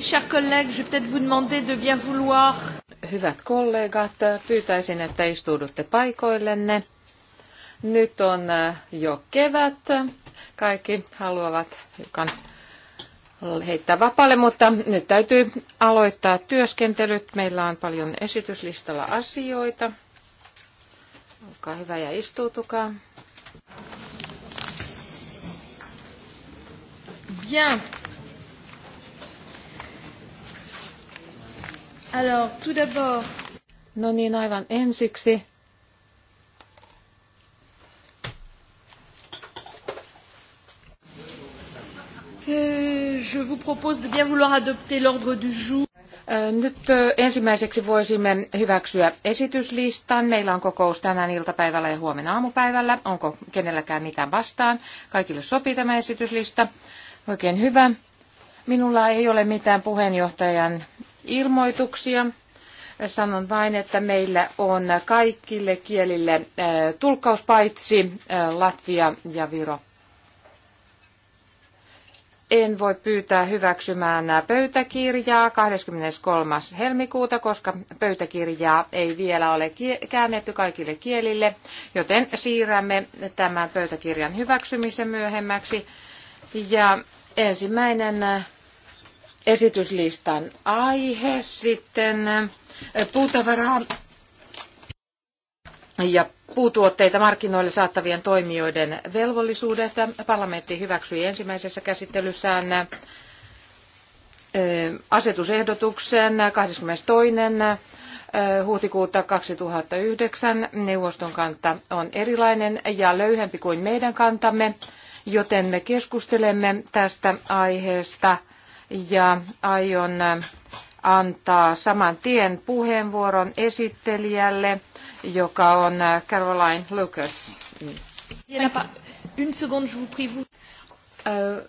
Chers collègues, je vais peut-être vous demander de bien vouloir. Hyvät kollegat, pyytäisin, että istuudutte paikoillenne. Nyt on äh, jo kevät. Kaikki haluavat hiukan heittää vapaalle, mutta nyt täytyy aloittaa työskentelyt. Meillä on paljon esityslistalla asioita. Olkaa hyvä ja istuutukaa. Bien. Alors, tout d'abord. No niin, aivan ensiksi. Je vous propose de bien vouloir adopter l'ordre du jour. Nyt ensimmäiseksi voisimme hyväksyä esityslistan. Meillä on kokous tänään iltapäivällä ja huomenna aamupäivällä. Onko kenelläkään mitään vastaan? Kaikille sopii tämä esityslista. Oikein hyvä. Minulla ei ole mitään puheenjohtajan ilmoituksia. Sanon vain, että meillä on kaikille kielille tulkkaus paitsi Latvia ja Viro. En voi pyytää hyväksymään pöytäkirjaa 23. helmikuuta, koska pöytäkirjaa ei vielä ole käännetty kaikille kielille, joten siirrämme tämän pöytäkirjan hyväksymisen myöhemmäksi. Ja ensimmäinen esityslistan aihe sitten äh, puutavaraa ja puutuotteita markkinoille saattavien toimijoiden velvollisuudet. Parlamentti hyväksyi ensimmäisessä käsittelyssään äh, asetusehdotuksen 22. Äh, huhtikuuta 2009. Neuvoston kanta on erilainen ja löyhempi kuin meidän kantamme, joten me keskustelemme tästä aiheesta – ja aion antaa saman tien puheenvuoron esittelijälle, joka on Caroline Lucas.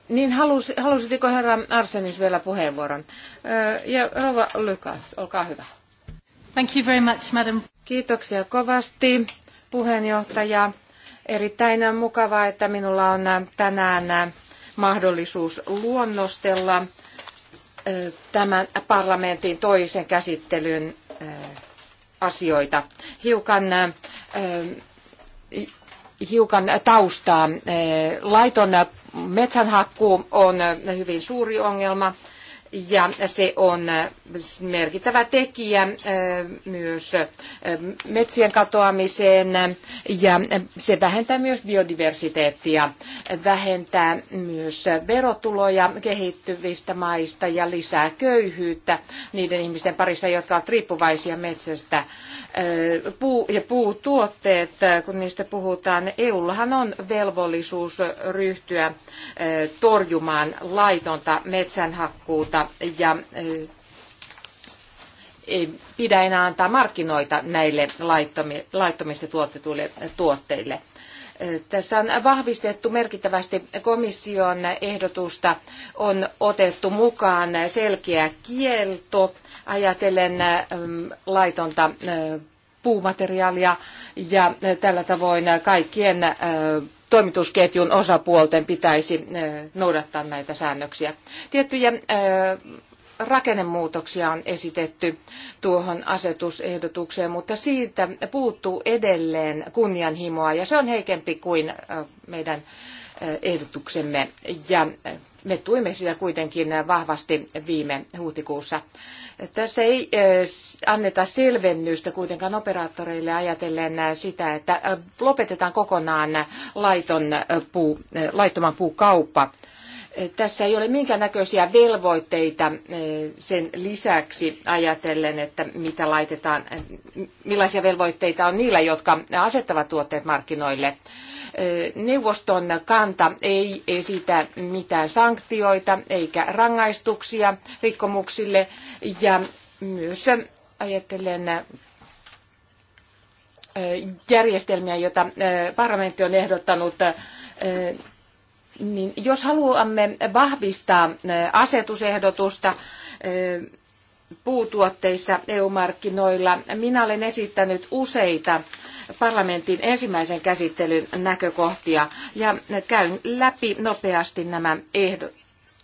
Niin, halusitko herra Arsenis vielä puheenvuoron? Ja rouva Lukas, olkaa hyvä. Thank you very much, madam. Kiitoksia kovasti, puheenjohtaja. Erittäin mukavaa, että minulla on tänään mahdollisuus luonnostella tämän parlamentin toisen käsittelyn asioita. Hiukan, hiukan taustaa. Laiton metsänhakkuu on hyvin suuri ongelma ja se on merkittävä tekijä äh, myös äh, metsien katoamiseen ja se vähentää myös biodiversiteettia, vähentää myös verotuloja kehittyvistä maista ja lisää köyhyyttä niiden ihmisten parissa, jotka ovat riippuvaisia metsästä puu- ja puutuotteet, kun niistä puhutaan, EUllahan on velvollisuus ryhtyä torjumaan laitonta metsänhakkuuta ja ei pidä enää antaa markkinoita näille laittomista tuotetuille tuotteille. Tässä on vahvistettu merkittävästi komission ehdotusta, on otettu mukaan selkeä kielto ajatellen äh, laitonta äh, puumateriaalia ja äh, tällä tavoin kaikkien toimitusketjun osapuolten pitäisi noudattaa näitä säännöksiä. Tiettyjä rakennemuutoksia on esitetty tuohon asetusehdotukseen, mutta siitä puuttuu edelleen kunnianhimoa ja se on heikempi kuin meidän ehdotuksemme. Ja me tuimme sitä kuitenkin vahvasti viime huhtikuussa. Tässä ei eh, anneta selvennystä kuitenkaan operaattoreille ajatellen sitä, että eh, lopetetaan kokonaan laiton eh, puu, laittoman puukauppa. Tässä ei ole minkäännäköisiä velvoitteita sen lisäksi ajatellen, että mitä laitetaan, millaisia velvoitteita on niillä, jotka asettavat tuotteet markkinoille neuvoston kanta ei esitä mitään sanktioita eikä rangaistuksia rikkomuksille ja myös ajattelen järjestelmiä, joita parlamentti on ehdottanut, niin jos haluamme vahvistaa asetusehdotusta puutuotteissa EU-markkinoilla, minä olen esittänyt useita parlamentin ensimmäisen käsittelyn näkökohtia ja käyn läpi nopeasti nämä ehdot,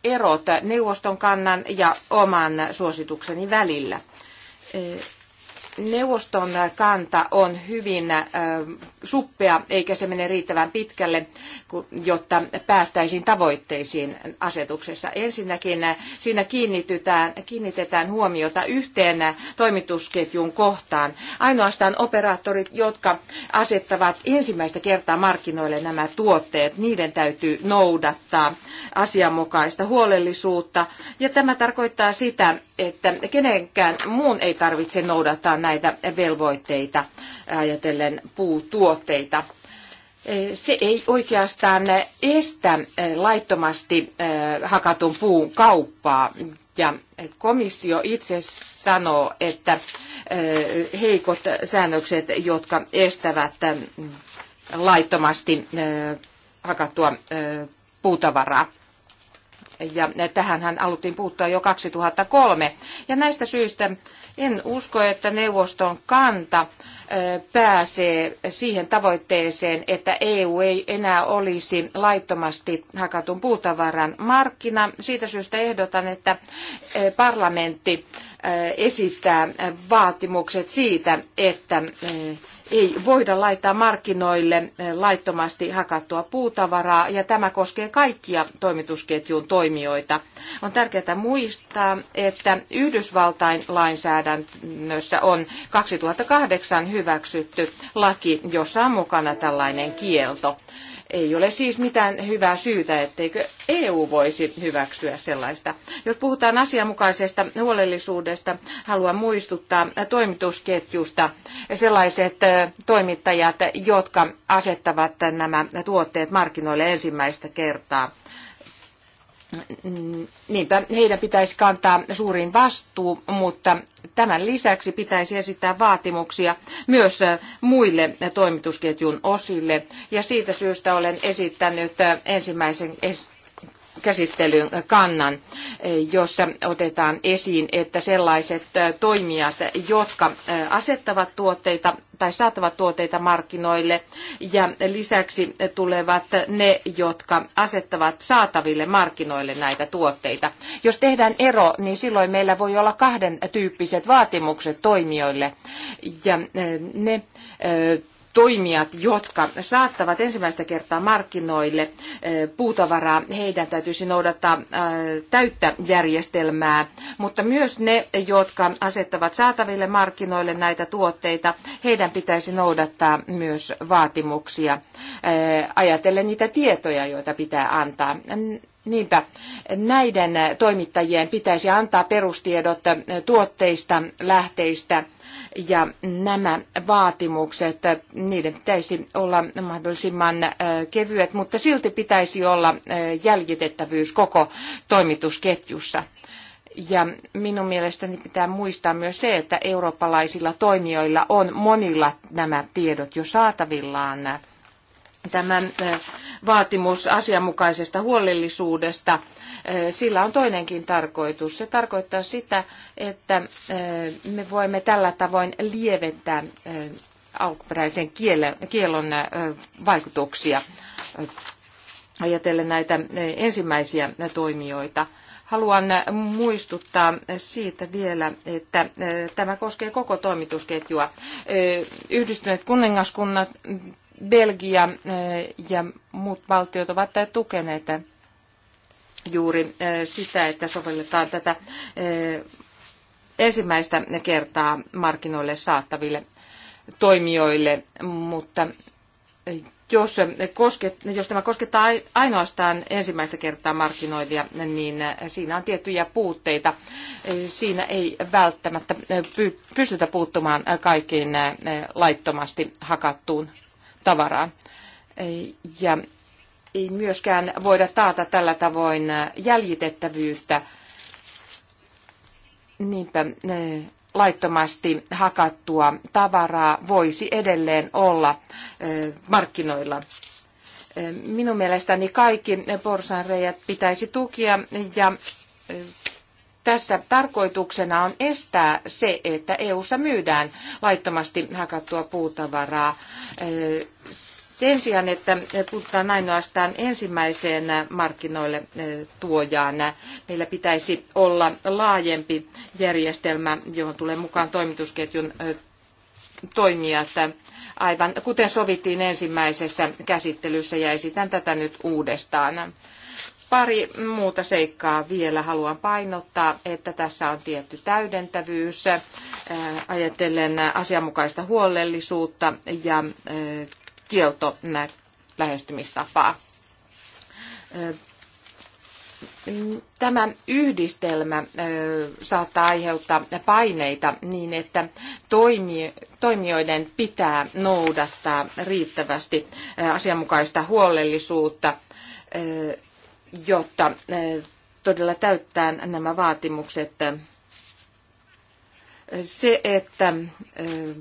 erot neuvoston kannan ja oman suositukseni välillä. Neuvoston kanta on hyvin suppea, eikä se mene riittävän pitkälle, jotta päästäisiin tavoitteisiin asetuksessa. Ensinnäkin siinä kiinnitetään, kiinnitetään huomiota yhteen toimitusketjun kohtaan. Ainoastaan operaattorit, jotka asettavat ensimmäistä kertaa markkinoille nämä tuotteet, niiden täytyy noudattaa asianmukaista huolellisuutta. Ja tämä tarkoittaa sitä, että kenenkään muun ei tarvitse noudattaa näitä velvoitteita ajatellen puutuotteita. Se ei oikeastaan estä laittomasti eh, hakatun puun kauppaa. Ja komissio itse sanoo, että eh, heikot säännökset, jotka estävät eh, laittomasti hakattua puutavaraa. Ja tähän hän haluttiin puuttua jo 2003. Ja näistä syistä en usko, että neuvoston kanta pääsee siihen tavoitteeseen, että EU ei enää olisi laittomasti hakatun puutavaran markkina. Siitä syystä ehdotan, että parlamentti esittää vaatimukset siitä, että ei voida laittaa markkinoille eh, laittomasti hakattua puutavaraa, ja tämä koskee kaikkia toimitusketjun toimijoita. On tärkeää muistaa, että Yhdysvaltain lainsäädännössä on 2008 hyväksytty laki, jossa on mukana tällainen kielto. Ei ole siis mitään hyvää syytä, etteikö EU voisi hyväksyä sellaista. Jos puhutaan asianmukaisesta huolellisuudesta, haluan muistuttaa toimitusketjusta sellaiset toimittajat, jotka asettavat nämä tuotteet markkinoille ensimmäistä kertaa Niinpä heidän pitäisi kantaa suurin vastuu, mutta tämän lisäksi pitäisi esittää vaatimuksia myös muille toimitusketjun osille. Ja siitä syystä olen esittänyt ensimmäisen käsittelyn kannan, jossa otetaan esiin, että sellaiset toimijat, jotka asettavat tuotteita tai saattavat tuotteita markkinoille ja lisäksi tulevat ne, jotka asettavat saataville markkinoille näitä tuotteita. Jos tehdään ero, niin silloin meillä voi olla kahden tyyppiset vaatimukset toimijoille ja ne toimijat, jotka saattavat ensimmäistä kertaa markkinoille eh, puutavaraa, heidän täytyisi noudattaa eh, täyttä järjestelmää, mutta myös ne, jotka asettavat saataville markkinoille näitä tuotteita, heidän pitäisi noudattaa myös vaatimuksia eh, ajatellen niitä tietoja, joita pitää antaa. Niinpä näiden toimittajien pitäisi antaa perustiedot tuotteista, lähteistä ja nämä vaatimukset, niiden pitäisi olla mahdollisimman kevyet, mutta silti pitäisi olla jäljitettävyys koko toimitusketjussa. Ja minun mielestäni pitää muistaa myös se, että eurooppalaisilla toimijoilla on monilla nämä tiedot jo saatavillaan tämä vaatimus asianmukaisesta huolellisuudesta, sillä on toinenkin tarkoitus. Se tarkoittaa sitä, että me voimme tällä tavoin lieventää alkuperäisen kielon vaikutuksia ajatellen näitä ensimmäisiä toimijoita. Haluan muistuttaa siitä vielä, että tämä koskee koko toimitusketjua. Yhdistyneet kuningaskunnat Belgia eh, ja muut valtiot ovat tukeneet juuri eh, sitä, että sovelletaan tätä eh, ensimmäistä kertaa markkinoille saattaville toimijoille, mutta jos, kosket, jos tämä koskettaa ainoastaan ensimmäistä kertaa markkinoivia, niin siinä on tiettyjä puutteita. Siinä ei välttämättä pystytä puuttumaan kaikkiin laittomasti hakattuun tavaraa. Ja ei myöskään voida taata tällä tavoin jäljitettävyyttä. Niinpä laittomasti hakattua tavaraa voisi edelleen olla markkinoilla. Minun mielestäni kaikki porsanreijät pitäisi tukia ja tässä tarkoituksena on estää se, että EU EU-ssa myydään laittomasti hakattua puutavaraa. Sen sijaan, että puhutaan ainoastaan ensimmäiseen markkinoille tuojaan, meillä pitäisi olla laajempi järjestelmä, johon tulee mukaan toimitusketjun toimijat, aivan kuten sovittiin ensimmäisessä käsittelyssä, ja esitän tätä nyt uudestaan. Pari muuta seikkaa vielä haluan painottaa, että tässä on tietty täydentävyys äh, ajatellen asianmukaista huolellisuutta ja äh, kielto lähestymistapaa. Äh, tämä yhdistelmä saattaa aiheuttaa paineita niin, että toimijoiden pitää noudattaa riittävästi asianmukaista huolellisuutta jotta eh, todella täyttää nämä vaatimukset. Se, että eh,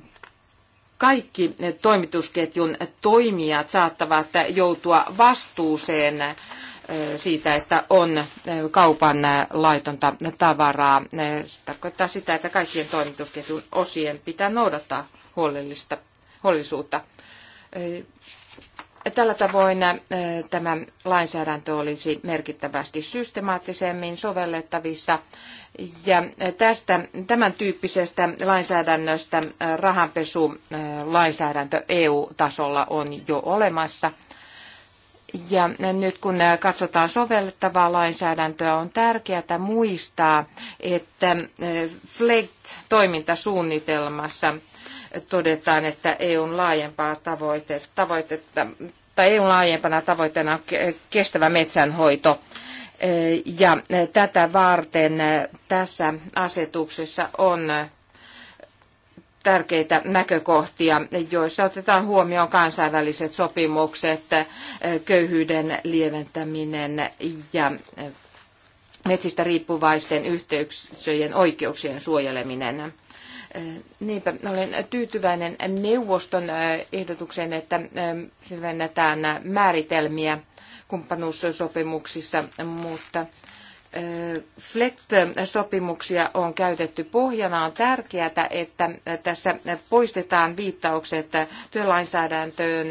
kaikki toimitusketjun toimijat saattavat joutua vastuuseen eh, siitä, että on kaupan laitonta tavaraa. Se tarkoittaa sitä, että kaikkien toimitusketjun osien pitää noudattaa huolellista, huolellisuutta. Tällä tavoin äh, tämä lainsäädäntö olisi merkittävästi systemaattisemmin sovellettavissa ja äh, tästä, tämän tyyppisestä lainsäädännöstä äh, rahanpesulainsäädäntö EU-tasolla on jo olemassa. Ja nyt kun katsotaan sovellettavaa lainsäädäntöä, on tärkeää muistaa, että FLEGT-toimintasuunnitelmassa todetaan, että EUn laajempaa tavoite, tavoitetta tai EUn laajempana tavoitteena on kestävä metsänhoito. E, ja tätä varten tässä asetuksessa on tärkeitä näkökohtia, joissa otetaan huomioon kansainväliset sopimukset, e, köyhyyden lieventäminen ja metsistä riippuvaisten yhteisöjen oikeuksien suojeleminen. Niinpä olen tyytyväinen neuvoston ehdotukseen, että selvennetään määritelmiä kumppanuussopimuksissa, mutta FLECT-sopimuksia on käytetty pohjana. On tärkeää, että tässä poistetaan viittaukset työlainsäädäntöön,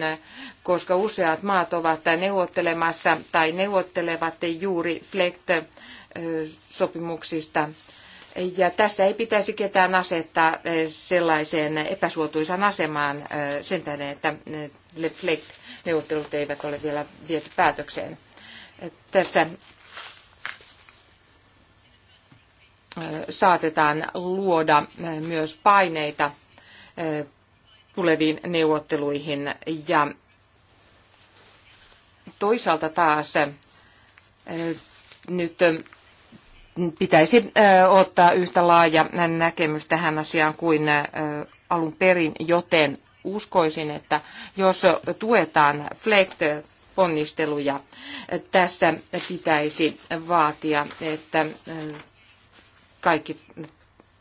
koska useat maat ovat neuvottelemassa tai neuvottelevat juuri FLECT-sopimuksista ja tässä ei pitäisi ketään asettaa eh, sellaiseen epäsuotuisaan asemaan eh, sen tähden, että eh, Fleck-neuvottelut eivät ole vielä viety päätökseen. Tässä saatetaan luoda myös paineita tuleviin neuvotteluihin ja toisaalta taas nyt pitäisi ottaa yhtä laaja näkemys tähän asiaan kuin alun perin, joten uskoisin, että jos tuetaan FLECT ponnisteluja, tässä pitäisi vaatia, että kaikki,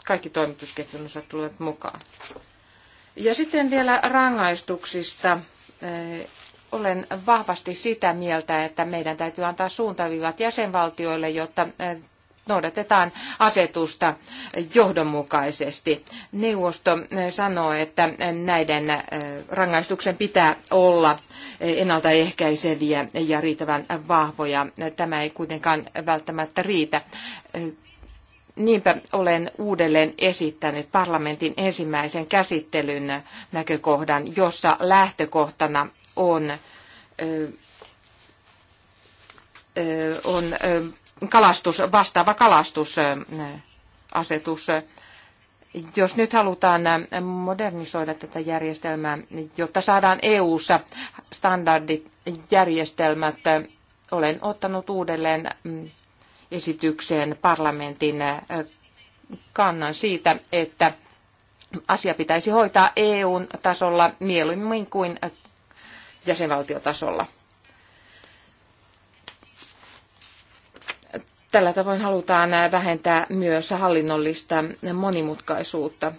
kaikki toimitusketjun osat tulevat mukaan. Ja sitten vielä rangaistuksista. Olen vahvasti sitä mieltä, että meidän täytyy antaa suuntaviivat jäsenvaltioille, jotta noudatetaan asetusta johdonmukaisesti. Neuvosto sanoo, että näiden rangaistuksen pitää olla ennaltaehkäiseviä ja riittävän vahvoja. Tämä ei kuitenkaan välttämättä riitä. Niinpä olen uudelleen esittänyt parlamentin ensimmäisen käsittelyn näkökohdan, jossa lähtökohtana on, on kalastus, vastaava kalastusasetus. Jos nyt halutaan modernisoida tätä järjestelmää, jotta saadaan EU-ssa standardit, järjestelmät, olen ottanut uudelleen esitykseen parlamentin kannan siitä, että asia pitäisi hoitaa EUn tasolla mieluummin kuin jäsenvaltiotasolla. Tällä tavoin halutaan vähentää myös hallinnollista monimutkaisuutta.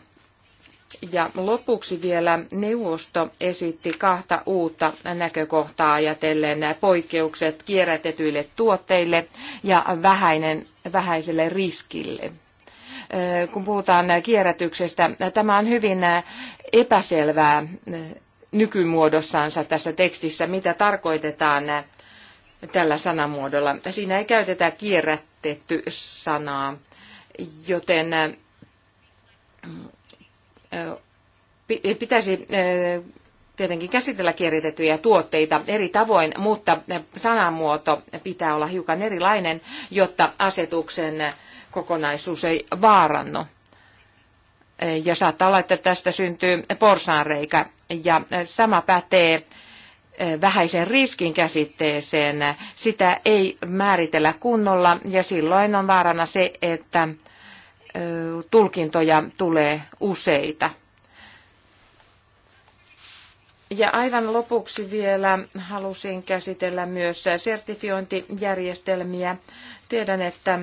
Ja lopuksi vielä neuvosto esitti kahta uutta näkökohtaa ajatellen poikkeukset kierrätetyille tuotteille ja vähäinen, vähäiselle riskille. Kun puhutaan kierrätyksestä, tämä on hyvin epäselvää nykymuodossansa tässä tekstissä, mitä tarkoitetaan tällä sanamuodolla. Siinä ei käytetä kierrätetty sanaa, joten äh, pitäisi äh, tietenkin käsitellä kierrätettyjä tuotteita eri tavoin, mutta sanamuoto pitää olla hiukan erilainen, jotta asetuksen kokonaisuus ei vaarannu. Ja saattaa olla, että tästä syntyy porsaanreikä. Ja sama pätee vähäisen riskin käsitteeseen. Sitä ei määritellä kunnolla ja silloin on vaarana se, että tulkintoja tulee useita. Ja aivan lopuksi vielä halusin käsitellä myös sertifiointijärjestelmiä. Tiedän, että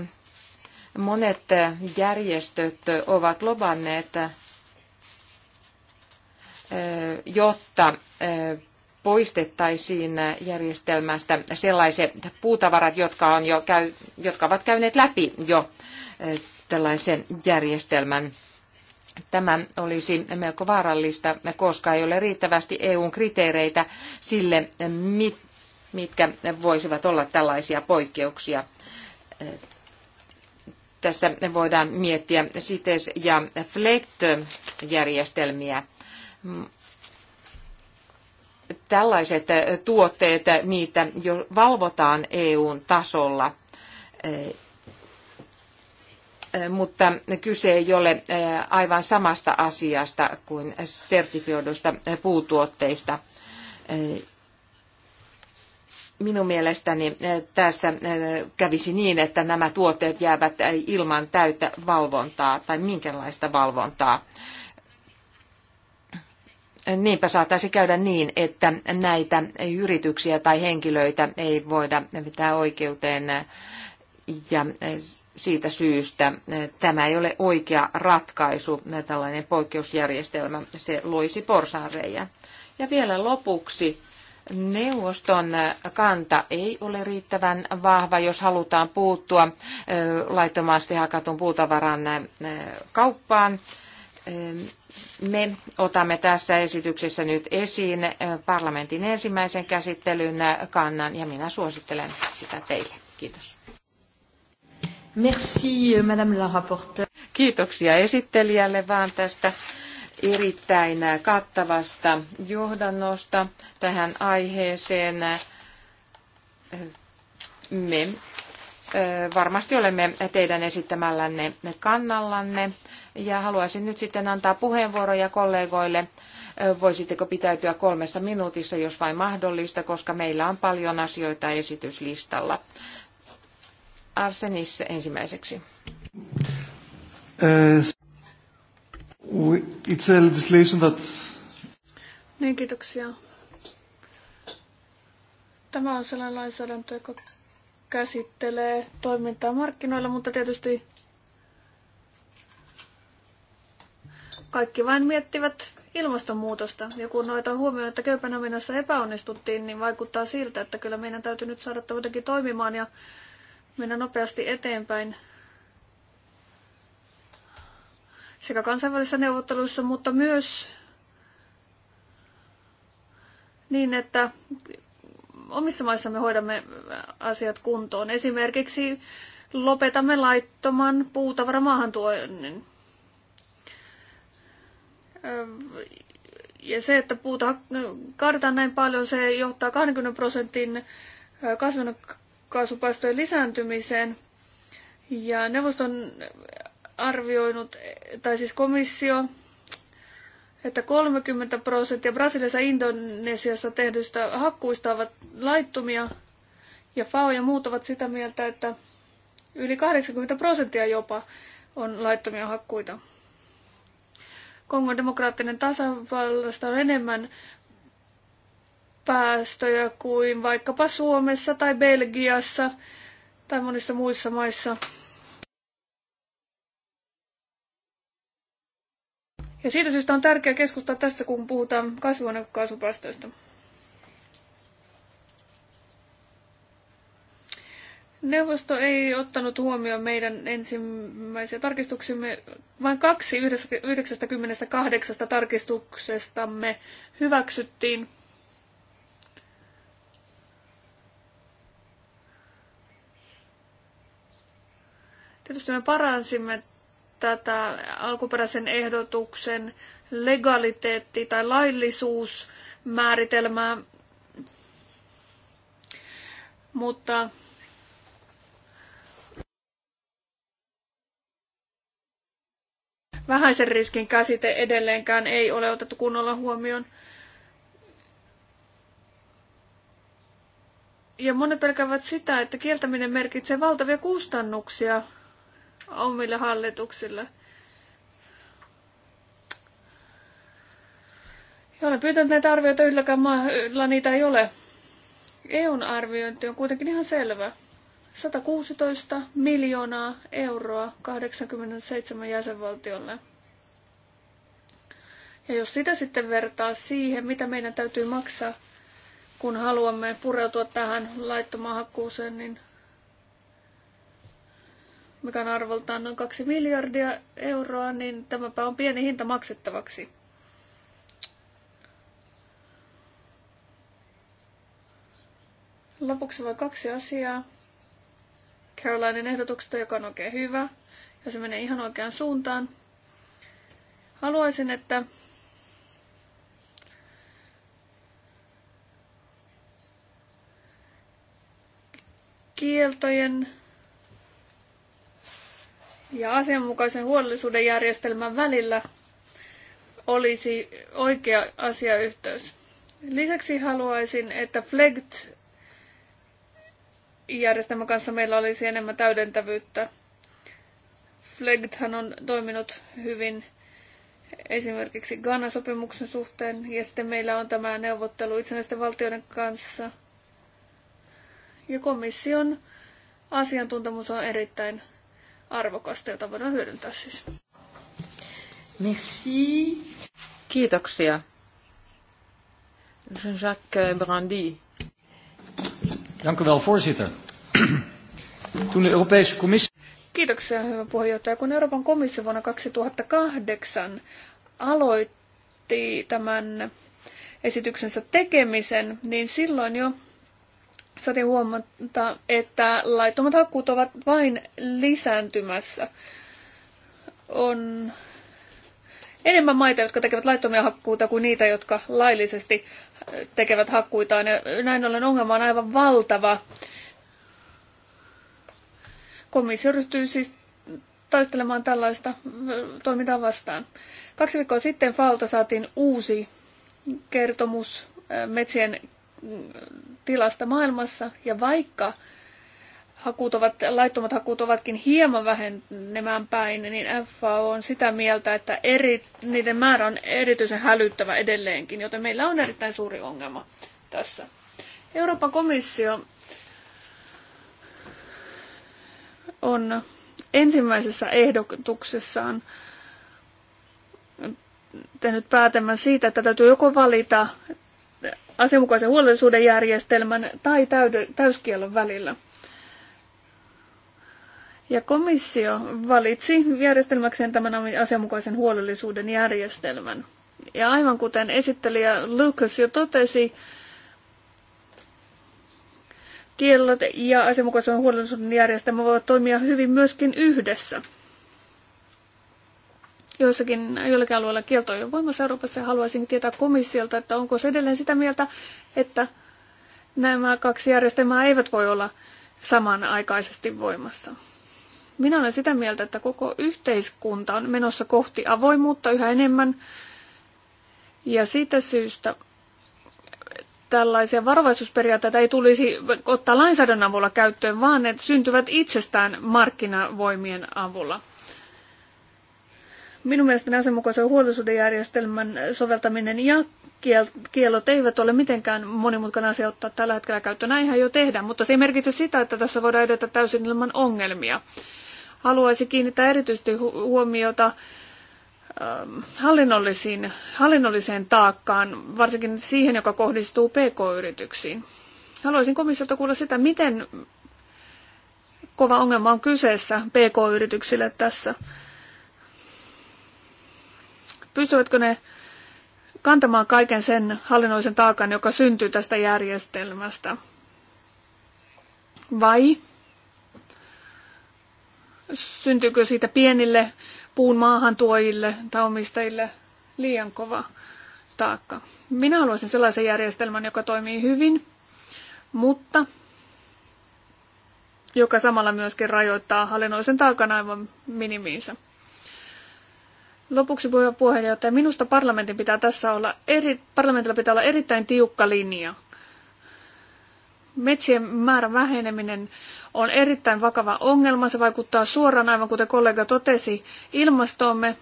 monet järjestöt ovat lobanneet, jotta poistettaisiin järjestelmästä sellaiset puutavarat, jotka, on jo käy, jotka ovat käyneet läpi jo eh, tällaisen järjestelmän. Tämä olisi melko vaarallista, koska ei ole riittävästi EUn kriteereitä sille, mitkä voisivat olla tällaisia poikkeuksia. Eh, tässä voidaan miettiä CITES- ja FLECT-järjestelmiä, tällaiset tuotteet, niitä jo valvotaan EUn tasolla, mutta kyse ei ole aivan samasta asiasta kuin sertifioidusta puutuotteista. Minun mielestäni tässä kävisi niin, että nämä tuotteet jäävät ilman täyttä valvontaa tai minkälaista valvontaa. Niinpä saattaisi käydä niin, että näitä yrityksiä tai henkilöitä ei voida pitää oikeuteen ja siitä syystä tämä ei ole oikea ratkaisu, tällainen poikkeusjärjestelmä, se loisi porsaanreijä. Ja vielä lopuksi, neuvoston kanta ei ole riittävän vahva, jos halutaan puuttua laittomasti hakatun puutavaran kauppaan me otamme tässä esityksessä nyt esiin parlamentin ensimmäisen käsittelyn kannan ja minä suosittelen sitä teille. Kiitos. Merci, Madame la rapporteur. Kiitoksia esittelijälle vaan tästä erittäin kattavasta johdannosta tähän aiheeseen. Me varmasti olemme teidän esittämällänne kannallanne ja haluaisin nyt sitten antaa puheenvuoroja kollegoille. Voisitteko pitäytyä kolmessa minuutissa, jos vain mahdollista, koska meillä on paljon asioita esityslistalla. Arsenis ensimmäiseksi. Uh, it's a legislation that... Niin, kiitoksia. Tämä on sellainen lainsäädäntö, joka käsittelee toimintaa markkinoilla, mutta tietysti Kaikki vain miettivät ilmastonmuutosta. Ja kun noita huomioon, että Kööpenhaminassa epäonnistuttiin, niin vaikuttaa siltä, että kyllä meidän täytyy nyt saada jotenkin toimimaan ja mennä nopeasti eteenpäin sekä kansainvälisissä neuvotteluissa, mutta myös niin, että omissa maissamme hoidamme asiat kuntoon. Esimerkiksi lopetamme laittoman puutavaramaahantuonnin. Ja se, että puuta kaadetaan näin paljon, se johtaa 20 prosentin kasvihuonekaasupäästöjen lisääntymiseen. Ja neuvoston arvioinut, tai siis komissio, että 30 prosenttia Brasiliassa ja Indonesiassa tehdyistä hakkuista ovat laittomia, ja FAO ja muut ovat sitä mieltä, että yli 80 prosenttia jopa on laittomia hakkuita. Kongon demokraattinen tasavallasta on enemmän päästöjä kuin vaikkapa Suomessa tai Belgiassa tai monissa muissa maissa. Ja siitä syystä on tärkeää keskustella tästä, kun puhutaan kasvihuonekaasupäästöistä. Neuvosto ei ottanut huomioon meidän ensimmäisiä tarkistuksimme, vain kaksi 98 tarkistuksestamme hyväksyttiin. Tietysti me paransimme tätä alkuperäisen ehdotuksen legaliteetti- tai laillisuusmääritelmää, mutta vähäisen riskin käsite edelleenkään ei ole otettu kunnolla huomioon. Ja monet pelkäävät sitä, että kieltäminen merkitsee valtavia kustannuksia omille hallituksille. Ja olen pyytänyt näitä arvioita ylläkään mailla, niitä ei ole. EUn arviointi on kuitenkin ihan selvä. 116 miljoonaa euroa 87 jäsenvaltiolle. Ja jos sitä sitten vertaa siihen, mitä meidän täytyy maksaa, kun haluamme pureutua tähän laittomaan hakkuuseen, niin mikä on arvoltaan noin 2 miljardia euroa, niin tämäpä on pieni hinta maksettavaksi. Lopuksi vain kaksi asiaa. Carolinen ehdotuksesta, joka on oikein hyvä ja se menee ihan oikeaan suuntaan. Haluaisin, että kieltojen ja asianmukaisen huolellisuuden järjestelmän välillä olisi oikea asiayhteys. Lisäksi haluaisin, että FLEGT järjestelmän kanssa meillä olisi enemmän täydentävyyttä. Flegthan on toiminut hyvin esimerkiksi Ghana-sopimuksen suhteen, ja sitten meillä on tämä neuvottelu itsenäisten valtioiden kanssa. Ja komission asiantuntemus on erittäin arvokasta, jota voidaan hyödyntää siis. Merci. Kiitoksia. Jean-Jacques Brandy Dank u wel, voorzitter. Toen de Europese commissie... Kiitoksia, hyvä puheenjohtaja. Kun Euroopan komissio vuonna 2008 aloitti tämän esityksensä tekemisen, niin silloin jo saatiin huomata, että laittomat hakkuut ovat vain lisääntymässä. On enemmän maita, jotka tekevät laittomia hakkuuta kuin niitä, jotka laillisesti äh, tekevät hakkuitaan. Ja näin ollen ongelma on aivan valtava. Komissio ryhtyy siis taistelemaan tällaista äh, toimintaa vastaan. Kaksi viikkoa sitten Falta saatiin uusi kertomus äh, metsien mm, tilasta maailmassa, ja vaikka hakut ovat, laittomat hakut ovatkin hieman vähenemään päin, niin FAO on sitä mieltä, että eri, niiden määrä on erityisen hälyttävä edelleenkin, joten meillä on erittäin suuri ongelma tässä. Euroopan komissio on ensimmäisessä ehdotuksessaan tehnyt päätelmän siitä, että täytyy joko valita asianmukaisen huolellisuuden järjestelmän tai täyskielon välillä – ja komissio valitsi järjestelmäkseen tämän asianmukaisen huolellisuuden järjestelmän. Ja aivan kuten esittelijä Lucas jo totesi, kiellot ja asianmukaisen huolellisuuden järjestelmä voivat toimia hyvin myöskin yhdessä. Joissakin joillakin alueilla kielto on voimassa Euroopassa ja haluaisin tietää komissiolta, että onko se edelleen sitä mieltä, että nämä kaksi järjestelmää eivät voi olla samanaikaisesti voimassa. Minä olen sitä mieltä, että koko yhteiskunta on menossa kohti avoimuutta yhä enemmän. Ja siitä syystä tällaisia varovaisuusperiaatteita ei tulisi ottaa lainsäädännön avulla käyttöön, vaan ne syntyvät itsestään markkinavoimien avulla. Minun mielestäni asianmukaisen huolellisuuden soveltaminen ja kiellot eivät ole mitenkään monimutkainen asia ottaa tällä hetkellä käyttöön. Näinhän jo tehdään, mutta se ei merkitse sitä, että tässä voidaan edetä täysin ilman ongelmia haluaisi kiinnittää erityisesti huomiota ähm, hallinnollisiin, hallinnolliseen taakkaan, varsinkin siihen, joka kohdistuu PK-yrityksiin. Haluaisin komissiota kuulla sitä, miten kova ongelma on kyseessä PK-yrityksille tässä. Pystyvätkö ne kantamaan kaiken sen hallinnollisen taakan, joka syntyy tästä järjestelmästä? Vai syntyykö siitä pienille puun maahantuojille tai omistajille liian kova taakka. Minä haluaisin sellaisen järjestelmän, joka toimii hyvin, mutta joka samalla myöskin rajoittaa hallinnollisen taakan aivan minimiinsä. Lopuksi puheenjohtaja, minusta parlamentin pitää tässä olla eri, parlamentilla pitää olla erittäin tiukka linja – Metsien määrän väheneminen on erittäin vakava ongelma. Se vaikuttaa suoraan, aivan kuten kollega totesi, ilmastoomme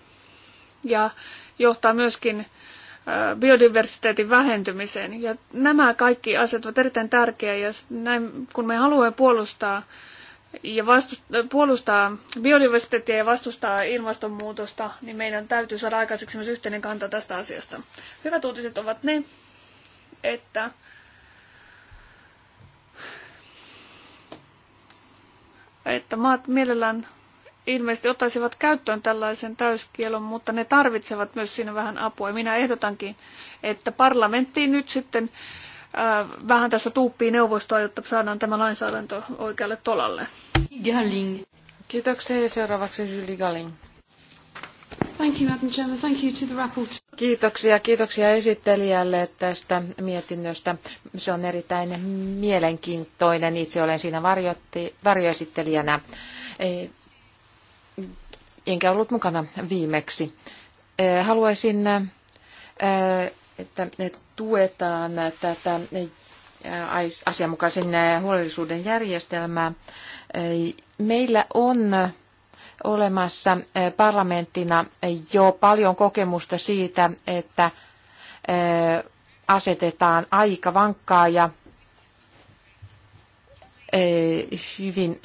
ja johtaa myöskin biodiversiteetin vähentymiseen. Ja nämä kaikki asiat ovat erittäin tärkeä ja näin, kun me haluamme puolustaa ja vastustaa, puolustaa biodiversiteettiä ja vastustaa ilmastonmuutosta, niin meidän täytyy saada aikaiseksi myös yhteinen kanta tästä asiasta. Hyvät uutiset ovat ne, että että maat mielellään ilmeisesti ottaisivat käyttöön tällaisen täyskielon, mutta ne tarvitsevat myös siinä vähän apua. Minä ehdotankin, että parlamenttiin nyt sitten äh, vähän tässä tuuppii neuvostoa, jotta saadaan tämä lainsäädäntö oikealle tolalle. Galling. Kiitoksia ja seuraavaksi Julie Galling. Kiitoksia, kiitoksia esittelijälle tästä mietinnöstä. Se on erittäin mielenkiintoinen. Itse olen siinä varjotti, varjoesittelijänä, enkä ollut mukana viimeksi. Haluaisin, että tuetaan tätä asianmukaisen huolellisuuden järjestelmää. Meillä on olemassa eh, parlamenttina jo paljon kokemusta siitä, että eh, asetetaan aika vankkaa ja eh, hyvin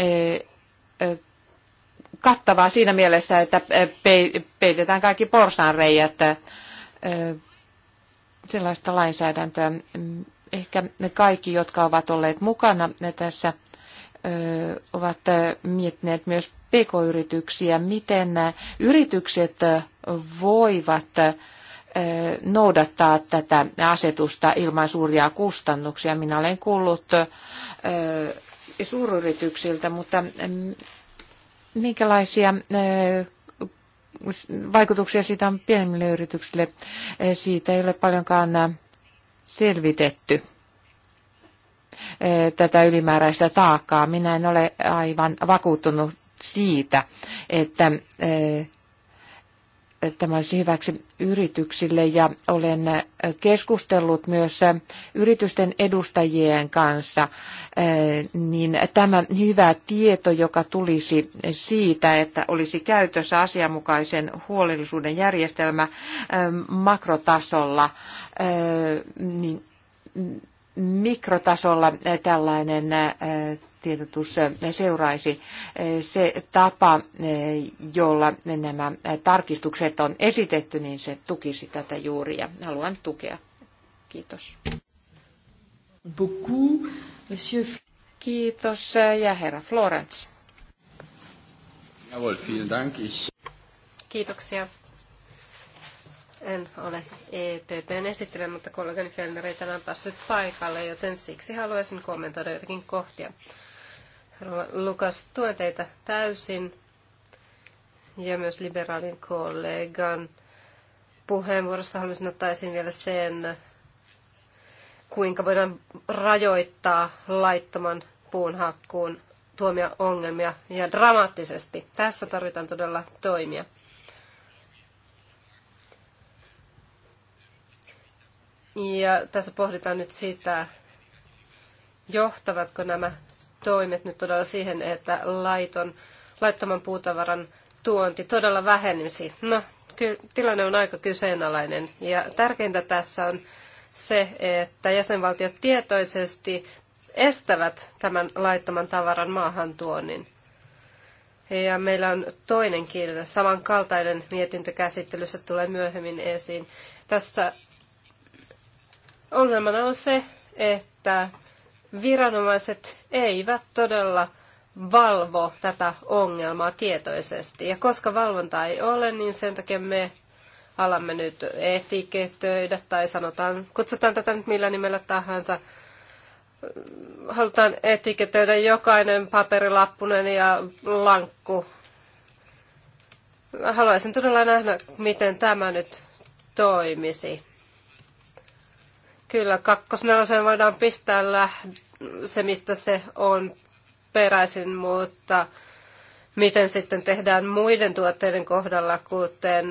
kattavaa siinä mielessä, että peitetään kaikki porsaanreijät sellaista lainsäädäntöä. Ehkä ne kaikki, jotka ovat olleet mukana tässä, ovat miettineet myös pk-yrityksiä, miten yritykset voivat noudattaa tätä asetusta ilman suuria kustannuksia. Minä olen kuullut suuryrityksiltä, mutta minkälaisia vaikutuksia siitä on pienemmille yrityksille? Siitä ei ole paljonkaan selvitetty tätä ylimääräistä taakkaa. Minä en ole aivan vakuuttunut siitä, eh, että tämä olisi hyväksi yrityksille ja olen keskustellut myös yritysten edustajien kanssa, eh, niin tämä hyvä tieto, joka tulisi siitä, että olisi käytössä asianmukaisen huolellisuuden järjestelmä eh, makrotasolla, niin mikrotasolla tällainen tiedotus seuraisi se tapa, jolla nämä tarkistukset on esitetty, niin se tukisi tätä juuri ja haluan tukea. Kiitos. Beaucoup, monsieur. Kiitos ja herra Florence. Jawohl, vielen Dank. Ich... Kiitoksia. En ole EPPn esittelemä, mutta kollegani Fjellner ei tänään päässyt paikalle, joten siksi haluaisin kommentoida jotakin kohtia. Lukas, tuen teitä täysin ja myös liberaalin kollegan puheenvuorosta haluaisin ottaa esiin vielä sen, kuinka voidaan rajoittaa laittoman puunhakkuun tuomia ongelmia ja dramaattisesti. Tässä tarvitaan todella toimia. Ja tässä pohditaan nyt sitä, johtavatko nämä toimet nyt todella siihen, että laiton, laittoman puutavaran tuonti todella vähenisi? No, ky- tilanne on aika kyseenalainen. Ja tärkeintä tässä on se, että jäsenvaltiot tietoisesti estävät tämän laittoman tavaran maahantuonnin. Ja meillä on toinenkin samankaltainen mietintö käsittelyssä tulee myöhemmin esiin. Tässä ongelmana on se, että viranomaiset eivät todella valvo tätä ongelmaa tietoisesti. Ja koska valvontaa ei ole, niin sen takia me alamme nyt etiketöidä tai sanotaan, kutsutaan tätä nyt millä nimellä tahansa, halutaan etiketöidä jokainen paperilappunen ja lankku. Haluaisin todella nähdä, miten tämä nyt toimisi. Kyllä, kakkosnelosen voidaan pistää se, mistä se on peräisin, mutta miten sitten tehdään muiden tuotteiden kohdalla, kuten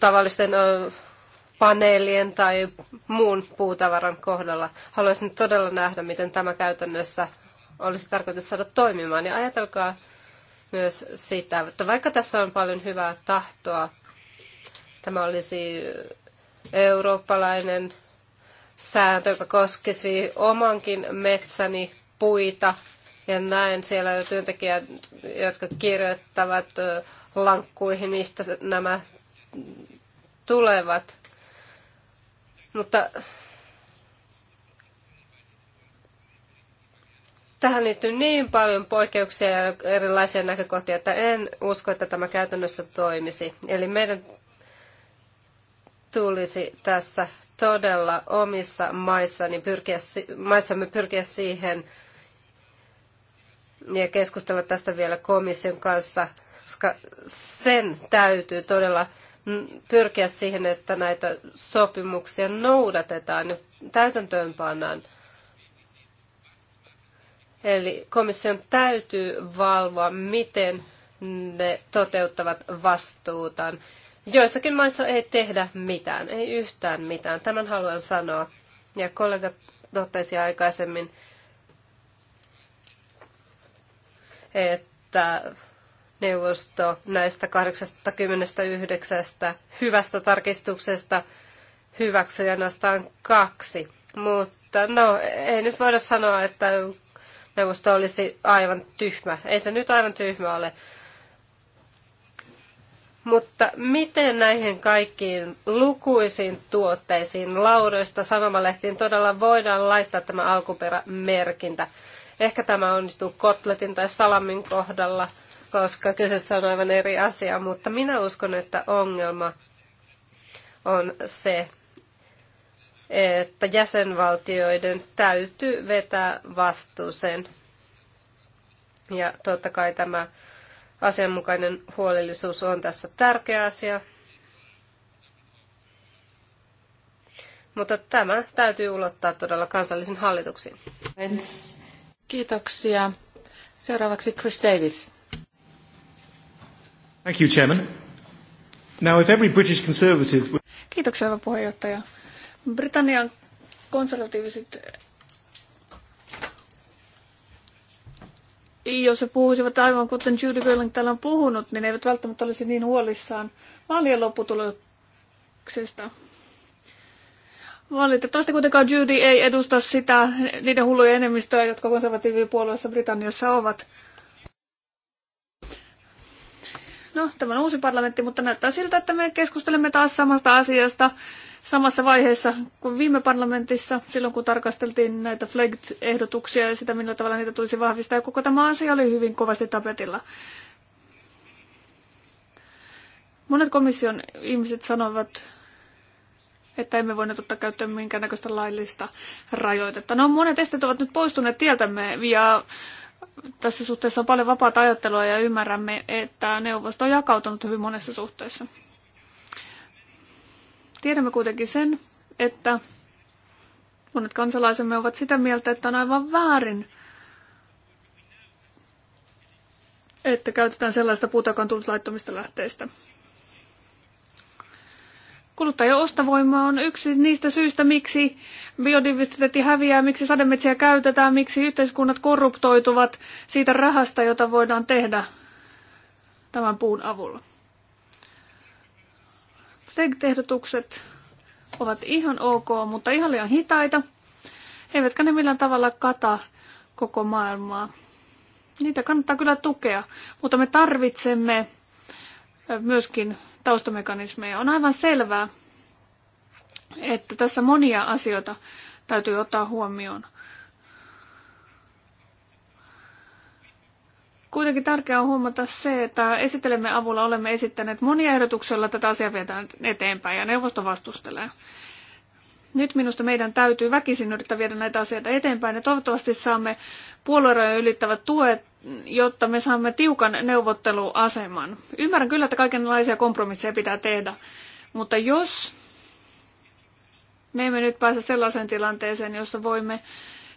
tavallisten paneelien tai muun puutavaran kohdalla. Haluaisin todella nähdä, miten tämä käytännössä olisi tarkoitus saada toimimaan. Ja ajatelkaa myös sitä, että vaikka tässä on paljon hyvää tahtoa, tämä olisi eurooppalainen sääntö, joka koskisi omankin metsäni puita. Ja näen siellä jo työntekijät, jotka kirjoittavat lankkuihin, mistä nämä tulevat. Mutta tähän liittyy niin paljon poikkeuksia ja erilaisia näkökohtia, että en usko, että tämä käytännössä toimisi. Eli meidän tulisi tässä todella omissa maissani pyrkiä, maissamme pyrkiä siihen ja keskustella tästä vielä komission kanssa, koska sen täytyy todella pyrkiä siihen, että näitä sopimuksia noudatetaan ja täytäntöön pannaan. Eli komission täytyy valvoa, miten ne toteuttavat vastuutaan. Joissakin maissa ei tehdä mitään, ei yhtään mitään. Tämän haluan sanoa. Ja kollega totesi aikaisemmin, että neuvosto näistä 89 hyvästä tarkistuksesta hyväksyi ainoastaan kaksi. Mutta no, ei nyt voida sanoa, että neuvosto olisi aivan tyhmä. Ei se nyt aivan tyhmä ole. Mutta miten näihin kaikkiin lukuisiin tuotteisiin, laudoista, sanomalehtiin todella voidaan laittaa tämä alkuperämerkintä? Ehkä tämä onnistuu kotletin tai salamin kohdalla, koska kyseessä on aivan eri asia, mutta minä uskon, että ongelma on se, että jäsenvaltioiden täytyy vetää vastuuseen. Ja totta kai tämä asianmukainen huolellisuus on tässä tärkeä asia. Mutta tämä täytyy ulottaa todella kansallisen hallituksiin. Kiitoksia. Seuraavaksi Chris Davis. Thank you, Chairman. Now, if every British conservative... Kiitoksia, hyvä puheenjohtaja. Britannian konservatiiviset jos he puhuisivat aivan kuten Judy Girling täällä on puhunut, niin eivät välttämättä olisi niin huolissaan vaalien lopputuloksesta. Valitettavasti kuitenkaan Judy ei edusta sitä niiden hullujen enemmistöä, jotka konservatiivipuolueessa Britanniassa ovat. No, tämä on uusi parlamentti, mutta näyttää siltä, että me keskustelemme taas samasta asiasta samassa vaiheessa kuin viime parlamentissa, silloin kun tarkasteltiin näitä FLEGT-ehdotuksia ja sitä, millä tavalla niitä tulisi vahvistaa. Ja koko tämä asia oli hyvin kovasti tapetilla. Monet komission ihmiset sanoivat, että emme voineet ottaa käyttöön minkäännäköistä laillista rajoitetta. No monet estet ovat nyt poistuneet tieltämme ja tässä suhteessa on paljon vapaata ajattelua ja ymmärrämme, että neuvosto on jakautunut hyvin monessa suhteessa. Tiedämme kuitenkin sen, että monet kansalaisemme ovat sitä mieltä, että on aivan väärin, että käytetään sellaista puuta, joka on tullut laittomista lähteistä. Kuluttajan ostavoima on yksi niistä syistä, miksi biodiversiteetti häviää, miksi sademetsiä käytetään, miksi yhteiskunnat korruptoituvat siitä rahasta, jota voidaan tehdä tämän puun avulla. Brexit-ehdotukset ovat ihan ok, mutta ihan liian hitaita, eivätkä ne millään tavalla kata koko maailmaa. Niitä kannattaa kyllä tukea, mutta me tarvitsemme myöskin taustamekanismeja. On aivan selvää, että tässä monia asioita täytyy ottaa huomioon. Kuitenkin tärkeää on huomata se, että esittelemme avulla olemme esittäneet monia ehdotuksia, tätä asiaa vietään eteenpäin ja neuvosto vastustelee. Nyt minusta meidän täytyy väkisin yrittää viedä näitä asioita eteenpäin ja toivottavasti saamme puoluerajojen ylittävät tuet, jotta me saamme tiukan neuvotteluaseman. Ymmärrän kyllä, että kaikenlaisia kompromisseja pitää tehdä, mutta jos me emme nyt pääse sellaiseen tilanteeseen, jossa voimme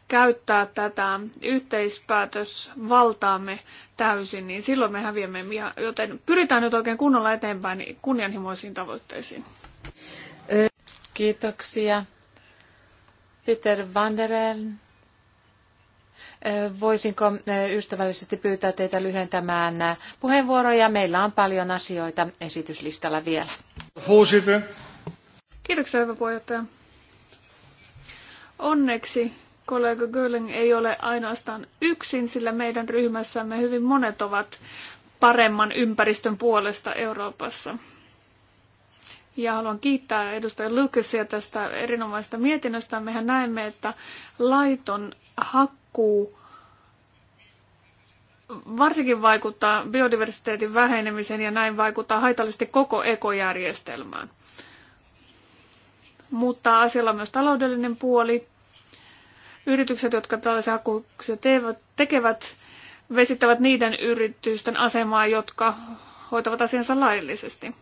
käyttää tätä yhteispäätösvaltaamme täysin, niin silloin me häviämme. Joten pyritään nyt oikein kunnolla eteenpäin niin kunnianhimoisiin tavoitteisiin. Kiitoksia. Peter Vanderen. Voisinko ystävällisesti pyytää teitä lyhentämään puheenvuoroja? Meillä on paljon asioita esityslistalla vielä. Kiitoksia, hyvä puheenjohtaja. Onneksi kollega Göling ei ole ainoastaan yksin, sillä meidän ryhmässämme hyvin monet ovat paremman ympäristön puolesta Euroopassa. Ja haluan kiittää edustaja Lucasia tästä erinomaisesta mietinnöstä. Mehän näemme, että laiton hakkuu varsinkin vaikuttaa biodiversiteetin vähenemiseen ja näin vaikuttaa haitallisesti koko ekojärjestelmään. Mutta asialla on myös taloudellinen puoli. Yritykset, jotka tällaisia hakkuuksia tekevät, vesittävät niiden yritysten asemaa, jotka hoitavat asiansa laillisesti.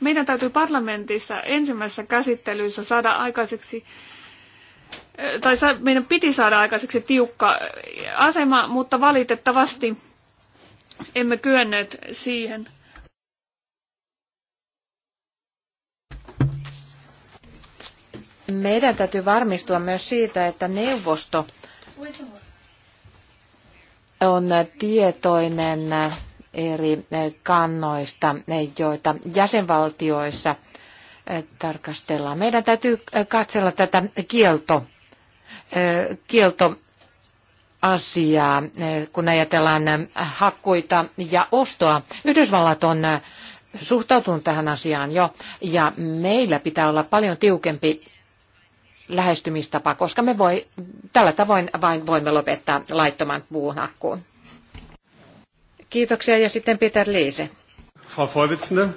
Meidän täytyy parlamentissa ensimmäisessä käsittelyssä saada aikaiseksi eh, tai meidän piti saada aikaiseksi tiukka eh, asema, mutta valitettavasti emme kyenneet siihen. meidän täytyy varmistua myös siitä, että neuvosto on tietoinen eri kannoista, joita jäsenvaltioissa tarkastellaan. Meidän täytyy katsella tätä kielto, kieltoasiaa, kun ajatellaan hakkuita ja ostoa. Yhdysvallat on suhtautunut tähän asiaan jo, ja meillä pitää olla paljon tiukempi lähestymistapa, koska me voi, tällä tavoin vain voimme lopettaa laittoman puuhakkuun. Kiitoksia ja sitten Peter Liise. Frau Vorsitzende.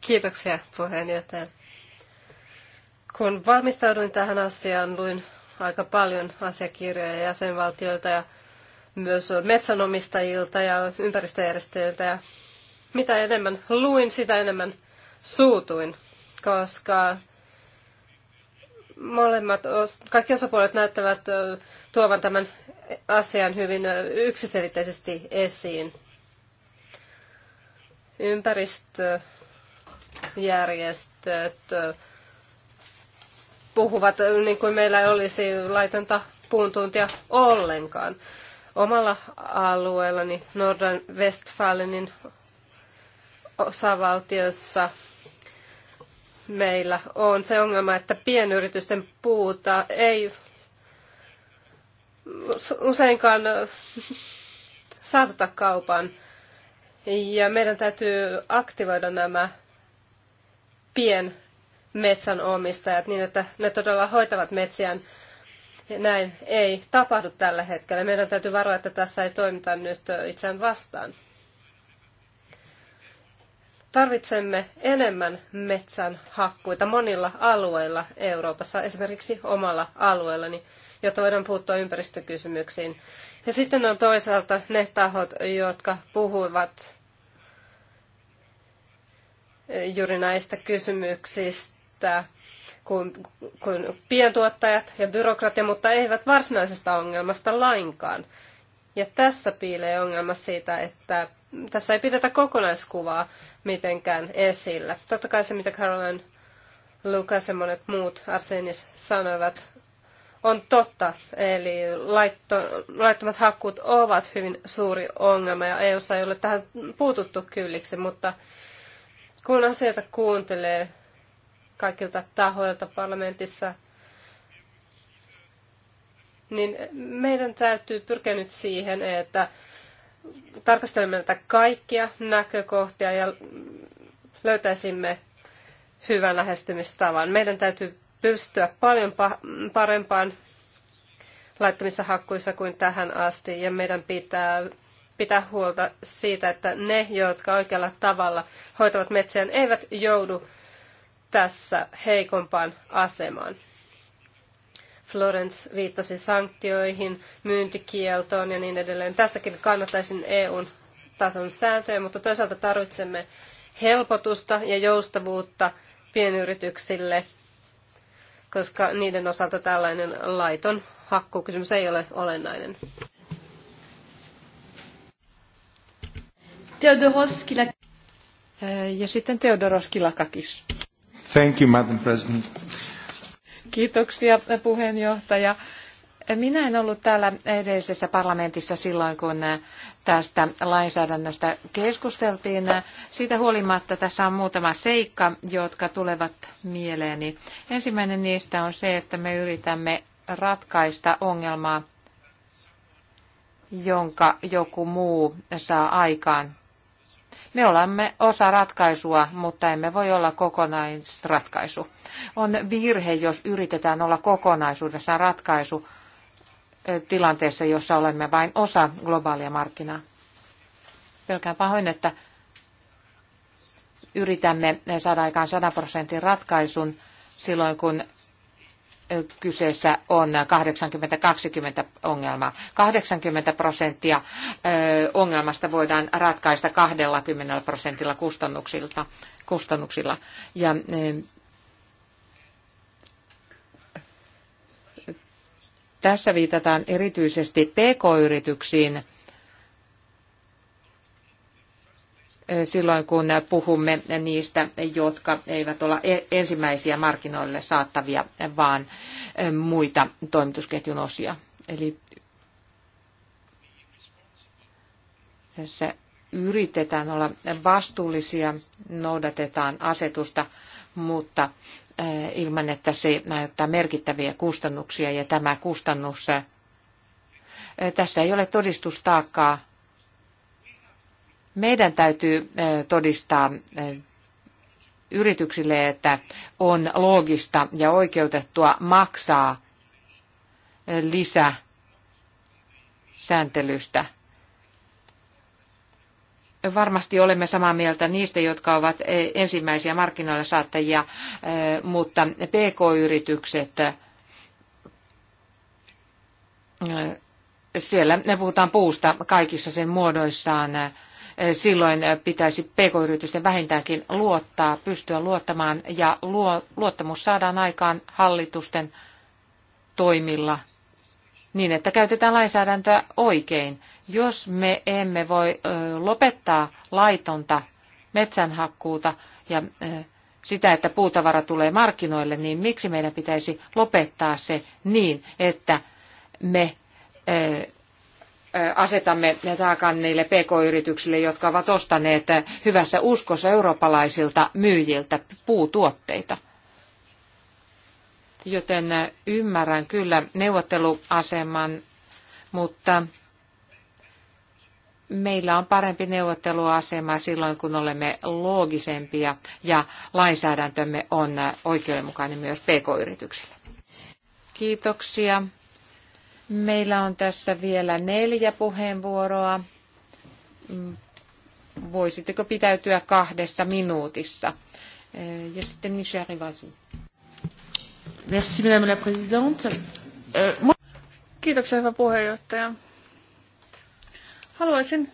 Kiitoksia puheenjohtaja. Kun valmistauduin tähän asiaan, luin aika paljon asiakirjoja jäsenvaltioilta ja myös metsänomistajilta ja ympäristöjärjestöiltä. Ja mitä enemmän luin, sitä enemmän suutuin, koska molemmat, kaikki osapuolet näyttävät tuovan tämän asian hyvin yksiselitteisesti esiin. Ympäristöjärjestöt puhuvat niin kuin meillä ei olisi laitonta puuntuntia ollenkaan. Omalla alueellani Nordrhein-Westfalenin osavaltiossa meillä on se ongelma, että pienyritysten puuta ei useinkaan saateta kaupan. Ja meidän täytyy aktivoida nämä omistajat niin, että ne todella hoitavat metsiään. Näin ei tapahdu tällä hetkellä. Meidän täytyy varoa, että tässä ei toimita nyt itseään vastaan. Tarvitsemme enemmän metsän hakkuita monilla alueilla Euroopassa, esimerkiksi omalla alueellani, jotta voidaan puuttua ympäristökysymyksiin. Ja sitten on toisaalta ne tahot, jotka puhuvat juuri näistä kysymyksistä kuin, kuin pientuottajat ja byrokratia, mutta eivät varsinaisesta ongelmasta lainkaan. Ja tässä piilee ongelma siitä, että tässä ei pidetä kokonaiskuvaa mitenkään esillä. Totta kai se, mitä Caroline Lucas ja monet muut Arsenis sanoivat, on totta. Eli laitto, laittomat hakkuut ovat hyvin suuri ongelma ja eu ei ole tähän puututtu kylliksi, mutta kun asioita kuuntelee kaikilta tahoilta parlamentissa, niin meidän täytyy pyrkiä nyt siihen, että tarkastelemme näitä kaikkia näkökohtia ja löytäisimme hyvän lähestymistavan. Meidän täytyy pystyä paljon parempaan laittomissa hakkuissa kuin tähän asti, ja meidän pitää pitää huolta siitä, että ne, jotka oikealla tavalla hoitavat metsiään, eivät joudu tässä heikompaan asemaan. Florence viittasi sanktioihin, myyntikieltoon ja niin edelleen. Tässäkin kannattaisin EUn tason sääntöjä, mutta toisaalta tarvitsemme helpotusta ja joustavuutta pienyrityksille, koska niiden osalta tällainen laiton hakkuukysymys ei ole olennainen. Theodoros Ja sitten Theodoros Thank you, Madam President. Kiitoksia puheenjohtaja. Minä en ollut täällä edellisessä parlamentissa silloin, kun tästä lainsäädännöstä keskusteltiin. Siitä huolimatta tässä on muutama seikka, jotka tulevat mieleeni. Ensimmäinen niistä on se, että me yritämme ratkaista ongelmaa, jonka joku muu saa aikaan. Me olemme osa ratkaisua, mutta emme voi olla kokonaisratkaisu. On virhe, jos yritetään olla kokonaisuudessaan ratkaisu tilanteessa, jossa olemme vain osa globaalia markkinaa. Pelkään pahoin, että yritämme saada aikaan 100 prosentin ratkaisun silloin, kun kyseessä on 80-20 ongelma. 80 prosenttia ongelmasta voidaan ratkaista 20 prosentilla kustannuksilta, kustannuksilla. Ja tässä viitataan erityisesti pk-yrityksiin – Eh, silloin, kun puhumme niistä, jotka eivät ole ensimmäisiä markkinoille saattavia, vaan eh, muita toimitusketjun osia. Eli tässä yritetään olla vastuullisia, noudatetaan asetusta, mutta eh, ilman, että se näyttää merkittäviä kustannuksia ja tämä kustannus, tässä ei ole todistustaakkaa meidän täytyy todistaa yrityksille, että on loogista ja oikeutettua maksaa lisäsääntelystä. Varmasti olemme samaa mieltä niistä, jotka ovat ensimmäisiä markkinoilla saattajia, mutta PK-yritykset, siellä ne puhutaan puusta kaikissa sen muodoissaan, silloin eh, pitäisi pk-yritysten vähintäänkin luottaa, pystyä luottamaan ja luo, luottamus saadaan aikaan hallitusten toimilla niin, että käytetään lainsäädäntöä oikein. Jos me emme voi eh, lopettaa laitonta metsänhakkuuta ja eh, sitä, että puutavara tulee markkinoille, niin miksi meidän pitäisi lopettaa se niin, että me asetamme taakan niille pk-yrityksille, jotka ovat ostaneet hyvässä uskossa eurooppalaisilta myyjiltä puutuotteita. Joten ymmärrän kyllä neuvotteluaseman, mutta meillä on parempi neuvotteluasema silloin, kun olemme loogisempia ja lainsäädäntömme on oikeudenmukainen myös pk-yrityksille. Kiitoksia. Meillä on tässä vielä neljä puheenvuoroa. Mm, Voisitteko pitäytyä kahdessa minuutissa? Eh, ja sitten Michel Rivasi. Merci, madame la présidente. Eh, Kiitoksia, hyvä puheenjohtaja. Haluaisin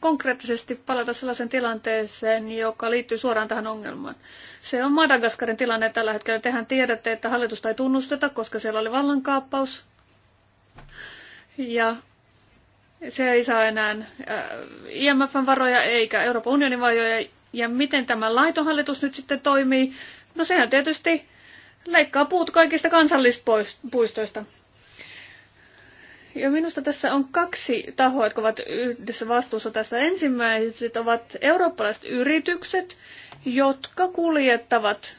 konkreettisesti palata sellaisen tilanteeseen, joka liittyy suoraan tähän ongelmaan. Se on Madagaskarin tilanne tällä hetkellä. Tehän tiedätte, että hallitusta ei tunnusteta, koska siellä oli vallankaappaus ja se ei saa enää äh, imf varoja eikä Euroopan unionin varoja. Ja miten tämä laitohallitus nyt sitten toimii? No sehän tietysti leikkaa puut kaikista kansallispuistoista. Ja minusta tässä on kaksi tahoa, jotka ovat yhdessä vastuussa tästä. Ensimmäiset ovat eurooppalaiset yritykset, jotka kuljettavat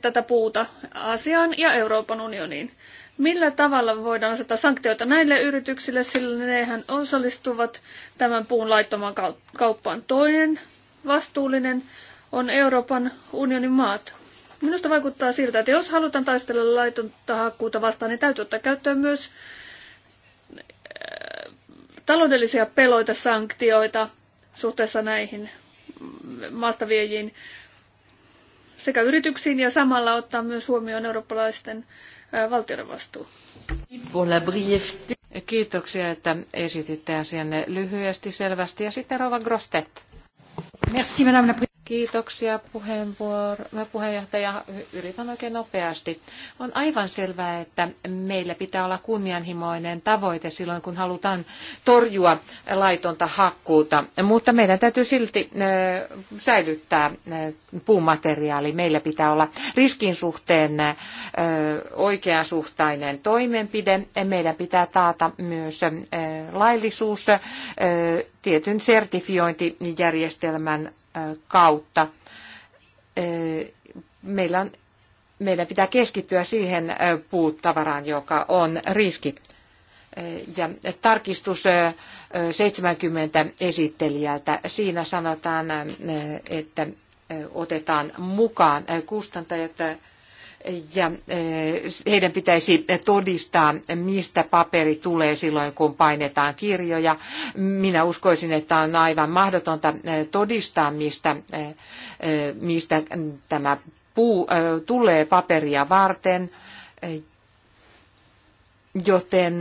tätä puuta Asiaan ja Euroopan unioniin. Millä tavalla voidaan asettaa sanktioita näille yrityksille, sillä nehän osallistuvat tämän puun laittomaan kauppaan. Toinen vastuullinen on Euroopan unionin maat. Minusta vaikuttaa siltä, että jos halutaan taistella laitonta hakkuuta vastaan, niin täytyy ottaa käyttöön myös äh, taloudellisia peloita, sanktioita suhteessa näihin maastaviejiin sekä yrityksiin ja samalla ottaa myös huomioon eurooppalaisten valtioiden vastuu. Kiitoksia, että esititte asianne lyhyesti, selvästi. Ja sitten Rova Grostet. Merci, madame Kiitoksia puheenvuoro, no, puheenjohtaja. Yritän oikein nopeasti. On aivan selvää, että meillä pitää olla kunnianhimoinen tavoite silloin, kun halutaan torjua laitonta hakkuuta, mutta meidän täytyy silti säilyttää puumateriaali. Meillä pitää olla riskin suhteen oikeasuhtainen toimenpide. Meidän pitää taata myös laillisuus tietyn sertifiointijärjestelmän kautta. Meillä on, meidän pitää keskittyä siihen puuttavaraan, joka on riski. Ja tarkistus 70 esittelijältä. Siinä sanotaan, että otetaan mukaan kustantajat ja e, heidän pitäisi todistaa, mistä paperi tulee silloin, kun painetaan kirjoja. Minä uskoisin, että on aivan mahdotonta e, todistaa, mistä, e, mistä tämä puu tulee paperia varten, joten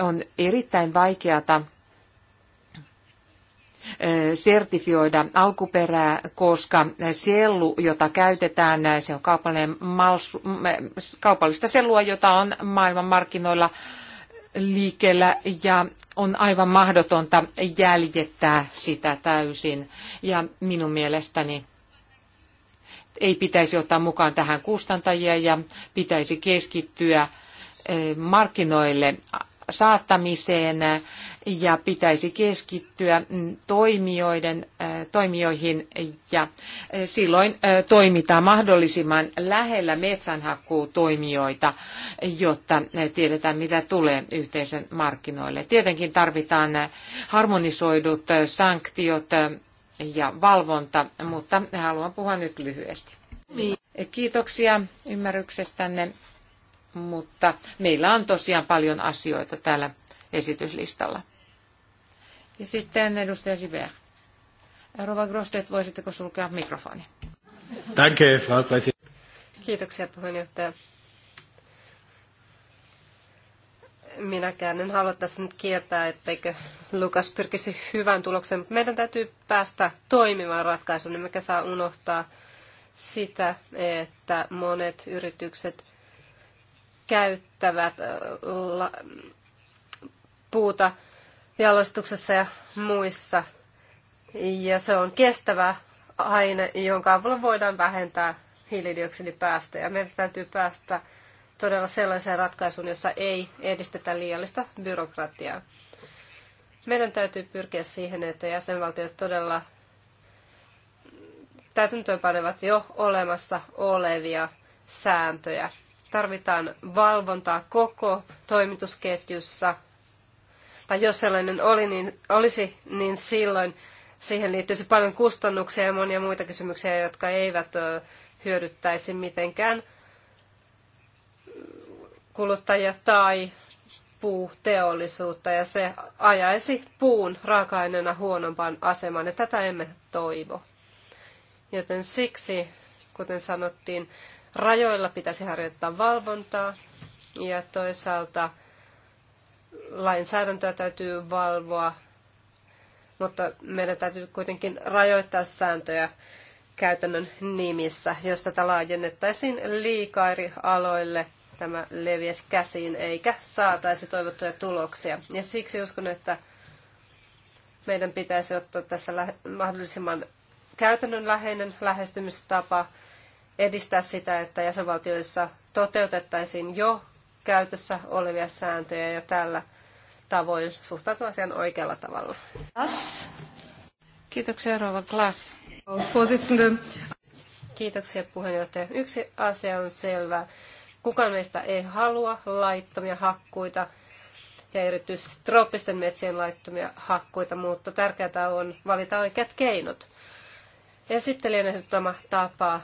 on erittäin vaikeata Eh, sertifioida alkuperää, koska sellu, jota käytetään, eh, se on kaupallinen malsu, mm, eh, kaupallista sellua, jota on maailman markkinoilla liikkeellä ja on aivan mahdotonta jäljittää sitä täysin. Ja minun mielestäni ei pitäisi ottaa mukaan tähän kustantajia ja pitäisi keskittyä markkinoille saattamiseen ja pitäisi keskittyä mm, toimijoiden, äh, toimijoihin ja äh, silloin äh, toimitaan mahdollisimman lähellä metsänhakkuutoimijoita, jotta tiedetään mitä tulee yhteisön markkinoille. Tietenkin tarvitaan harmonisoidut sanktiot ja valvonta, mutta haluan puhua nyt lyhyesti. Niin. Kiitoksia ymmärryksestänne mutta meillä on tosiaan paljon asioita täällä esityslistalla. Ja sitten edustaja Sibea. Rova Grostet, voisitteko sulkea mikrofoni? Kiitoksia puheenjohtaja. minäkään en halua tässä nyt kieltää, etteikö Lukas pyrkisi hyvään tulokseen, mutta meidän täytyy päästä toimimaan ratkaisuun, emmekä saa unohtaa sitä, että monet yritykset käyttävät puuta jalostuksessa ja muissa. Ja se on kestävä aine, jonka avulla voidaan vähentää hiilidioksidipäästöjä. Meidän täytyy päästä todella sellaiseen ratkaisuun, jossa ei edistetä liiallista byrokratiaa. Meidän täytyy pyrkiä siihen, että jäsenvaltiot todella täytäntöönpanevat jo olemassa olevia sääntöjä tarvitaan valvontaa koko toimitusketjussa. Tai jos sellainen oli, niin, olisi, niin silloin siihen liittyisi paljon kustannuksia ja monia muita kysymyksiä, jotka eivät hyödyttäisi mitenkään kuluttajia tai puuteollisuutta ja se ajaisi puun raaka-aineena huonompaan asemaan ja tätä emme toivo. Joten siksi, kuten sanottiin, Rajoilla pitäisi harjoittaa valvontaa ja toisaalta lainsäädäntöä täytyy valvoa, mutta meidän täytyy kuitenkin rajoittaa sääntöjä käytännön nimissä. Jos tätä laajennettaisiin liikaa eri aloille, tämä leviäisi käsiin eikä saataisi toivottuja tuloksia. Ja siksi uskon, että meidän pitäisi ottaa tässä mahdollisimman käytännönläheinen lähestymistapa edistää sitä, että jäsenvaltioissa toteutettaisiin jo käytössä olevia sääntöjä ja tällä tavoin suhtautua asiaan oikealla tavalla. Kiitoksia, Rova Klass. Kiitoksia, puheenjohtaja. Yksi asia on selvä. Kukaan meistä ei halua laittomia hakkuita ja erityisesti trooppisten metsien laittomia hakkuita, mutta tärkeää on valita oikeat keinot. Esittelijän ehdottama tapa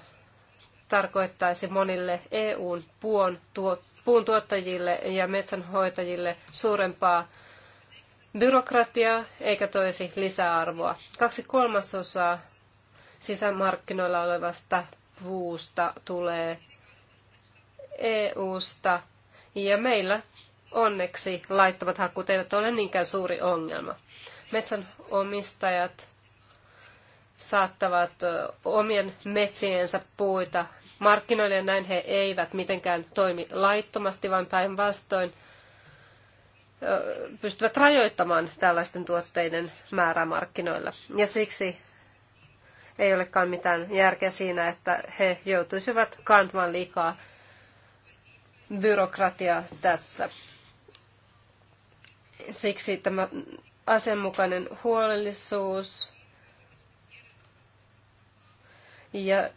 tarkoittaisi monille EUn puun, tuot, puun tuottajille ja metsänhoitajille suurempaa byrokratiaa eikä toisi lisäarvoa. Kaksi kolmasosaa sisämarkkinoilla olevasta puusta tulee EUsta ja meillä onneksi laittomat hakkuut eivät ole niinkään suuri ongelma. Metsänomistajat saattavat omien metsiensä puita markkinoille ja näin he eivät mitenkään toimi laittomasti, vaan päinvastoin pystyvät rajoittamaan tällaisten tuotteiden määrää markkinoilla. Ja siksi ei olekaan mitään järkeä siinä, että he joutuisivat kantamaan liikaa byrokratiaa tässä. Siksi tämä asianmukainen huolellisuus ja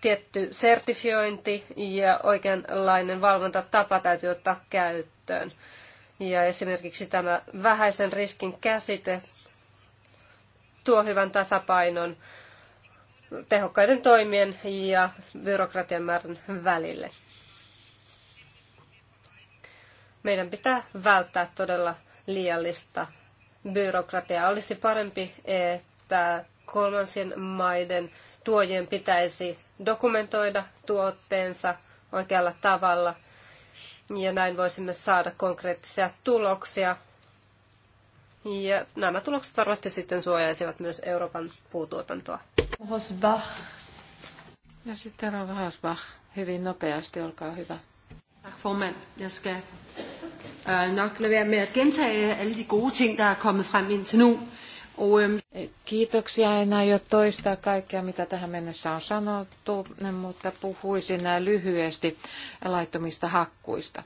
tietty sertifiointi ja oikeanlainen valvontatapa täytyy ottaa käyttöön. Ja esimerkiksi tämä vähäisen riskin käsite tuo hyvän tasapainon tehokkaiden toimien ja byrokratian määrän välille. Meidän pitää välttää todella liiallista byrokratiaa. Olisi parempi, että kolmansien maiden tuojien pitäisi dokumentoida tuotteensa oikealla tavalla ja näin voisimme saada konkreettisia tuloksia. Ja nämä tulokset varmasti sitten suojaisivat myös Euroopan puutuotantoa. Hosbach. Ja sitten Rova Hosbach. Hyvin nopeasti, olkaa hyvä. Tack formand. Jeg skal øh, nok lade være med at gentage alle de goda ting, der er kommet frem till nu. Kiitoksia. En aio toistaa kaikkea, mitä tähän mennessä on sanottu, mutta puhuisin näin lyhyesti laittomista hakkuista.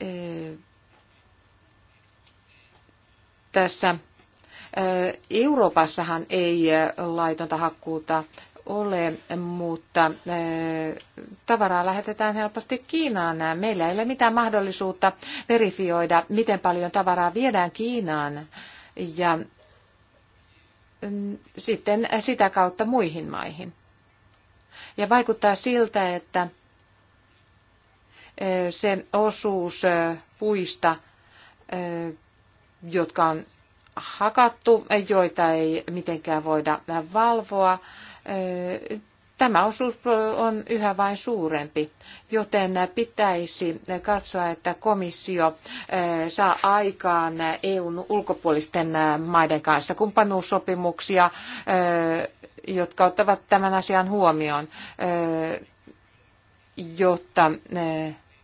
E, tässä e, Euroopassahan ei laitonta hakkuuta ole, mutta e, tavaraa lähetetään helposti Kiinaan. Meillä ei ole mitään mahdollisuutta verifioida, miten paljon tavaraa viedään Kiinaan ja mm, sitten sitä kautta muihin maihin. Ja vaikuttaa siltä, että se osuus puista, jotka on hakattu, joita ei mitenkään voida valvoa, tämä osuus on yhä vain suurempi, joten pitäisi katsoa, että komissio eh, saa aikaan EUn ulkopuolisten eh, maiden kanssa kumppanuussopimuksia, eh, jotka ottavat tämän asian huomioon, jotta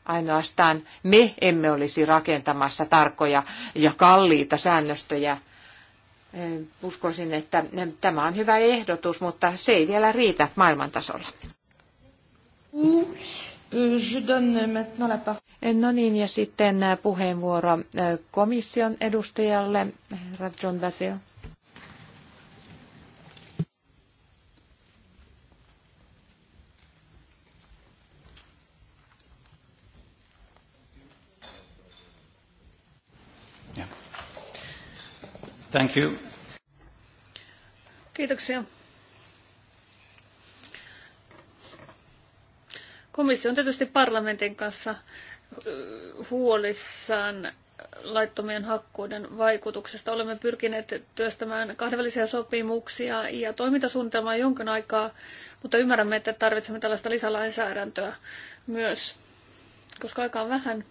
ainoastaan me emme olisi rakentamassa tarkkoja ja kalliita säännöstöjä Uskoisin, että tämä on hyvä ehdotus, mutta se ei vielä riitä maailman tasolla. No niin, ja sitten puheenvuoro komission edustajalle, Rajon Vasio. Kiitoksia. Komissio on tietysti parlamentin kanssa huolissaan laittomien hakkuiden vaikutuksesta. Olemme pyrkineet työstämään kahdenvälisiä sopimuksia ja toimintasuunnitelmaa jonkin aikaa, mutta ymmärrämme, että tarvitsemme tällaista lisälainsäädäntöä myös, koska aika on vähän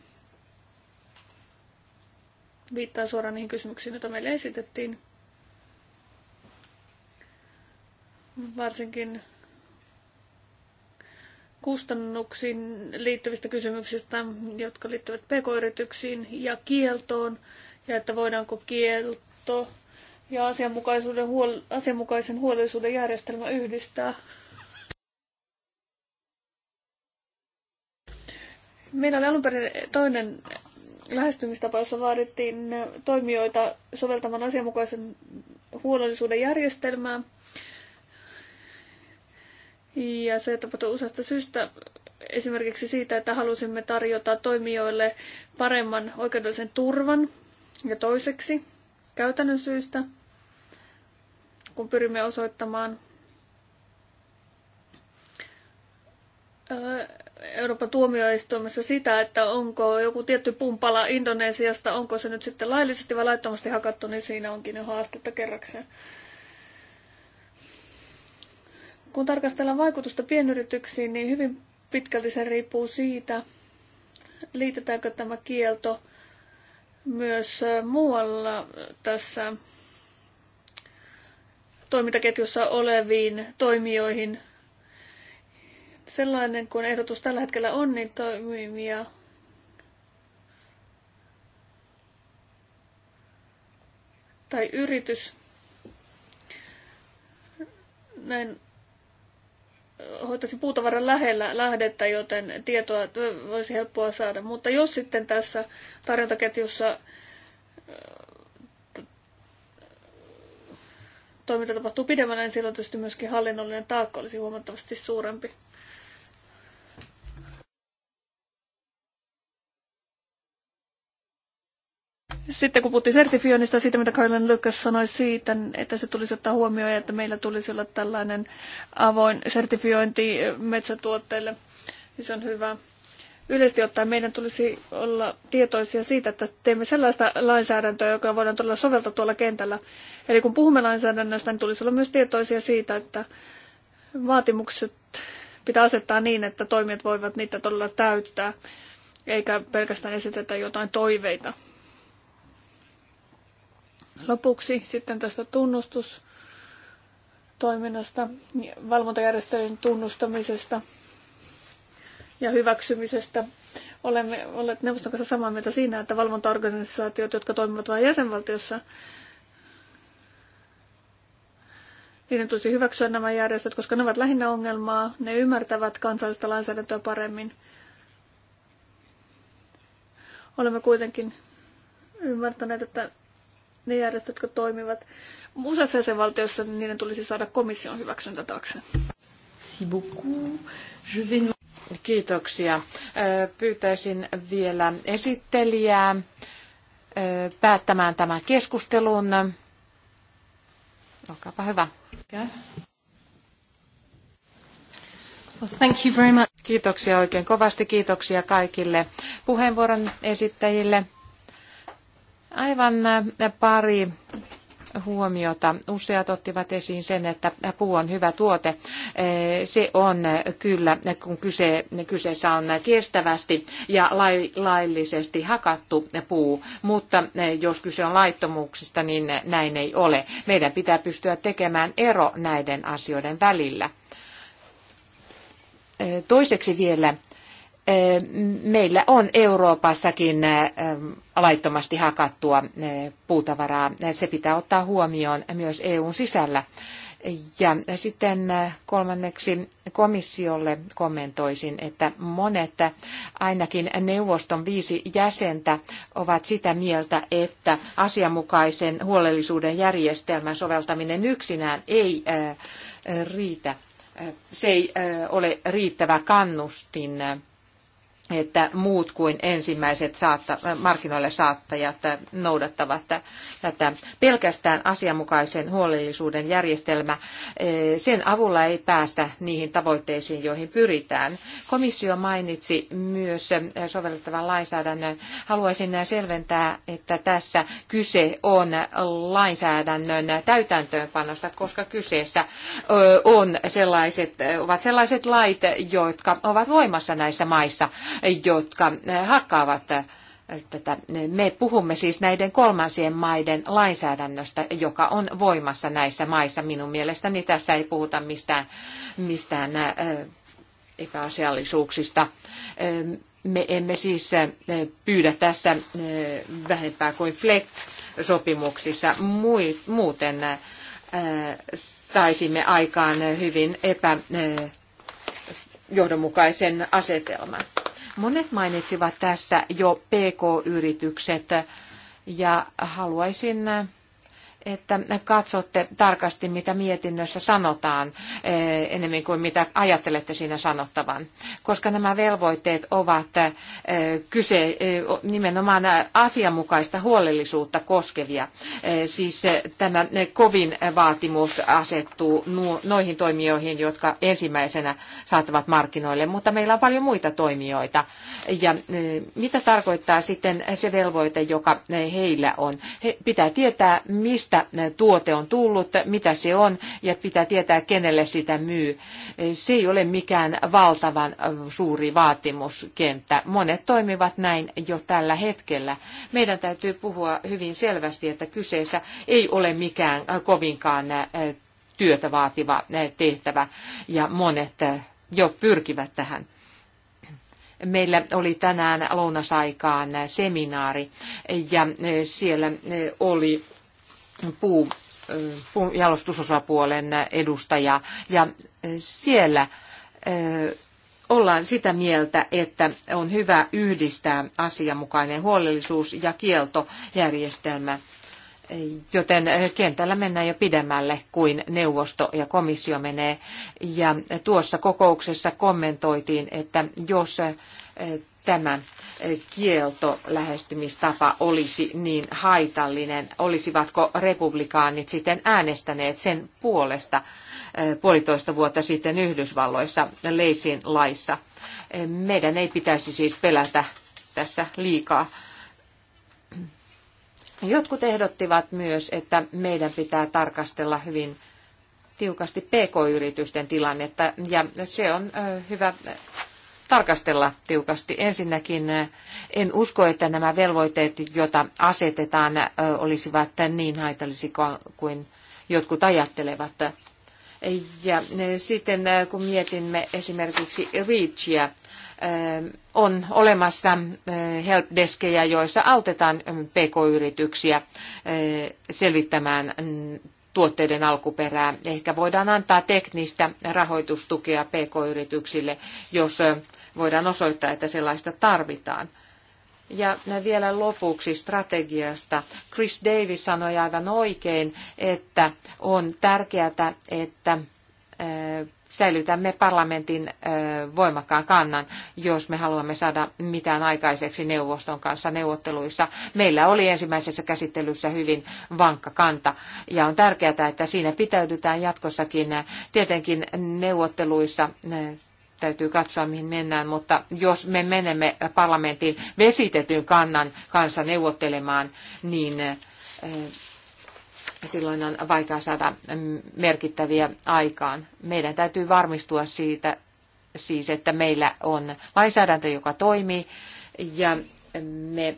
viittaa suoraan niihin kysymyksiin, joita meille esitettiin. Varsinkin kustannuksiin liittyvistä kysymyksistä, jotka liittyvät pk-yrityksiin ja kieltoon, ja että voidaanko kielto ja asianmukaisuuden huol- asianmukaisen huolellisuuden järjestelmä yhdistää. Meillä oli alun perin toinen Lähestymistapaissa vaadittiin toimijoita soveltamaan asianmukaisen huolellisuuden järjestelmää. Ja se tapahtui useasta syystä, esimerkiksi siitä, että halusimme tarjota toimijoille paremman oikeudellisen turvan ja toiseksi käytännön syystä, kun pyrimme osoittamaan Euroopan tuomioistuimessa sitä, että onko joku tietty pumpala Indonesiasta, onko se nyt sitten laillisesti vai laittomasti hakattu, niin siinä onkin jo haastetta kerrakseen. Kun tarkastellaan vaikutusta pienyrityksiin, niin hyvin pitkälti se riippuu siitä, liitetäänkö tämä kielto myös muualla tässä toimintaketjussa oleviin toimijoihin – sellainen kuin ehdotus tällä hetkellä on, niin toimimia tai yritys näin hoitaisin puutavaran lähellä lähdettä, joten tietoa voisi helppoa saada. Mutta jos sitten tässä tarjontaketjussa äh, toiminta tapahtuu pidemmän, niin silloin tietysti myöskin hallinnollinen taakka olisi huomattavasti suurempi. Sitten kun puhuttiin sertifioinnista, siitä mitä Carlin Lucas sanoi siitä, että se tulisi ottaa huomioon ja että meillä tulisi olla tällainen avoin sertifiointi metsätuotteille, niin se on hyvä. Yleisesti ottaen meidän tulisi olla tietoisia siitä, että teemme sellaista lainsäädäntöä, joka voidaan todella soveltaa tuolla kentällä. Eli kun puhumme lainsäädännöstä, niin tulisi olla myös tietoisia siitä, että vaatimukset pitää asettaa niin, että toimijat voivat niitä todella täyttää, eikä pelkästään esitetä jotain toiveita Lopuksi sitten tästä tunnustustoiminnasta, valvontajärjestelyn tunnustamisesta ja hyväksymisestä. Olemme olleet neuvoston kanssa samaa mieltä siinä, että valvontaorganisaatiot, jotka toimivat vain jäsenvaltiossa, niiden tulisi hyväksyä nämä järjestöt, koska ne ovat lähinnä ongelmaa, ne ymmärtävät kansallista lainsäädäntöä paremmin. Olemme kuitenkin ymmärtäneet, että ne järjestöt, jotka toimivat useassa jäsenvaltiossa, niin niiden tulisi saada komission hyväksyntä taakse. Kiitoksia. Pyytäisin vielä esittelijää päättämään tämän keskustelun. Olkaapa hyvä. Yes. Thank you very much. Kiitoksia oikein kovasti. Kiitoksia kaikille puheenvuoron esittäjille. Aivan äh, pari huomiota. Useat ottivat esiin sen, että puu on hyvä tuote. Se on äh, kyllä, kun kyse, kyseessä on kestävästi ja laillisesti hakattu puu, mutta äh, jos kyse on laittomuuksista, niin näin ei ole. Meidän pitää pystyä tekemään ero näiden asioiden välillä. Toiseksi vielä meillä on Euroopassakin laittomasti hakattua puutavaraa. Se pitää ottaa huomioon myös EUn sisällä. Ja sitten kolmanneksi komissiolle kommentoisin, että monet, ainakin neuvoston viisi jäsentä, ovat sitä mieltä, että asianmukaisen huolellisuuden järjestelmän soveltaminen yksinään ei riitä. Se ei ole riittävä kannustin että muut kuin ensimmäiset saatta, markkinoille saattajat noudattavat tätä. Pelkästään asianmukaisen huolellisuuden järjestelmä, sen avulla ei päästä niihin tavoitteisiin, joihin pyritään. Komissio mainitsi myös sovellettavan lainsäädännön. Haluaisin selventää, että tässä kyse on lainsäädännön täytäntöönpanosta, koska kyseessä on sellaiset, ovat sellaiset lait, jotka ovat voimassa näissä maissa jotka eh, hakkaavat eh, tätä. Me puhumme siis näiden kolmansien maiden lainsäädännöstä, joka on voimassa näissä maissa. Minun mielestäni tässä ei puhuta mistään, mistään eh, epäasiallisuuksista. Me emme siis pyydä tässä vähempää kuin FLEC-sopimuksissa. Muuten saisimme aikaan hyvin epäjohdonmukaisen asetelman. Monet mainitsivat tässä jo PK-yritykset ja haluaisin että katsotte tarkasti, mitä mietinnössä sanotaan, eh, enemmän kuin mitä ajattelette siinä sanottavan. Koska nämä velvoitteet ovat eh, kyse eh, nimenomaan asianmukaista huolellisuutta koskevia. Siis tämä kovin vaatimus asettuu noihin toimijoihin, jotka ensimmäisenä saattavat markkinoille, mutta meillä on paljon muita toimijoita. Ja mitä tarkoittaa sitten se velvoite, joka heillä on? He pitää tietää, mistä mistä tuote on tullut, mitä se on ja pitää tietää, kenelle sitä myy. Se ei ole mikään valtavan suuri vaatimuskenttä. Monet toimivat näin jo tällä hetkellä. Meidän täytyy puhua hyvin selvästi, että kyseessä ei ole mikään kovinkaan työtä vaativa tehtävä ja monet jo pyrkivät tähän. Meillä oli tänään lounasaikaan seminaari ja siellä oli puu, puunjalostusosapuolen edustaja ja siellä ollaan sitä mieltä, että on hyvä yhdistää asianmukainen huolellisuus ja kieltojärjestelmä, joten kentällä mennään jo pidemmälle kuin neuvosto ja komissio menee. Ja tuossa kokouksessa kommentoitiin, että jos tämä kieltolähestymistapa olisi niin haitallinen? Olisivatko republikaanit sitten äänestäneet sen puolesta eh, puolitoista vuotta sitten Yhdysvalloissa Leisin laissa? Eh, meidän ei pitäisi siis pelätä tässä liikaa. Jotkut ehdottivat myös, että meidän pitää tarkastella hyvin tiukasti pk-yritysten tilannetta, ja se on eh, hyvä tarkastella tiukasti. Ensinnäkin eh, en usko, että nämä velvoitteet, joita asetetaan, eh, olisivat niin haitallisia kuin jotkut ajattelevat. Ja eh, sitten kun mietimme esimerkiksi REACHia, on olemassa helpdeskejä, joissa autetaan pk-yrityksiä selvittämään mm, tuotteiden alkuperää. Ehkä voidaan antaa teknistä rahoitustukea pk-yrityksille, jos voidaan osoittaa, että sellaista tarvitaan. Ja vielä lopuksi strategiasta. Chris Davis sanoi aivan oikein, että on tärkeää, että äh, säilytämme parlamentin äh, voimakkaan kannan, jos me haluamme saada mitään aikaiseksi neuvoston kanssa neuvotteluissa. Meillä oli ensimmäisessä käsittelyssä hyvin vankka kanta ja on tärkeää, että siinä pitäydytään jatkossakin. Tietenkin neuvotteluissa äh, täytyy katsoa, mihin mennään, mutta jos me menemme parlamentin vesitetyn kannan kanssa neuvottelemaan, niin eh, silloin on vaikea saada mm, merkittäviä aikaan. Meidän täytyy varmistua siitä, siis, että meillä on lainsäädäntö, joka toimii, ja me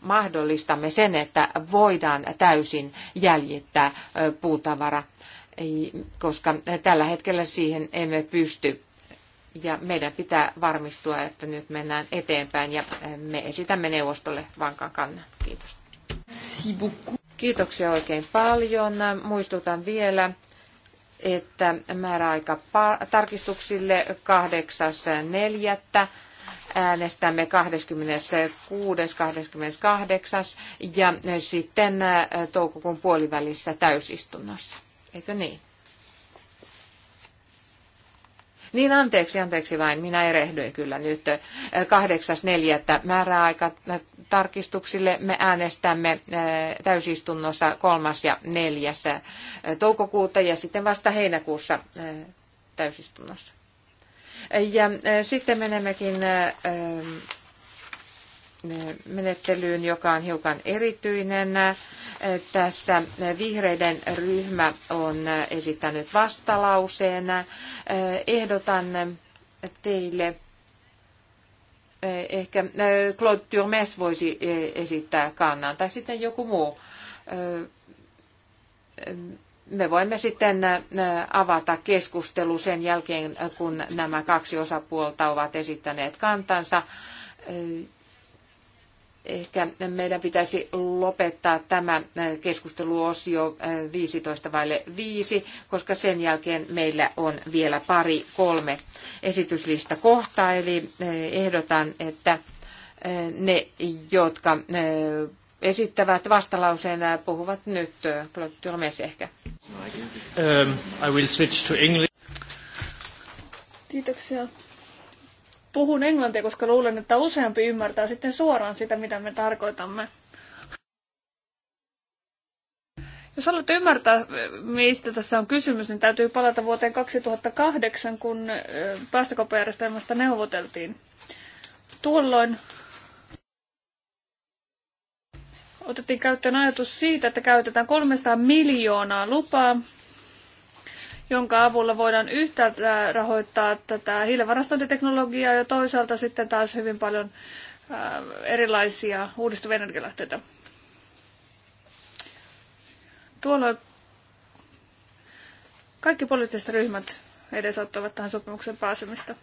mahdollistamme sen, että voidaan täysin jäljittää eh, puutavara, koska tällä hetkellä siihen emme pysty. Ja meidän pitää varmistua, että nyt mennään eteenpäin ja eh, me esitämme neuvostolle vankan kannan. Kiitos. Kiitoksia oikein paljon. Muistutan vielä, että määräaika tarkistuksille 8.4. Äänestämme 26.28. ja sitten eh, toukokuun puolivälissä täysistunnossa. Eikö niin? Niin anteeksi, anteeksi vain, minä erehdyin kyllä nyt. 8.4. määräaika tarkistuksille me äänestämme eh, täysistunnossa 3. ja 4. Eh, toukokuuta ja sitten vasta heinäkuussa eh, täysistunnossa. Ja sitten menemmekin menettelyyn, joka on hiukan erityinen. Tässä vihreiden ryhmä on esittänyt vastalauseen. Ehdotan teille, ehkä Claude Turmes voisi esittää kannan, tai sitten joku muu. Me voimme sitten avata keskustelu sen jälkeen, kun nämä kaksi osapuolta ovat esittäneet kantansa Ehkä meidän pitäisi lopettaa tämä äh, keskusteluosio 15 äh, vaille 5, koska sen jälkeen meillä on vielä pari kolme esityslista kohtaa. Eli äh, ehdotan, että ne, jotka esittävät vastalauseen, puhuvat nyt. Tyrmes ehkä. Um, I will switch to English. Kiitoksia puhun englantia, koska luulen, että useampi ymmärtää sitten suoraan sitä, mitä me tarkoitamme. Jos haluat ymmärtää, mistä tässä on kysymys, niin täytyy palata vuoteen 2008, kun päästökauppajärjestelmästä neuvoteltiin. Tuolloin otettiin käyttöön ajatus siitä, että käytetään 300 miljoonaa lupaa jonka avulla voidaan yhtäältä rahoittaa tätä hiilivarastointiteknologiaa ja toisaalta sitten taas hyvin paljon erilaisia uudistuvia energialähteitä. Tuolloin kaikki poliittiset ryhmät edesauttavat tähän sopimuksen pääsemistä.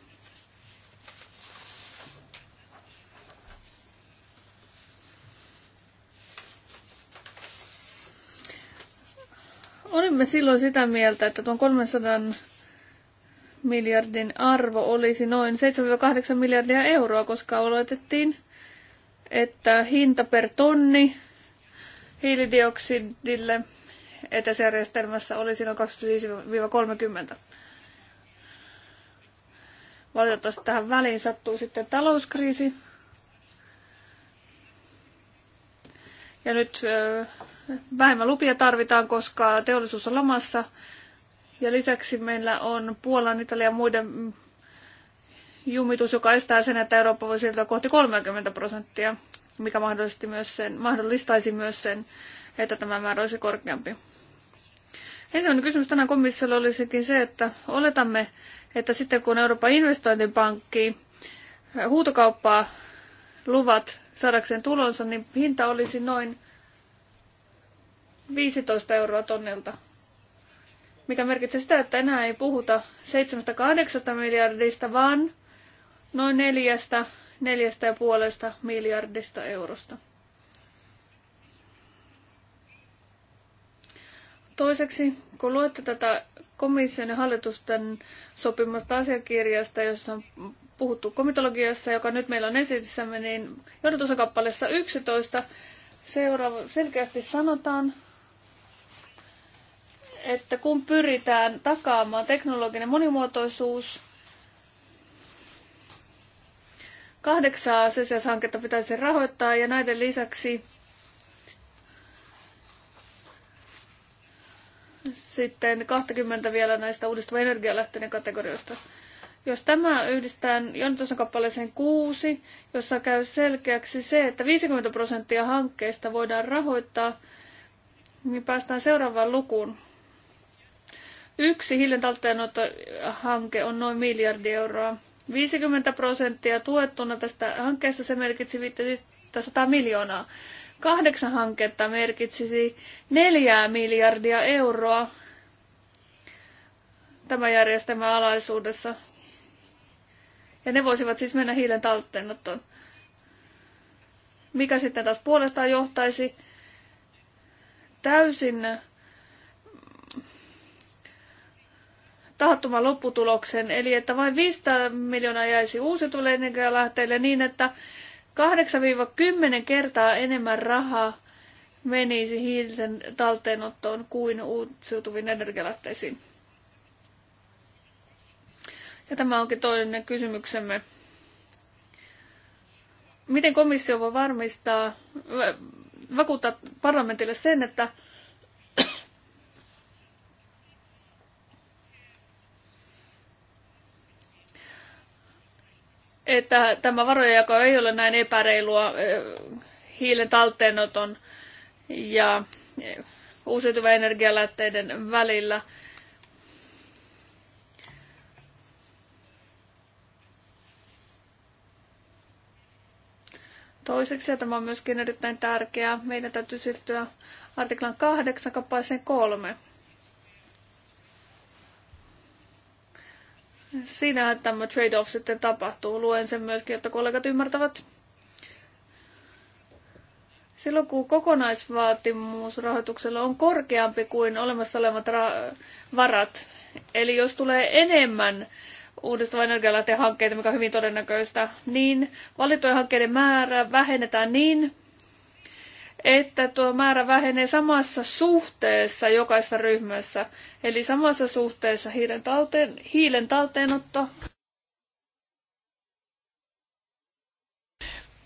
Olimme silloin sitä mieltä, että tuon 300 miljardin arvo olisi noin 7-8 miljardia euroa, koska oletettiin, että hinta per tonni hiilidioksidille etäsjärjestelmässä olisi noin 25-30. Valitettavasti tähän väliin sattuu sitten talouskriisi. Ja nyt Vähemmän lupia tarvitaan, koska teollisuus on lamassa. Ja lisäksi meillä on Puolan, Italian ja muiden jumitus, joka estää sen, että Eurooppa voi siirtyä kohti 30 prosenttia, mikä mahdollisesti myös sen, mahdollistaisi myös sen, että tämä määrä olisi korkeampi. Ensimmäinen kysymys tänään komissiolle olisikin se, että oletamme, että sitten kun Euroopan investointipankki eh, huutokauppaa luvat saadakseen tulonsa, niin hinta olisi noin 15 euroa tonnilta, mikä merkitsee sitä, että enää ei puhuta 7-8 miljardista, vaan noin neljästä, neljästä ja puolesta miljardista eurosta. Toiseksi, kun luette tätä komission ja hallitusten sopimasta asiakirjasta, jossa on puhuttu komitologiassa, joka nyt meillä on esityssämme, niin johdatusakappaleessa 11 seuraava, selkeästi sanotaan, että kun pyritään takaamaan teknologinen monimuotoisuus, kahdeksaa CCS-hanketta pitäisi rahoittaa ja näiden lisäksi sitten 20 vielä näistä uudistuvan energialähteiden kategorioista. Jos tämä yhdistetään Jontosan kappaleeseen 6, jossa käy selkeäksi se, että 50 prosenttia hankkeista voidaan rahoittaa, niin päästään seuraavaan lukuun, Yksi hiilen hanke on noin miljardi euroa. 50 prosenttia tuettuna tästä hankkeesta se merkitsi 500 miljoonaa. Kahdeksan hanketta merkitsisi neljää miljardia euroa tämän järjestelmän alaisuudessa. Ja ne voisivat siis mennä hiilen talteenottoon. Mikä sitten taas puolestaan johtaisi täysin tahattoman lopputuloksen, eli että vain 500 miljoonaa jäisi uusiutuville energialähteille niin, että 8-10 kertaa enemmän rahaa menisi hiilten talteenottoon kuin uusiutuviin energialähteisiin. Ja tämä onkin toinen kysymyksemme. Miten komissio voi varmistaa, vakuuttaa parlamentille sen, että että tämä jako ei ole näin epäreilua hiilen talteenoton ja uusiutuvien energialähteiden välillä. Toiseksi, ja tämä on myöskin erittäin tärkeää, meidän täytyy siirtyä artiklan 8 kappaleeseen 3. siinä tämä trade-off sitten tapahtuu. Luen sen myöskin, jotta kollegat ymmärtävät. Silloin kun kokonaisvaatimus rahoituksella on korkeampi kuin olemassa olevat varat, eli jos tulee enemmän uudistuvan energialaiteen hankkeita, mikä on hyvin todennäköistä, niin valittujen hankkeiden määrä vähennetään niin, että tuo määrä vähenee samassa suhteessa jokaisessa ryhmässä. Eli samassa suhteessa hiilen, talteen, hiilen talteenotto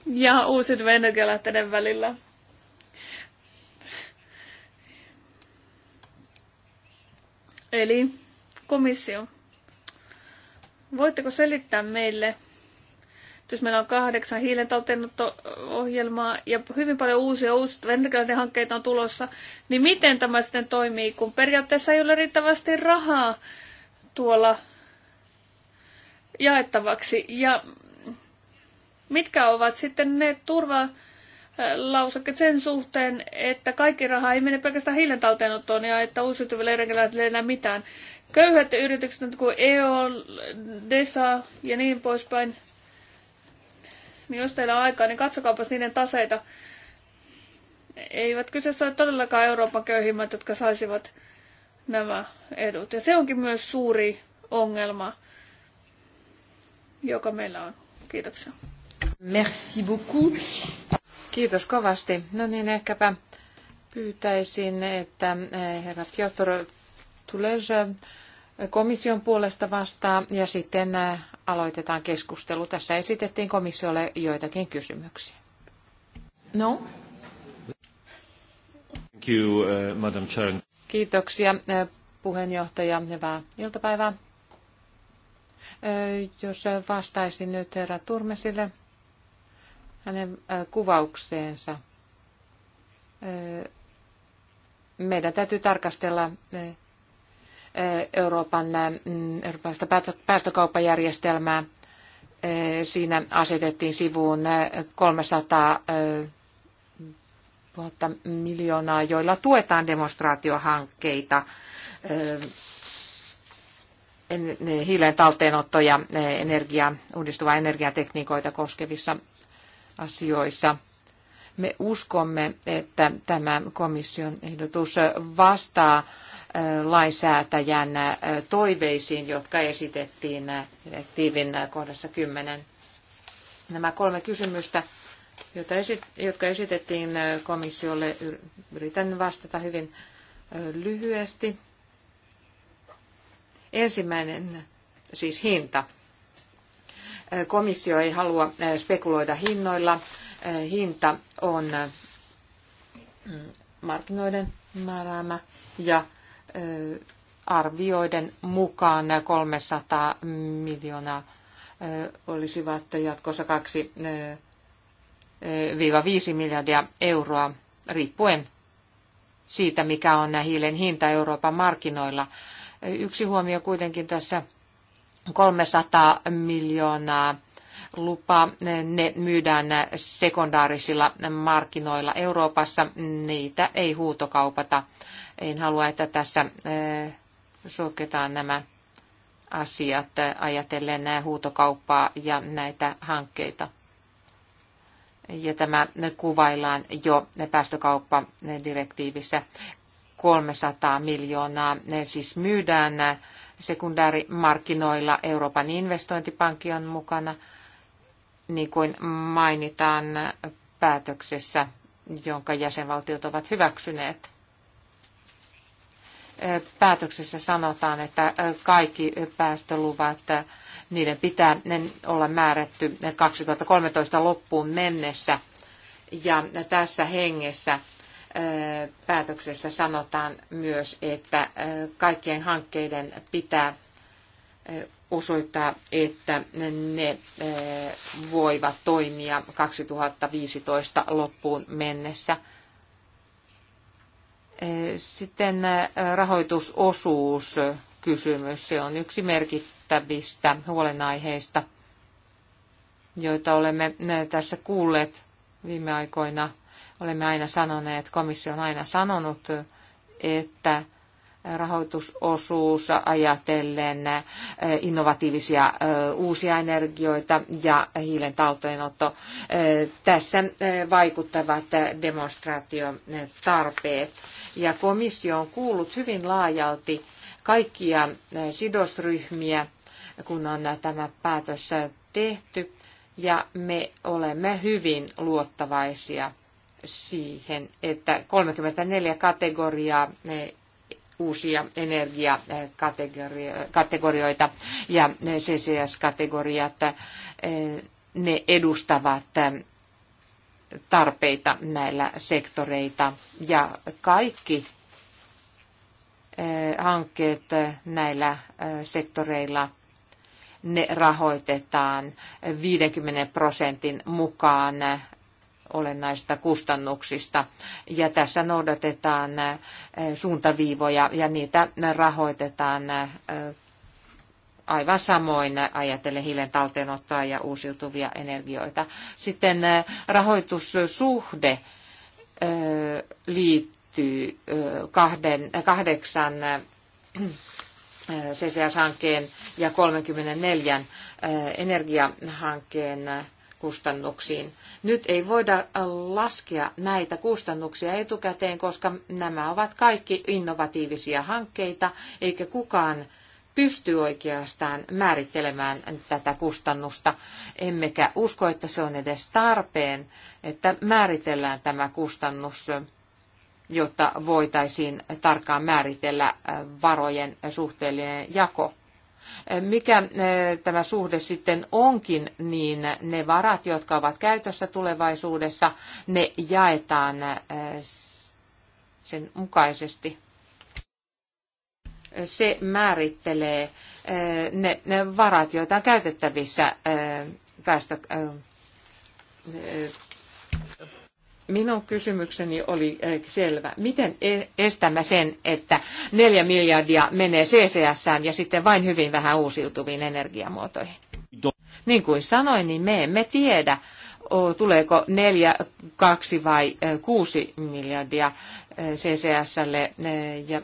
ja uusin energialähteiden välillä. Eli komissio, voitteko selittää meille, jos meillä on kahdeksan hiilen ohjelmaa ja hyvin paljon uusia uusia hankkeita on tulossa, niin miten tämä sitten toimii, kun periaatteessa ei ole riittävästi rahaa tuolla jaettavaksi? Ja mitkä ovat sitten ne turva lausakkeet sen suhteen, että kaikki raha ei mene pelkästään hiilen talteenottoon ja että uusiutuville energialaitoille ei enää mitään. Köyhät yritykset, niin kuten EO, DESA ja niin poispäin, niin jos teillä on aikaa, niin katsokaapas niiden taseita. Eivät kyseessä ole todellakaan Euroopan köyhimmät, jotka saisivat nämä edut. Ja se onkin myös suuri ongelma, joka meillä on. Kiitoksia. Merci beaucoup. Kiitos kovasti. No niin, ehkäpä pyytäisin, että eh, herra Piotr Tuleja eh, komission puolesta vastaa ja sitten eh, aloitetaan keskustelu. Tässä esitettiin komissiolle joitakin kysymyksiä. No. Thank you, uh, Madam Chair. Kiitoksia uh, puheenjohtaja. Hyvää iltapäivää. Uh, jos vastaisin nyt herra Turmesille hänen uh, kuvaukseensa. Meidän täytyy tarkastella Euroopan mm, päästökauppajärjestelmää. E, siinä asetettiin sivuun 300 e, 000 e, miljoonaa, joilla tuetaan demonstraatiohankkeita, hiilen talteenotto ja energia, uudistuvaa energiatekniikoita koskevissa asioissa. Me uskomme, että tämä komission ehdotus vastaa lainsäätäjän toiveisiin, jotka esitettiin direktiivin kohdassa 10. Nämä kolme kysymystä, jotka esitettiin komissiolle, yritän vastata hyvin lyhyesti. Ensimmäinen, siis hinta. Komissio ei halua spekuloida hinnoilla. Hinta on mm, markkinoiden määräämä ja arvioiden mukaan 300 miljoonaa olisivat jatkossa 2-5 miljardia euroa riippuen siitä, mikä on hiilen hinta Euroopan markkinoilla. Yksi huomio kuitenkin tässä 300 miljoonaa lupa. Ne myydään sekundaarisilla markkinoilla Euroopassa. Niitä ei huutokaupata. En halua, että tässä eh, sulketaan nämä asiat eh, ajatellen nämä huutokauppaa ja näitä hankkeita. Ja tämä kuvaillaan jo päästökauppadirektiivissä 300 miljoonaa. Ne siis myydään sekundäärimarkkinoilla. Euroopan investointipankki on mukana – niin kuin mainitaan päätöksessä, jonka jäsenvaltiot ovat hyväksyneet. Päätöksessä sanotaan, että kaikki päästöluvat, niiden pitää olla määrätty 2013 loppuun mennessä. Ja tässä hengessä päätöksessä sanotaan myös, että kaikkien hankkeiden pitää osoittaa, että ne voivat toimia 2015 loppuun mennessä. Sitten rahoitusosuuskysymys Se on yksi merkittävistä huolenaiheista, joita olemme tässä kuulleet viime aikoina. Olemme aina sanoneet, komissio on aina sanonut, että rahoitusosuus ajatellen innovatiivisia uusia energioita ja hiilen talteenotto. Tässä vaikuttavat demonstraatiotarpeet. Ja komissio on kuullut hyvin laajalti kaikkia sidosryhmiä, kun on tämä päätös tehty. Ja me olemme hyvin luottavaisia siihen, että 34 kategoriaa uusia energiakategorioita ja CCS-kategoriat, eh, ne edustavat eh, tarpeita näillä sektoreita ja kaikki eh, hankkeet näillä sektoreilla ne rahoitetaan 50 prosentin mukaan olennaista kustannuksista. Ja tässä noudatetaan suuntaviivoja ja niitä rahoitetaan aivan samoin ajatellen hiilen talteenottoa ja uusiutuvia energioita. Sitten rahoitussuhde liittyy kahden, kahdeksan CCS-hankkeen ja 34 energiahankkeen kustannuksiin. Nyt ei voida laskea näitä kustannuksia etukäteen, koska nämä ovat kaikki innovatiivisia hankkeita, eikä kukaan pysty oikeastaan määrittelemään tätä kustannusta, emmekä usko, että se on edes tarpeen, että määritellään tämä kustannus, jotta voitaisiin tarkkaan määritellä äh, varojen suhteellinen jako. Mikä eh, tämä suhde sitten onkin, niin ne varat, jotka ovat käytössä tulevaisuudessa, ne jaetaan eh, sen mukaisesti. Se määrittelee eh, ne, varat, joita on käytettävissä päästö, Minun kysymykseni oli eh, selvä. Miten e-, estämme sen, että neljä miljardia menee CCS ja sitten vain hyvin vähän uusiutuviin energiamuotoihin? Niin kuin sanoin, niin me emme tiedä, tuleeko neljä, kaksi vai eh, kuusi miljardia eh, CCSlle ja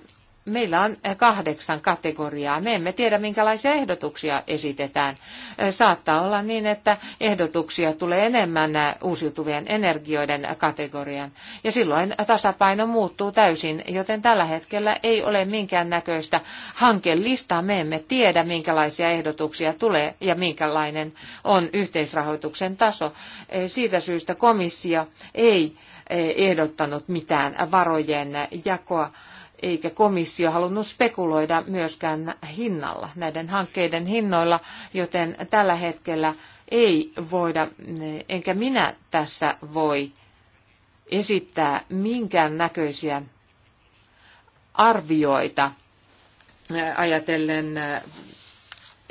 meillä on eh, kahdeksan kategoriaa. Me emme tiedä, minkälaisia ehdotuksia esitetään. Eh, saattaa olla niin, että ehdotuksia tulee enemmän eh, uusiutuvien energioiden kategorian. Ja silloin tasapaino muuttuu täysin, joten tällä hetkellä ei ole minkäännäköistä hankelistaa. Me emme tiedä, minkälaisia ehdotuksia tulee ja minkälainen on yhteisrahoituksen taso. Siitä syystä komissio ei ehdottanut mitään varojen jakoa eikä komissio halunnut spekuloida myöskään hinnalla, näiden hankkeiden hinnoilla, joten tällä hetkellä ei voida, enkä minä tässä voi esittää minkään näköisiä arvioita äh, ajatellen äh,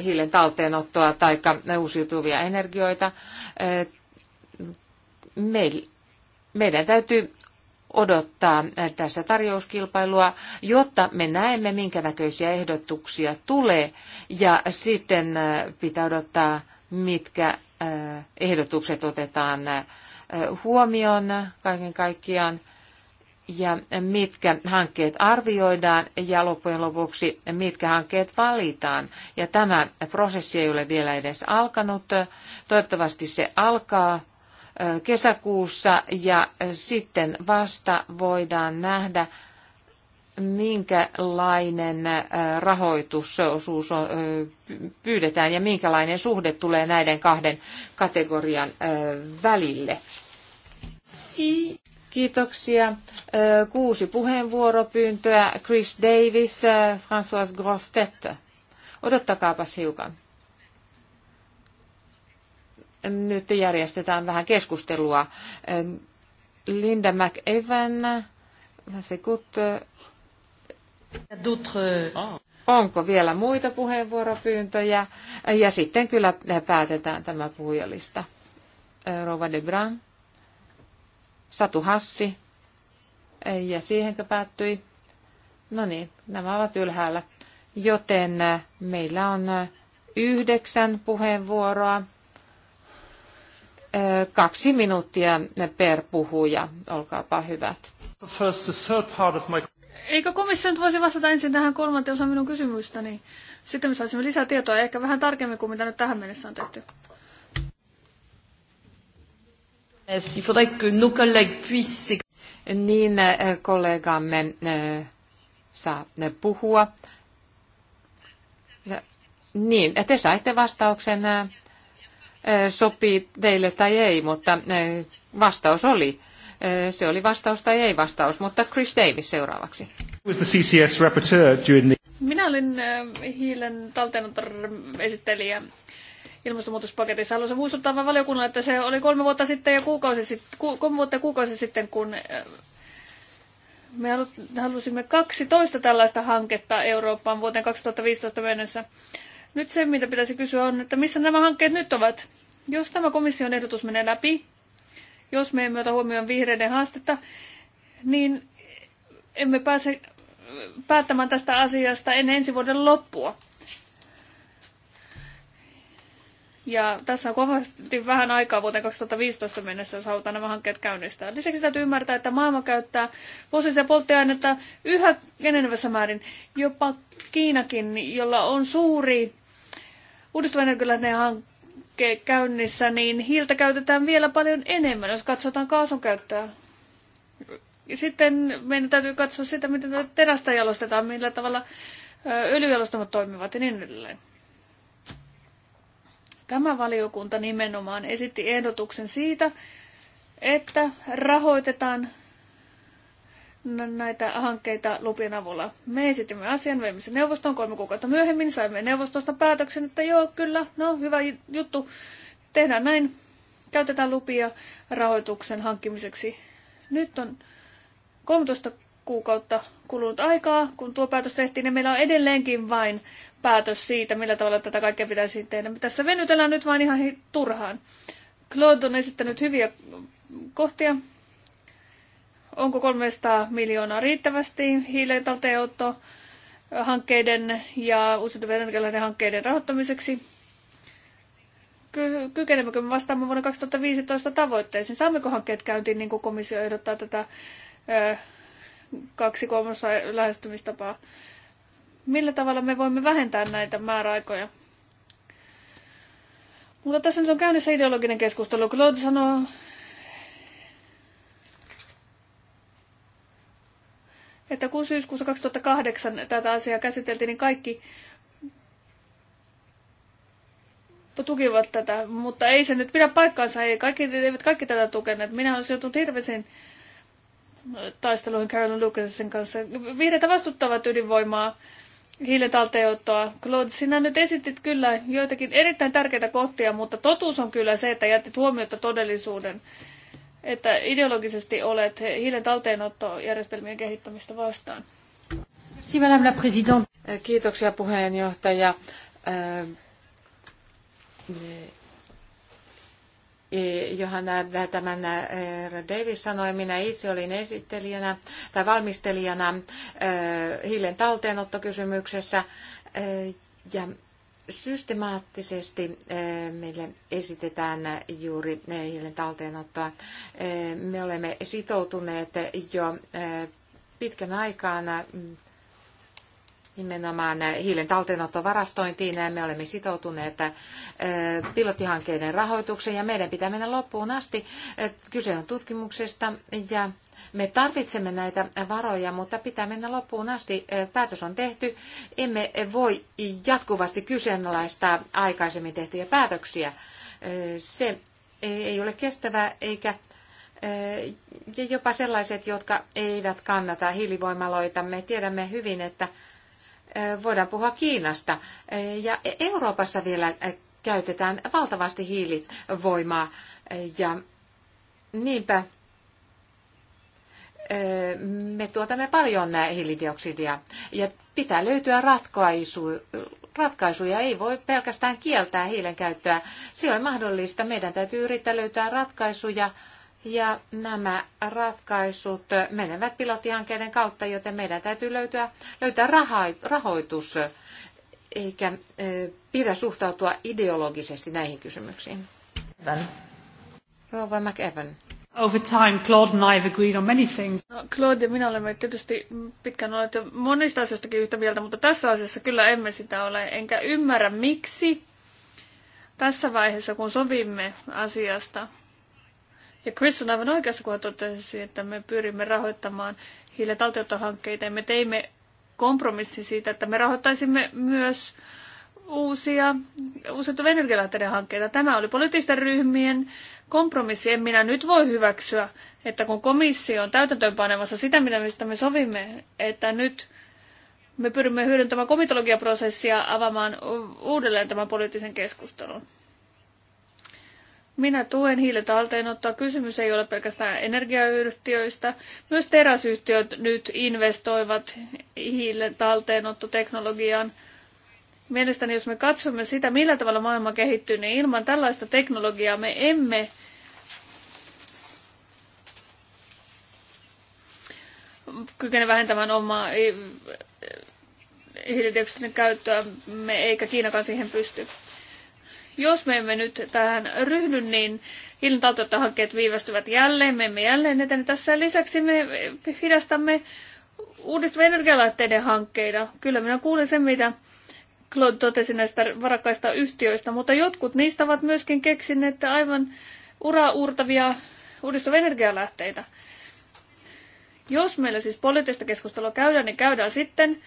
hiilen talteenottoa tai uusiutuvia energioita. Äh, meidän täytyy odottaa tässä tarjouskilpailua, jotta me näemme, minkä näköisiä ehdotuksia tulee, ja sitten äh, pitää odottaa, mitkä äh, ehdotukset otetaan äh, huomioon kaiken kaikkiaan, ja mitkä hankkeet arvioidaan, ja loppujen lopuksi mitkä hankkeet valitaan. Ja tämä prosessi ei ole vielä edes alkanut. Toivottavasti se alkaa kesäkuussa ja sitten vasta voidaan nähdä, minkälainen rahoitusosuus pyydetään ja minkälainen suhde tulee näiden kahden kategorian välille. Kiitoksia. Kuusi puheenvuoropyyntöä. Chris Davis, François Grostet. Odottakaapas hiukan nyt järjestetään vähän keskustelua. Linda McEvan, Sekut, onko vielä muita puheenvuoropyyntöjä? Ja sitten kyllä päätetään tämä puhujalista. Rova de Bran, Satu Hassi, ja siihenkö päättyi? No niin, nämä ovat ylhäällä. Joten meillä on yhdeksän puheenvuoroa kaksi minuuttia per puhuja. Olkaapa hyvät. Eikö komissio nyt voisi vastata ensin tähän kolmanteen osaan minun kysymystäni? Sitten me saisimme lisää tietoa, ehkä vähän tarkemmin kuin mitä nyt tähän mennessä on tehty. Il que nos collègues puissent... Niin äh, kollegamme äh, saa äh, puhua. Niin, te saitte vastauksen sopii teille tai ei, mutta vastaus oli. Se oli vastaus tai ei vastaus, mutta Chris Davis seuraavaksi. Minä olin hiilen talteenotar-esittelijä ilmastonmuutospaketissa. Haluaisin muistuttaa vain valiokunnalle, että se oli kolme vuotta sitten ja kuukausi sitten, ku, kolme vuotta ja kuukausi sitten, kun me halusimme 12 tällaista hanketta Eurooppaan vuoteen 2015 mennessä. Nyt se, mitä pitäisi kysyä, on, että missä nämä hankkeet nyt ovat? Jos tämä komission ehdotus menee läpi, jos me emme ota huomioon vihreiden haastetta, niin emme pääse päättämään tästä asiasta ennen ensi vuoden loppua. Ja tässä on kovasti vähän aikaa vuoteen 2015 mennessä, jos halutaan nämä hankkeet käynnistää. Lisäksi täytyy ymmärtää, että maailma käyttää fossiilisia polttoaineita yhä enenevässä määrin, jopa Kiinakin, jolla on suuri uudistuvenergialainen hanke käynnissä, niin hiiltä käytetään vielä paljon enemmän, jos katsotaan kaasun käyttöä. Sitten meidän täytyy katsoa sitä, miten terästä jalostetaan, millä tavalla öljyjalostamat toimivat ja niin edelleen. Tämä valiokunta nimenomaan esitti ehdotuksen siitä, että rahoitetaan näitä hankkeita lupien avulla. Me esitimme asian, veimme sen neuvostoon kolme kuukautta myöhemmin, saimme neuvostosta päätöksen, että joo, kyllä, no hyvä juttu, tehdään näin, käytetään lupia rahoituksen hankkimiseksi. Nyt on 13 kuukautta kulunut aikaa, kun tuo päätös tehtiin, niin meillä on edelleenkin vain päätös siitä, millä tavalla tätä kaikkea pitäisi tehdä. Tässä venytellään nyt vain ihan turhaan. Claude on esittänyt hyviä kohtia. Onko 300 miljoonaa riittävästi hiilen talteenotto hankkeiden ja uusiutuvien energialainen hankkeiden rahoittamiseksi? Ky- kykenemmekö me vastaamaan vuonna 2015 tavoitteisiin? Saammeko hankkeet käyntiin, niin kuin komissio ehdottaa tätä kaksi kolmosa lähestymistapaa. Millä tavalla me voimme vähentää näitä määräaikoja? Mutta tässä nyt on käynnissä ideologinen keskustelu. Claude sanoo, että kun syyskuussa 2008 tätä asiaa käsiteltiin, niin kaikki tukivat tätä, mutta ei se nyt pidä paikkaansa, ei kaikki, eivät kaikki tätä tukeneet. Minä olisin joutunut hirveän taisteluihin Carolyn Lucasin kanssa. Vihreitä vastuttavat ydinvoimaa, hiilitalteenottoa. Claude, sinä nyt esitit kyllä joitakin erittäin tärkeitä kohtia, mutta totuus on kyllä se, että jätit huomiota todellisuuden, että ideologisesti olet hiilen talteenottojärjestelmien kehittämistä vastaan. Kiitoksia puheenjohtaja. E, johon tämän Davis sanoi, minä itse olin esittelijänä tai valmistelijana e, hiilen talteenottokysymyksessä e, ja systemaattisesti meille esitetään juuri hiilen talteenottoa. Me olemme sitoutuneet jo pitkän aikaan nimenomaan hiilen talteenottovarastointiin. Me olemme sitoutuneet äh, pilottihankkeiden rahoitukseen ja meidän pitää mennä loppuun asti. Äh, kyse on tutkimuksesta ja me tarvitsemme näitä varoja, mutta pitää mennä loppuun asti. Äh, päätös on tehty. Emme voi jatkuvasti kyseenalaistaa aikaisemmin tehtyjä päätöksiä. Se ei ole kestävää eikä ja jopa sellaiset, jotka eivät kannata hiilivoimaloita. Me tiedämme hyvin, että voidaan puhua Kiinasta. Ja Euroopassa vielä käytetään valtavasti hiilivoimaa. Ja niinpä me tuotamme paljon hiilidioksidia ja pitää löytyä ratkaisu, ratkaisuja. Ei voi pelkästään kieltää hiilen käyttöä. Se on mahdollista. Meidän täytyy yrittää löytää ratkaisuja ja nämä ratkaisut menevät pilottihankkeiden kautta, joten meidän täytyy löytää, löytää rahoitus, eikä pidä suhtautua ideologisesti näihin kysymyksiin. Rova McEvan. Over time, Claude and I have agreed on many things. No, Claude ja minä olemme tietysti pitkään olleet jo monista asioistakin yhtä mieltä, mutta tässä asiassa kyllä emme sitä ole, enkä ymmärrä miksi tässä vaiheessa, kun sovimme asiasta, ja Chris on aivan oikeassa, kun totesi, että me pyrimme rahoittamaan hiiletaltiotohankkeita ja me teimme kompromissi siitä, että me rahoittaisimme myös uusia uusiutuvien energialähteiden hankkeita. Tämä oli poliittisten ryhmien kompromissi. En minä nyt voi hyväksyä, että kun komissio on täytäntöönpanemassa sitä, mitä mistä me sovimme, että nyt me pyrimme hyödyntämään komitologiaprosessia avaamaan uudelleen tämän poliittisen keskustelun. Minä tuen hiiletä alteenottoa. Kysymys ei ole pelkästään energiayhtiöistä. Myös teräsyhtiöt nyt investoivat hiilen talteenottoteknologiaan. Mielestäni jos me katsomme sitä, millä tavalla maailma kehittyy, niin ilman tällaista teknologiaa me emme kykene vähentämään omaa eh, hiilidioksidin käyttöä, me eikä Kiinakaan siihen pysty. Jos me emme nyt tähän ryhdy, niin hankkeet viivästyvät jälleen, me emme jälleen etene tässä. Lisäksi me hidastamme uudistuvien energialaitteiden hankkeita. Kyllä minä kuulin sen, mitä Claude totesi näistä varakkaista yhtiöistä, mutta jotkut niistä ovat myöskin keksineet aivan uraa uurtavia uudistuvia energialähteitä. Jos meillä siis poliittista keskustelua käydään, niin käydään sitten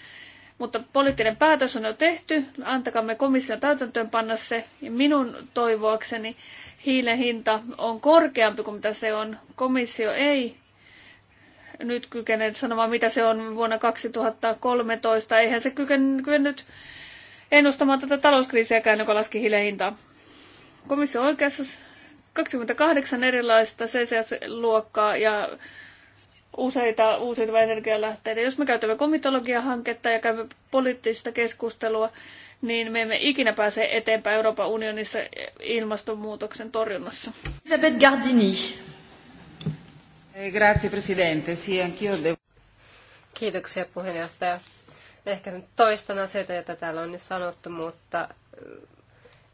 mutta poliittinen päätös on jo tehty, antakamme komission täytäntöönpanna se. Ja minun toivoakseni hiilen hinta on korkeampi kuin mitä se on. Komissio ei nyt kykene sanomaan, mitä se on vuonna 2013. Eihän se kykennyt ennustamaan tätä talouskriisiäkään, joka laski hiilen hintaa. Komissio on oikeassa 28 erilaista CCS-luokkaa ja useita uusiutuvia energialähteitä. Jos me käytämme komitologiahanketta ja käymme poliittista keskustelua, niin me emme ikinä pääse eteenpäin Euroopan unionissa ilmastonmuutoksen torjunnassa. Elisabeth Gardini. Grazie Presidente. Sì, anch'io devo... Kiitoksia puheenjohtaja. Ehkä nyt toistan asioita, joita täällä on nyt sanottu, mutta eh,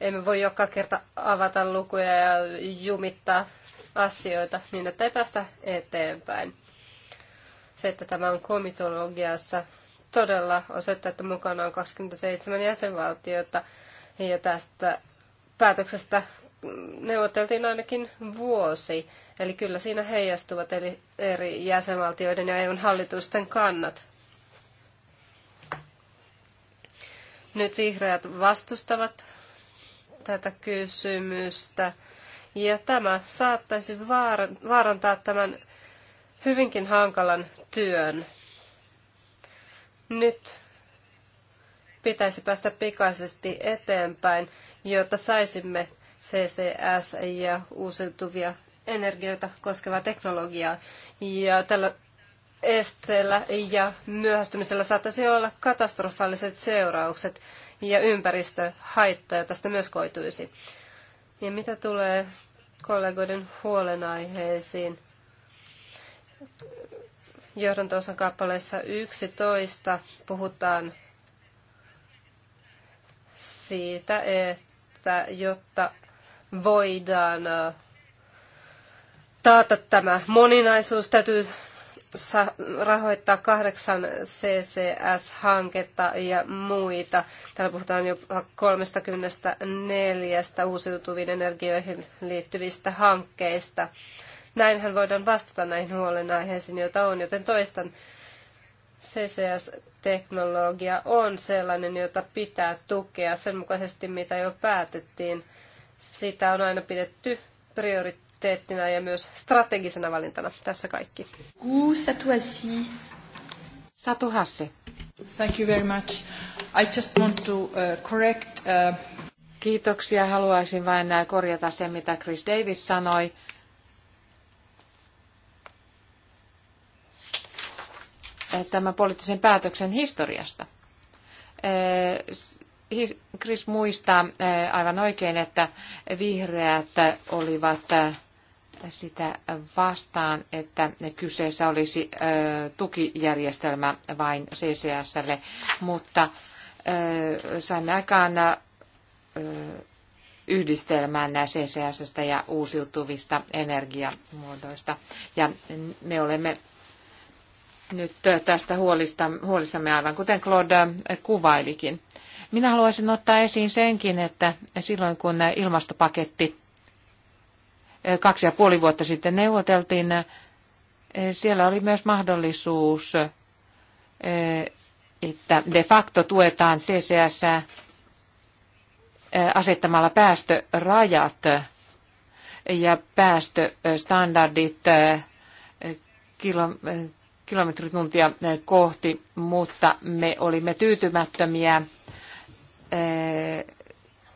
emme voi joka kerta avata lukuja ja jumittaa asioita niin, että ei päästä eteenpäin. Se, että tämä on komitologiassa, todella osoittaa, että mukana on 27 jäsenvaltiota ja tästä päätöksestä neuvoteltiin ainakin vuosi. Eli kyllä siinä heijastuvat eli eri jäsenvaltioiden ja EUn hallitusten kannat. Nyt vihreät vastustavat tätä kysymystä. Ja tämä saattaisi vaarantaa tämän hyvinkin hankalan työn. Nyt pitäisi päästä pikaisesti eteenpäin, jotta saisimme CCS ja uusiutuvia energioita koskevaa teknologiaa. Ja tällä esteellä ja myöhästymisellä saattaisi olla katastrofaaliset seuraukset ja ympäristöhaittoja tästä myös koituisi. Ja mitä tulee kollegoiden huolenaiheisiin, johdantoosan kappaleessa 11 puhutaan siitä, että jotta voidaan taata tämä moninaisuus, täytyy rahoittaa kahdeksan CCS-hanketta ja muita. Täällä puhutaan jopa 34 uusiutuviin energioihin liittyvistä hankkeista. Näinhän voidaan vastata näihin huolenaiheisiin, joita on, joten toistan. CCS-teknologia on sellainen, jota pitää tukea sen mukaisesti, mitä jo päätettiin. Sitä on aina pidetty prioriteettina ja myös strategisena valintana. Tässä kaikki. Satu Hassi. Thank you very much. I just want to uh, correct... Uh, Kiitoksia. Haluaisin vain uh, korjata sen, mitä Chris Davis sanoi. tämän poliittisen päätöksen historiasta. Eh, Chris muistaa eh, aivan oikein, että vihreät olivat eh, sitä vastaan, että kyseessä olisi tukijärjestelmä vain CCSlle, mutta saimme aikaan yhdistelmään CCS ja uusiutuvista energiamuodoista. Ja me olemme nyt tästä huolista, huolissamme, aivan kuten Claude kuvailikin. Minä haluaisin ottaa esiin senkin, että silloin kun ilmastopaketti kaksi ja puoli vuotta sitten neuvoteltiin, siellä oli myös mahdollisuus, että de facto tuetaan CCS asettamalla päästörajat ja päästöstandardit kilo, kilometrituntia eh, kohti, mutta me olimme tyytymättömiä eh,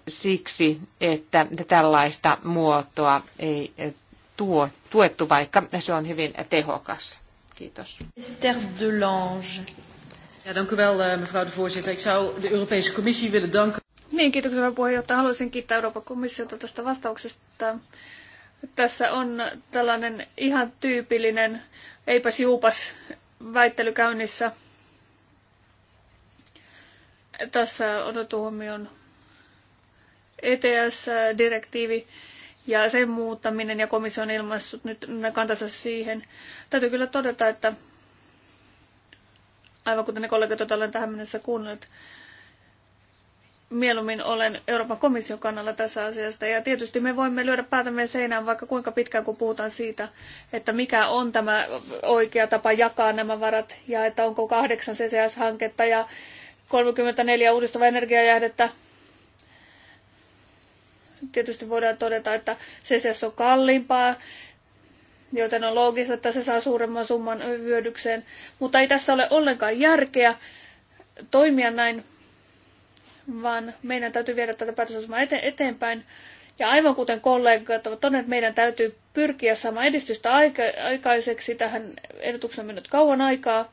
siksi, että tällaista muotoa ei eh, tuo, tuettu, vaikka se on hyvin tehokas. Kiitos. Esther Delange. Ja, dank u wel, mevrouw de voorzitter. Ik zou de Europese Commissie willen danken. Niin, kiitoksia puheenjohtaja. Haluaisin kiittää Euroopan komissiota tästä vastauksesta. Tässä on tällainen ihan tyypillinen eipäs juupas väittely käynnissä. Tässä otettu huomioon ETS-direktiivi ja sen muuttaminen ja komission on ilmaissut nyt kantansa siihen. Täytyy kyllä todeta, että aivan kuten ne kollegat, joita olen tähän mennessä kuunnellut, mieluummin olen Euroopan komission kannalla tässä asiasta. Ja tietysti me voimme lyödä päätämme seinään vaikka kuinka pitkään, kun puhutaan siitä, että mikä on tämä oikea tapa jakaa nämä varat ja että onko kahdeksan CCS-hanketta ja 34 uudistuvaa energiajähdettä. Tietysti voidaan todeta, että CCS on kalliimpaa, joten on loogista, että se saa suuremman summan hyödykseen. Mutta ei tässä ole ollenkaan järkeä toimia näin, vaan meidän täytyy viedä tätä päätösosmaa eteenpäin. Ja aivan kuten kollegat ovat todenneet, meidän täytyy pyrkiä saamaan edistystä aika- aikaiseksi. Tähän ehdotukseen on mennyt kauan aikaa.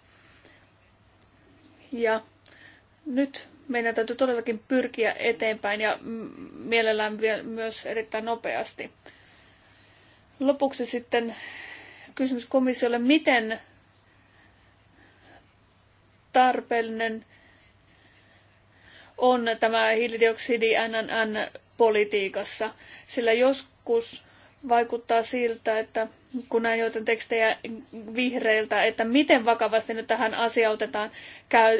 Ja nyt meidän täytyy todellakin pyrkiä eteenpäin ja mielellään myös erittäin nopeasti. Lopuksi sitten kysymys komissiolle, miten tarpeellinen on tämä hiilidioksidi NNN-politiikassa. Sillä joskus vaikuttaa siltä, että kun näin joitain tekstejä vihreiltä, että miten vakavasti nyt tähän asiaan otetaan käy,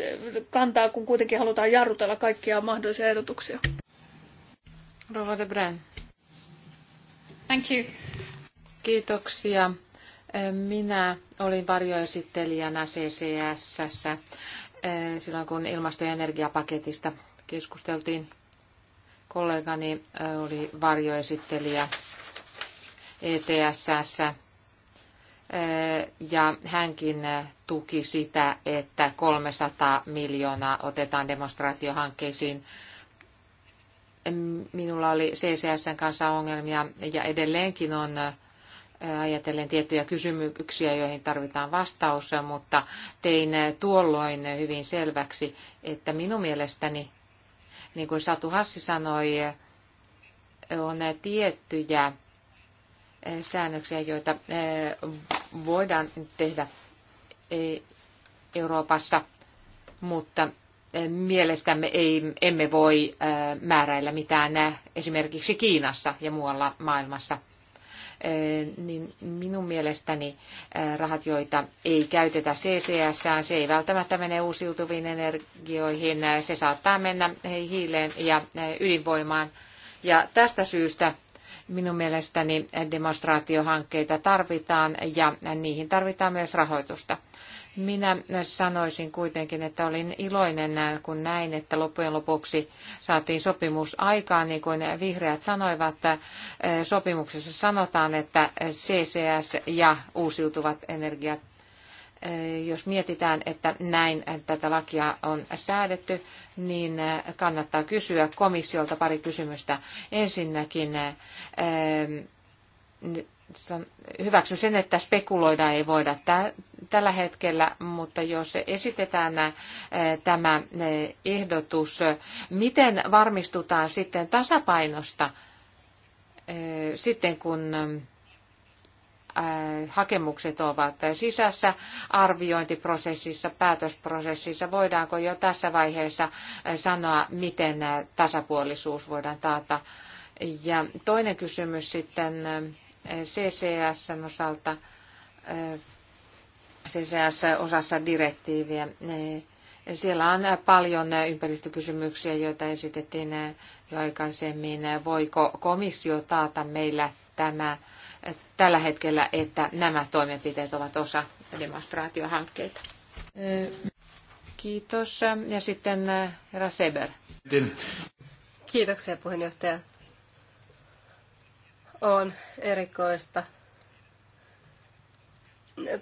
kantaa, kun kuitenkin halutaan jarrutella kaikkia mahdollisia ehdotuksia. Rova de Thank you. Kiitoksia. Minä olin varjoesittelijänä CCSssä eh, silloin, kun ilmasto- ja energiapaketista keskusteltiin. Kollegani oli varjoesittelijä ETSS ja hänkin tuki sitä, että 300 miljoonaa otetaan demonstraatiohankkeisiin. Minulla oli CCSn kanssa ongelmia ja edelleenkin on ajatellen tiettyjä kysymyksiä, joihin tarvitaan vastaus, mutta tein tuolloin hyvin selväksi, että minun mielestäni niin kuin Satu Hassi sanoi, on tiettyjä eh, säännöksiä, joita eh, voidaan tehdä eh, Euroopassa, mutta mielestämme ei, emme voi määräillä mitään esimerkiksi Kiinassa ja muualla maailmassa – niin minun mielestäni rahat, joita ei käytetä CCS, se ei välttämättä mene uusiutuviin energioihin, se saattaa mennä hiileen ja ydinvoimaan. Ja tästä syystä minun mielestäni demonstraatiohankkeita tarvitaan ja niihin tarvitaan myös rahoitusta. Minä sanoisin kuitenkin, että olin iloinen, kun näin, että loppujen lopuksi saatiin sopimus aikaan, niin kuin vihreät sanoivat. Sopimuksessa sanotaan, että CCS ja uusiutuvat energiat jos mietitään, että näin tätä lakia on säädetty, niin kannattaa kysyä komissiolta pari kysymystä. Ensinnäkin hyväksyn sen, että spekuloida ei voida tällä hetkellä, mutta jos esitetään tämä ehdotus, miten varmistutaan sitten tasapainosta sitten kun hakemukset ovat sisässä arviointiprosessissa, päätösprosessissa. Voidaanko jo tässä vaiheessa sanoa, miten tasapuolisuus voidaan taata? Ja toinen kysymys sitten CCSn osalta, eh, CCS-osassa direktiiviä. Eh, siellä on paljon ympäristökysymyksiä, joita esitettiin eh, jo aikaisemmin. Voiko komissio taata meillä tämä tällä hetkellä, että nämä toimenpiteet ovat osa demonstraatiohankkeita? Kiitos. Ja sitten Raseber. Kiitoksia puheenjohtaja on erikoista.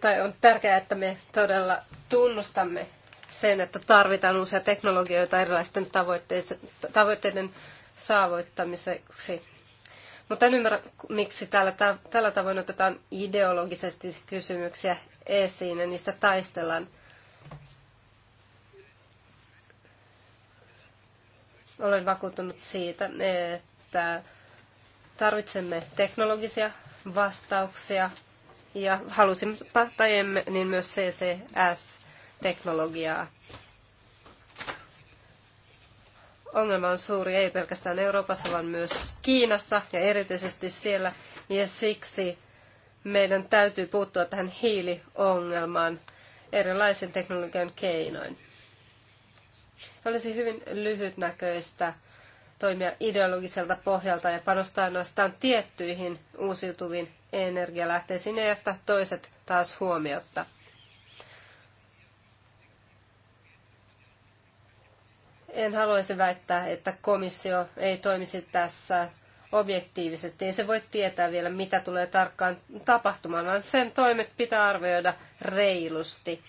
Tai on tärkeää, että me todella tunnustamme sen, että tarvitaan uusia teknologioita erilaisten tavoitteiden saavuttamiseksi. Mutta en ymmärrä, miksi tällä, tällä tavoin otetaan ideologisesti kysymyksiä esiin ja niistä taistellaan. Olen vakuuttunut siitä, että Tarvitsemme teknologisia vastauksia ja halusimme tai emme, niin myös CCS-teknologiaa. Ongelma on suuri ei pelkästään Euroopassa, vaan myös Kiinassa ja erityisesti siellä. Ja siksi meidän täytyy puuttua tähän hiiliongelmaan erilaisen teknologian keinoin. Olisi hyvin lyhytnäköistä toimia ideologiselta pohjalta ja panostaa ainoastaan tiettyihin uusiutuviin energialähteisiin ja jättää toiset taas huomiotta. En haluaisi väittää, että komissio ei toimisi tässä objektiivisesti. Ei se voi tietää vielä, mitä tulee tarkkaan tapahtumaan, vaan sen toimet pitää arvioida reilusti.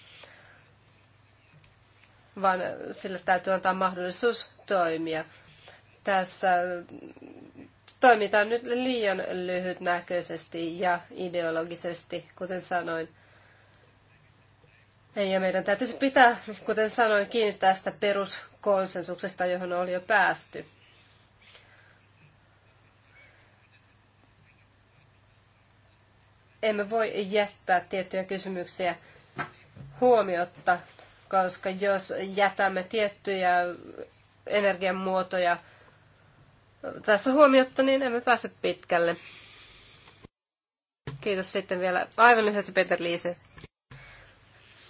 Vaan sille täytyy antaa mahdollisuus toimia. Tässä toimitaan nyt liian lyhytnäköisesti ja ideologisesti, kuten sanoin. Ja meidän täytyisi pitää, kuten sanoin, kiinni tästä peruskonsensuksesta, johon oli jo päästy. Emme voi jättää tiettyjä kysymyksiä huomiotta, koska jos jätämme tiettyjä energiamuotoja tässä huomiota, niin emme pääse pitkälle. Kiitos sitten vielä aivan lyhyesti Peter Liise.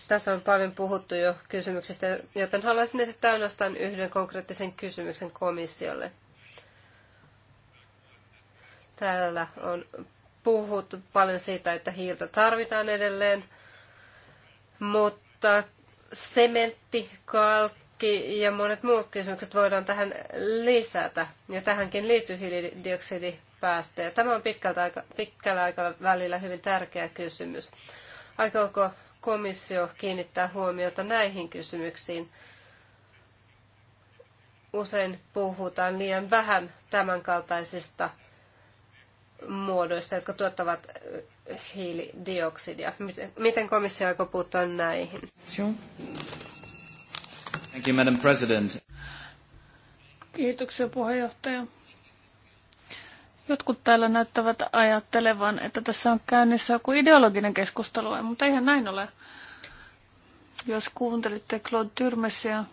Tässä on paljon puhuttu jo kysymyksistä, joten haluaisin esittää ainoastaan yhden konkreettisen kysymyksen komissiolle. Täällä on puhuttu paljon siitä, että hiiltä tarvitaan edelleen, mutta sementti, kalkki, kaikki ja monet muut kysymykset voidaan tähän lisätä, ja tähänkin liittyy hiilidioksidipäästöjä. Tämä on pitkältä aika, pitkällä aikavälillä hyvin tärkeä kysymys. Aikooko komissio kiinnittää huomiota näihin kysymyksiin? Usein puhutaan liian vähän tämänkaltaisista muodoista, jotka tuottavat hiilidioksidia. Miten komissio aikoo puuttua näihin? Thank you, Madam President. Kiitoksia puheenjohtaja. Jotkut täällä näyttävät ajattelevan, että tässä on käynnissä joku ideologinen keskustelu, mutta eihän näin ole. Jos kuuntelitte Claude Tyrmesiä,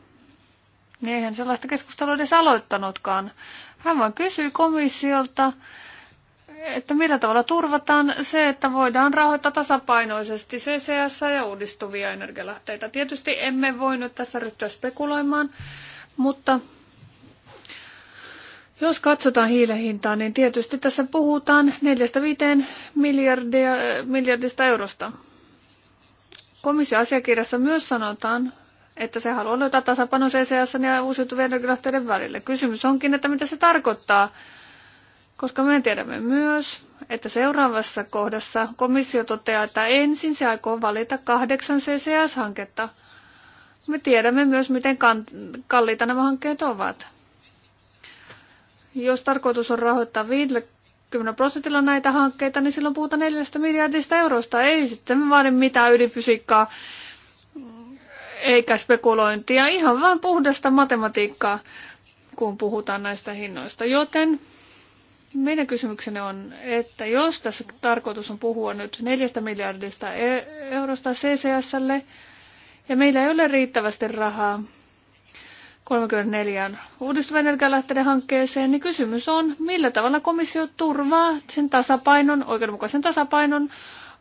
niin eihän sellaista keskustelua edes aloittanutkaan. Hän vaan kysyi komissiolta, että millä tavalla turvataan se, että voidaan rahoittaa tasapainoisesti CCS ja uudistuvia energialähteitä. Tietysti emme voi nyt tässä ryhtyä spekuloimaan, mutta jos katsotaan hiilen hintaa, niin tietysti tässä puhutaan 4-5 miljardia, miljardista eurosta. Komission asiakirjassa myös sanotaan, että se haluaa löytää tasapaino CCS ja uusiutuvien energialähteiden välille. Kysymys onkin, että mitä se tarkoittaa koska me tiedämme myös, että seuraavassa kohdassa komissio toteaa, että ensin se aikoo valita kahdeksan CCS-hanketta. Me tiedämme myös, miten kalliita nämä hankkeet ovat. Jos tarkoitus on rahoittaa 50 prosentilla näitä hankkeita, niin silloin puhutaan 4 miljardista eurosta. Ei sitten vaadi mitään ydinfysiikkaa eikä spekulointia, ihan vain puhdasta matematiikkaa, kun puhutaan näistä hinnoista. Joten meidän kysymyksenne on, että jos tässä tarkoitus on puhua nyt neljästä miljardista e- eurosta CCSlle, ja meillä ei ole riittävästi rahaa 34 uudistuvan energialähteiden hankkeeseen, niin kysymys on, millä tavalla komissio turvaa sen tasapainon, oikeudenmukaisen tasapainon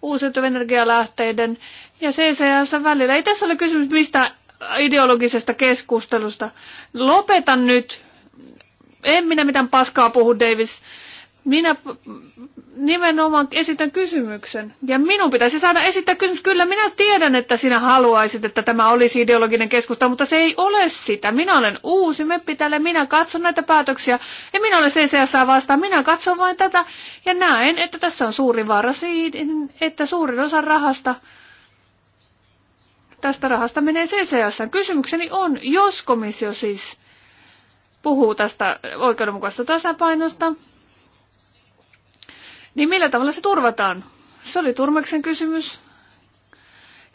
uusiutuvan energialähteiden ja CCS välillä. Ei tässä ole kysymys mistä ideologisesta keskustelusta. Lopetan nyt en minä mitään paskaa puhu, Davis. Minä nimenomaan esitän kysymyksen. Ja minun pitäisi saada esittää kysymys. Kyllä minä tiedän, että sinä haluaisit, että tämä olisi ideologinen keskustelu, mutta se ei ole sitä. Minä olen uusi meppi täällä, minä katson näitä päätöksiä ja minä olen CCS vastaan. Minä katson vain tätä ja näen, että tässä on suuri vaara siitä, että suurin osa rahasta tästä rahasta menee CCS. Kysymykseni on, jos komissio siis puhuu tästä oikeudenmukaisesta tasapainosta, niin millä tavalla se turvataan? Se oli Turmeksen kysymys.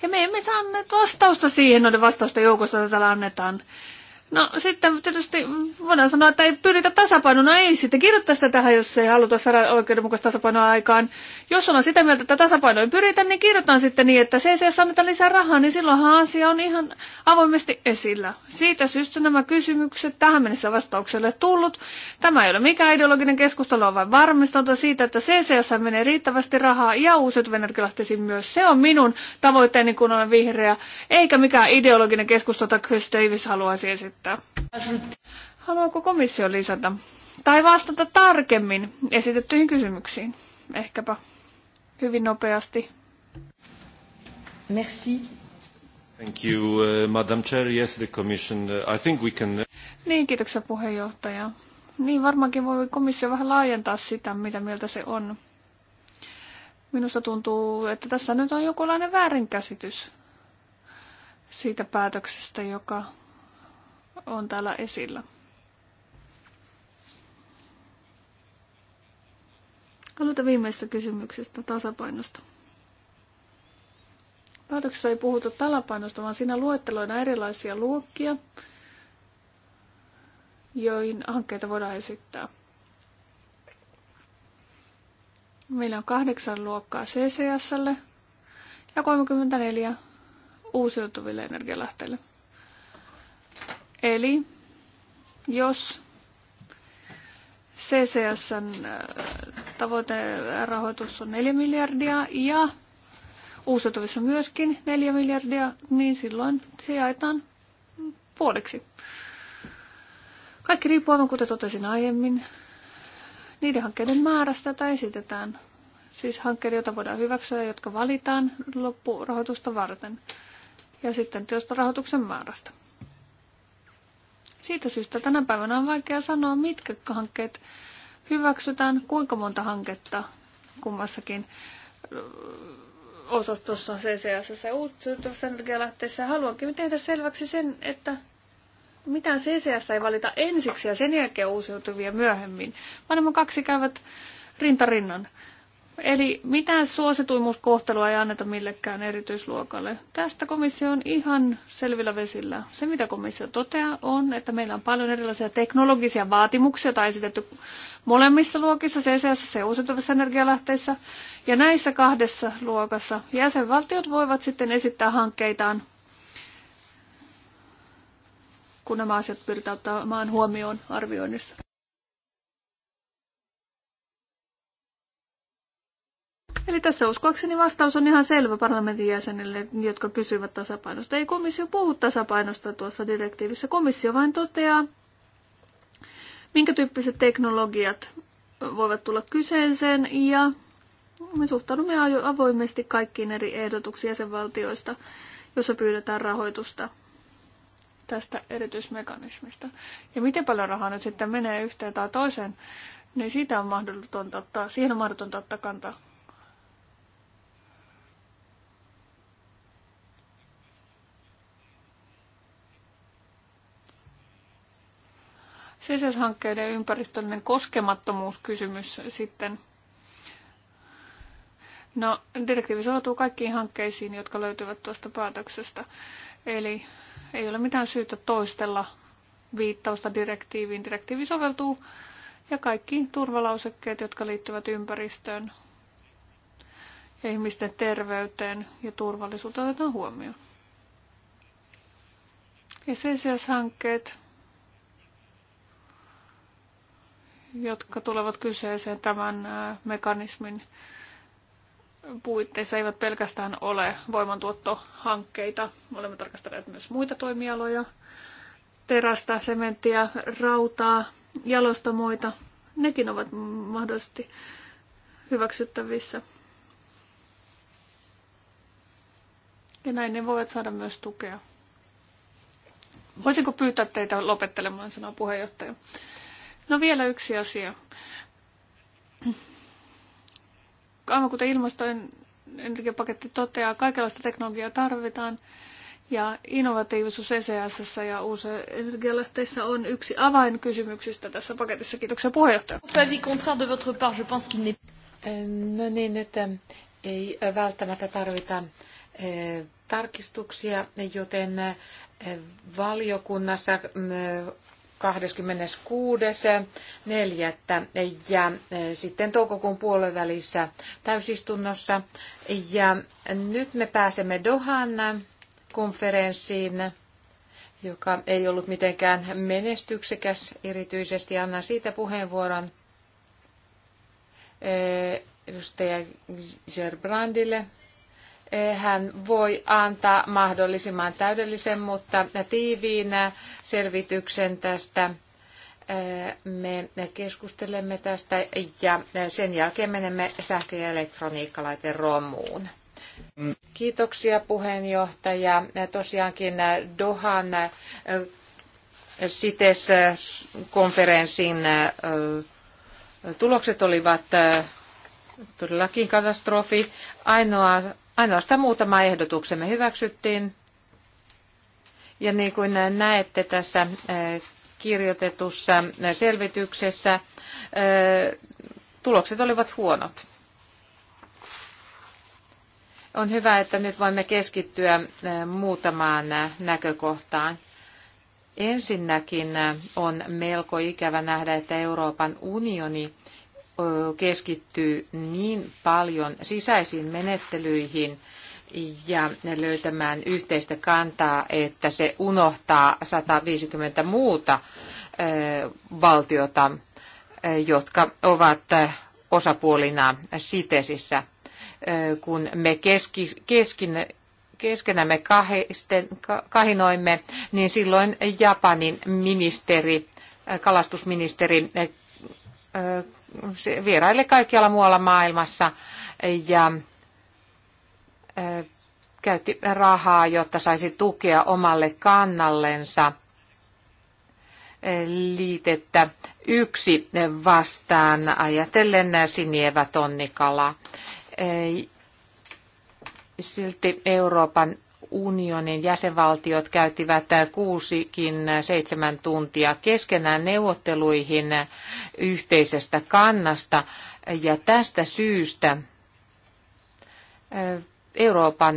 Ja me emme saaneet vastausta siihen noiden vastausten joukosta, joita täällä annetaan. No sitten tietysti voidaan sanoa, että ei pyritä tasapainona, ei sitten kirjoittaa sitä tähän, jos ei haluta saada oikeudenmukaista tasapainoa aikaan. Jos ollaan sitä mieltä, että tasapainoa ei pyritä, niin kirjoitetaan sitten niin, että se saa anneta lisää rahaa, niin silloinhan asia on ihan avoimesti esillä. Siitä syystä nämä kysymykset tähän mennessä vastaukselle tullut. Tämä ei ole mikään ideologinen keskustelu, on vain varmistunut siitä, että CCS menee riittävästi rahaa ja uusiut energialähteisiin myös. Se on minun tavoitteeni, kun olen vihreä, eikä mikään ideologinen keskustelu, jota Chris Davis haluaisi esittää käyttää. Haluaako komissio lisätä tai vastata tarkemmin esitettyihin kysymyksiin? Ehkäpä hyvin nopeasti. Merci. Thank you, uh, Madam Chair. Yes, the Commission. Uh, I think we can... Uh, niin, kiitoksia puheenjohtaja. Niin, varmaankin voi komissio vähän laajentaa sitä, mitä mieltä se on. Minusta tuntuu, että tässä nyt on jokinlainen väärinkäsitys siitä päätöksestä, joka on täällä esillä. Aloita viimeistä kysymyksestä tasapainosta. Päätöksessä ei puhuta tasapainosta, vaan siinä luetteloina erilaisia luokkia, joihin hankkeita voidaan esittää. Meillä on kahdeksan luokkaa CCSlle ja 34 uusiutuville energialähteille. Eli jos CCSn äh, tavoiterahoitus on 4 miljardia ja uusiutuvissa myöskin 4 miljardia, niin silloin se jaetaan puoliksi. Kaikki riippuu, aivan kuten totesin aiemmin, niiden hankkeiden määrästä, jota esitetään. Siis hankkeiden, joita voidaan hyväksyä jotka valitaan loppurahoitusta varten. Ja sitten työstörahoituksen määrästä. Siitä syystä tänä päivänä on vaikea sanoa, mitkä hankkeet hyväksytään, kuinka monta hanketta kummassakin osastossa CCS ja uusiutuvassa energialähteessä. Haluankin tehdä selväksi sen, että mitään CCS ei valita ensiksi ja sen jälkeen uusiutuvia myöhemmin, vaan nämä kaksi käyvät rintarinnan. rinnan Eli mitään suosituimuuskohtelua ei anneta millekään erityisluokalle. Tästä komissio on ihan selvillä vesillä. Se, mitä komissio toteaa, on, että meillä on paljon erilaisia teknologisia vaatimuksia, tai esitetty molemmissa luokissa, CCS ja uusiutuvissa energialähteissä. Ja näissä kahdessa luokassa jäsenvaltiot voivat sitten esittää hankkeitaan, kun nämä asiat pyritään ottamaan huomioon arvioinnissa. Eli tässä uskoakseni vastaus on ihan selvä parlamentin jäsenille, jotka kysyvät tasapainosta. Ei komissio puhu tasapainosta tuossa direktiivissä. Komissio vain toteaa, minkä tyyppiset teknologiat voivat tulla kyseeseen ja me suhtaudumme avoimesti kaikkiin eri ehdotuksiin jäsenvaltioista, jossa pyydetään rahoitusta tästä erityismekanismista. Ja miten paljon rahaa nyt sitten menee yhteen tai toiseen, niin siitä on mahdotonta ottaa, siihen on mahdotonta ottaa kantaa. CCS-hankkeiden ympäristöllinen koskemattomuuskysymys sitten. No, direktiivi soveltuu kaikkiin hankkeisiin, jotka löytyvät tuosta päätöksestä. Eli ei ole mitään syytä toistella viittausta direktiiviin. Direktiivi soveltuu ja kaikki turvalausekkeet, jotka liittyvät ympäristöön ja ihmisten terveyteen ja turvallisuuteen otetaan huomioon. Ja CCS-hankkeet jotka tulevat kyseeseen tämän mekanismin puitteissa eivät pelkästään ole voimantuottohankkeita. Olemme tarkastelleet myös muita toimialoja, terästä, sementtiä, rautaa, jalostamoita. Nekin ovat mahdollisesti hyväksyttävissä. Ja näin ne voivat saada myös tukea. Voisinko pyytää teitä lopettelemaan, sanoo puheenjohtaja. No vielä yksi asia. Aivan kuten ilmastoenergiapaketti toteaa, kaikenlaista teknologiaa tarvitaan. Ja innovatiivisuus ECSS ja uusi energialähteissä on yksi avainkysymyksistä tässä paketissa. Kiitoksia puheenjohtaja. Eh, no niin, nyt eh, ei välttämättä tarvita eh, tarkistuksia, joten valiokunnassa mm, 26.4. ja eh, sitten toukokuun puolivälissä täysistunnossa. Ja nyt me pääsemme Dohan konferenssiin, joka ei ollut mitenkään menestyksekäs erityisesti. Annan siitä puheenvuoron eh, edustaja Gerbrandille hän voi antaa mahdollisimman täydellisen, mutta tiiviin selvityksen tästä. Eh, me keskustelemme tästä ja sen jälkeen menemme sähkö- ja elektroniikkalaiten romuun. Kiitoksia puheenjohtaja. Tosiaankin Dohan eh, CITES-konferenssin eh, tulokset olivat todellakin katastrofi. Ainoa Ainoastaan muutama ehdotuksemme hyväksyttiin. Ja niin kuin näette tässä äh, kirjoitetussa äh, selvityksessä, äh, tulokset olivat huonot. On hyvä, että nyt voimme keskittyä muutamaan näkökohtaan. Ensinnäkin on melko ikävä nähdä, että Euroopan unioni keskittyy niin paljon sisäisiin menettelyihin ja löytämään yhteistä kantaa, että se unohtaa 150 muuta valtiota, jotka ovat osapuolina sitesissä, kun me keski, keskin, keskenämme kahisten, kahinoimme, niin silloin Japanin ministeri, kalastusministeri vieraille kaikkialla muualla maailmassa ja käytti rahaa, jotta saisi tukea omalle kannallensa liitettä yksi vastaan ajatellen sinievä tonnikala. Silti Euroopan unionin jäsenvaltiot käyttivät kuusikin seitsemän tuntia keskenään neuvotteluihin yhteisestä kannasta. Ja tästä syystä Euroopan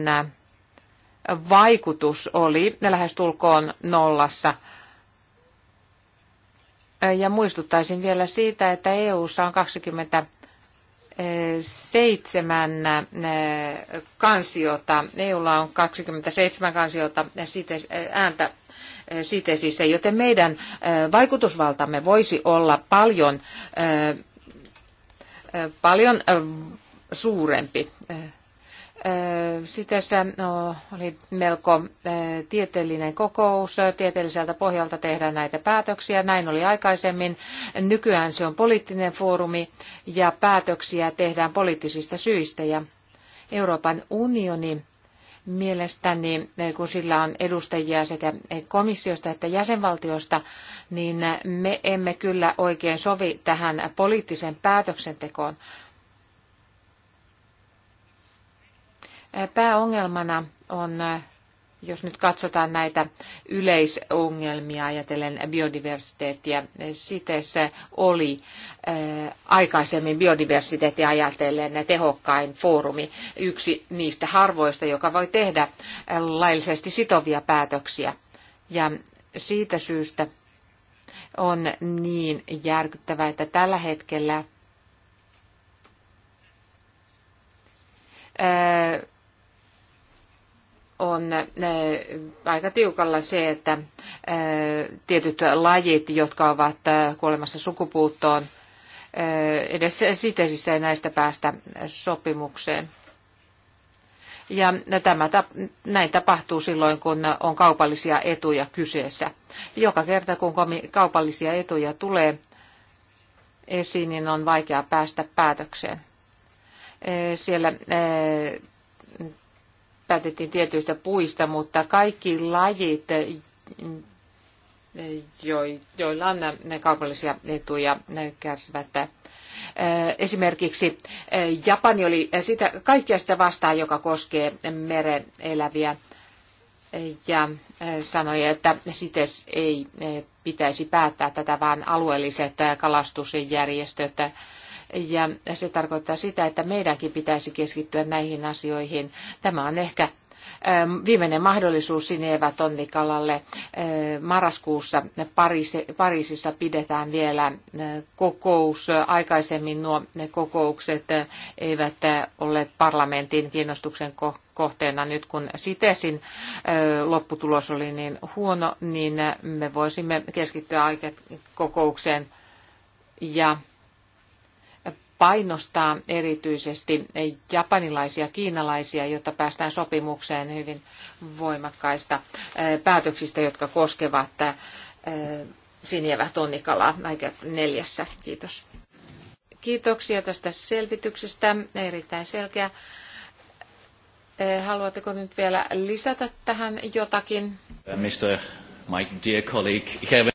vaikutus oli lähestulkoon nollassa. Ja muistuttaisin vielä siitä, että EU:ssa on 20 seitsemän kansiota. EUlla on 27 kansiota ääntä sitesissä, joten meidän vaikutusvaltamme voisi olla paljon, paljon suurempi. Sitessä no, oli melko tieteellinen kokous. Tieteelliseltä pohjalta tehdään näitä päätöksiä. Näin oli aikaisemmin. Nykyään se on poliittinen foorumi ja päätöksiä tehdään poliittisista syistä. Ja Euroopan unioni mielestäni, kun sillä on edustajia sekä komissiosta että jäsenvaltiosta, niin me emme kyllä oikein sovi tähän poliittiseen päätöksentekoon. Pääongelmana on, jos nyt katsotaan näitä yleisongelmia ajatellen biodiversiteettiä, CITES oli eh, aikaisemmin biodiversiteettiä ajatellen tehokkain foorumi, yksi niistä harvoista, joka voi tehdä eh, laillisesti sitovia päätöksiä. Ja siitä syystä on niin järkyttävää, että tällä hetkellä eh, on äh, aika tiukalla se, että äh, tietyt lajit, jotka ovat äh, kuolemassa sukupuuttoon, edes sitesissä ei näistä päästä sopimukseen. Ja tämä, näin tapahtuu silloin, kun on kaupallisia etuja kyseessä. Joka kerta, kun kaupallisia etuja tulee esiin, niin on vaikea päästä päätökseen. Siellä päätettiin tietyistä puista, mutta kaikki lajit, joilla on kaupallisia etuja, ne kärsivät. Esimerkiksi Japani oli sitä, kaikkea sitä vastaan, joka koskee meren eläviä ja sanoi, että sites ei pitäisi päättää tätä, vaan alueelliset kalastusjärjestöt ja se tarkoittaa sitä, että meidänkin pitäisi keskittyä näihin asioihin. Tämä on ehkä ähm, viimeinen mahdollisuus Sinevä Tonnikalalle. Äh, marraskuussa Pariisissa pidetään vielä äh, kokous. Aikaisemmin nuo kokoukset äh, eivät ole parlamentin kiinnostuksen kohteena. Nyt kun Sitesin lopputulos oli niin huono, niin me voisimme keskittyä kokoukseen ja painostaa erityisesti japanilaisia ja kiinalaisia, jotta päästään sopimukseen hyvin voimakkaista päätöksistä, jotka koskevat sinievä tonnikalaa aika neljässä. Kiitos. Kiitoksia tästä selvityksestä. Erittäin selkeä. Haluatteko nyt vielä lisätä tähän jotakin? Mr. My dear colleague, Kevin.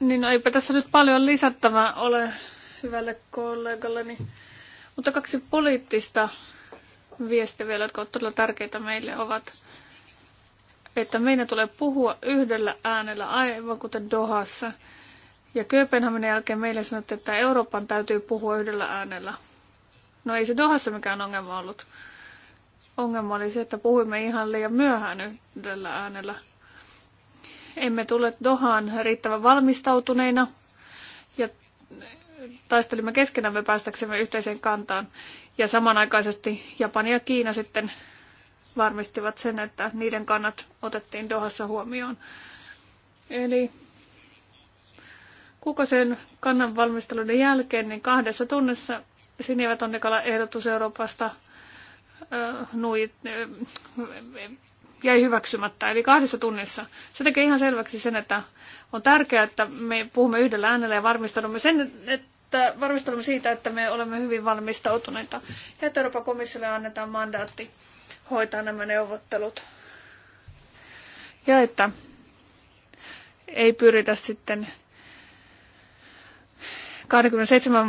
Niin no eipä tässä nyt paljon lisättävää ole hyvälle kollegalleni. Mutta kaksi poliittista viestiä vielä, jotka ovat todella tärkeitä meille, ovat, että meidän tulee puhua yhdellä äänellä, aivan kuten Dohassa. Ja Kööpenhaminen jälkeen meille sanottiin, että Euroopan täytyy puhua yhdellä äänellä. No ei se Dohassa mikään ongelma ollut. Ongelma oli se, että puhuimme ihan liian myöhään yhdellä äänellä. Emme tule Dohaan riittävän valmistautuneina. Ja taistelimme keskenämme päästäksemme yhteiseen kantaan. Ja samanaikaisesti Japani ja Kiina sitten varmistivat sen, että niiden kannat otettiin Dohassa huomioon. Eli Kukosen kannan valmistelun jälkeen, niin kahdessa tunnissa Sinivä Tonnikala ehdotus Euroopasta äh, nui, äh, jäi hyväksymättä, eli kahdessa tunnissa. Se tekee ihan selväksi sen, että on tärkeää, että me puhumme yhdellä äänellä ja varmistamme sen, että varmistamme siitä, että me olemme hyvin valmistautuneita ja että Euroopan komissiolle annetaan mandaatti hoitaa nämä neuvottelut. Ja että ei pyritä sitten 27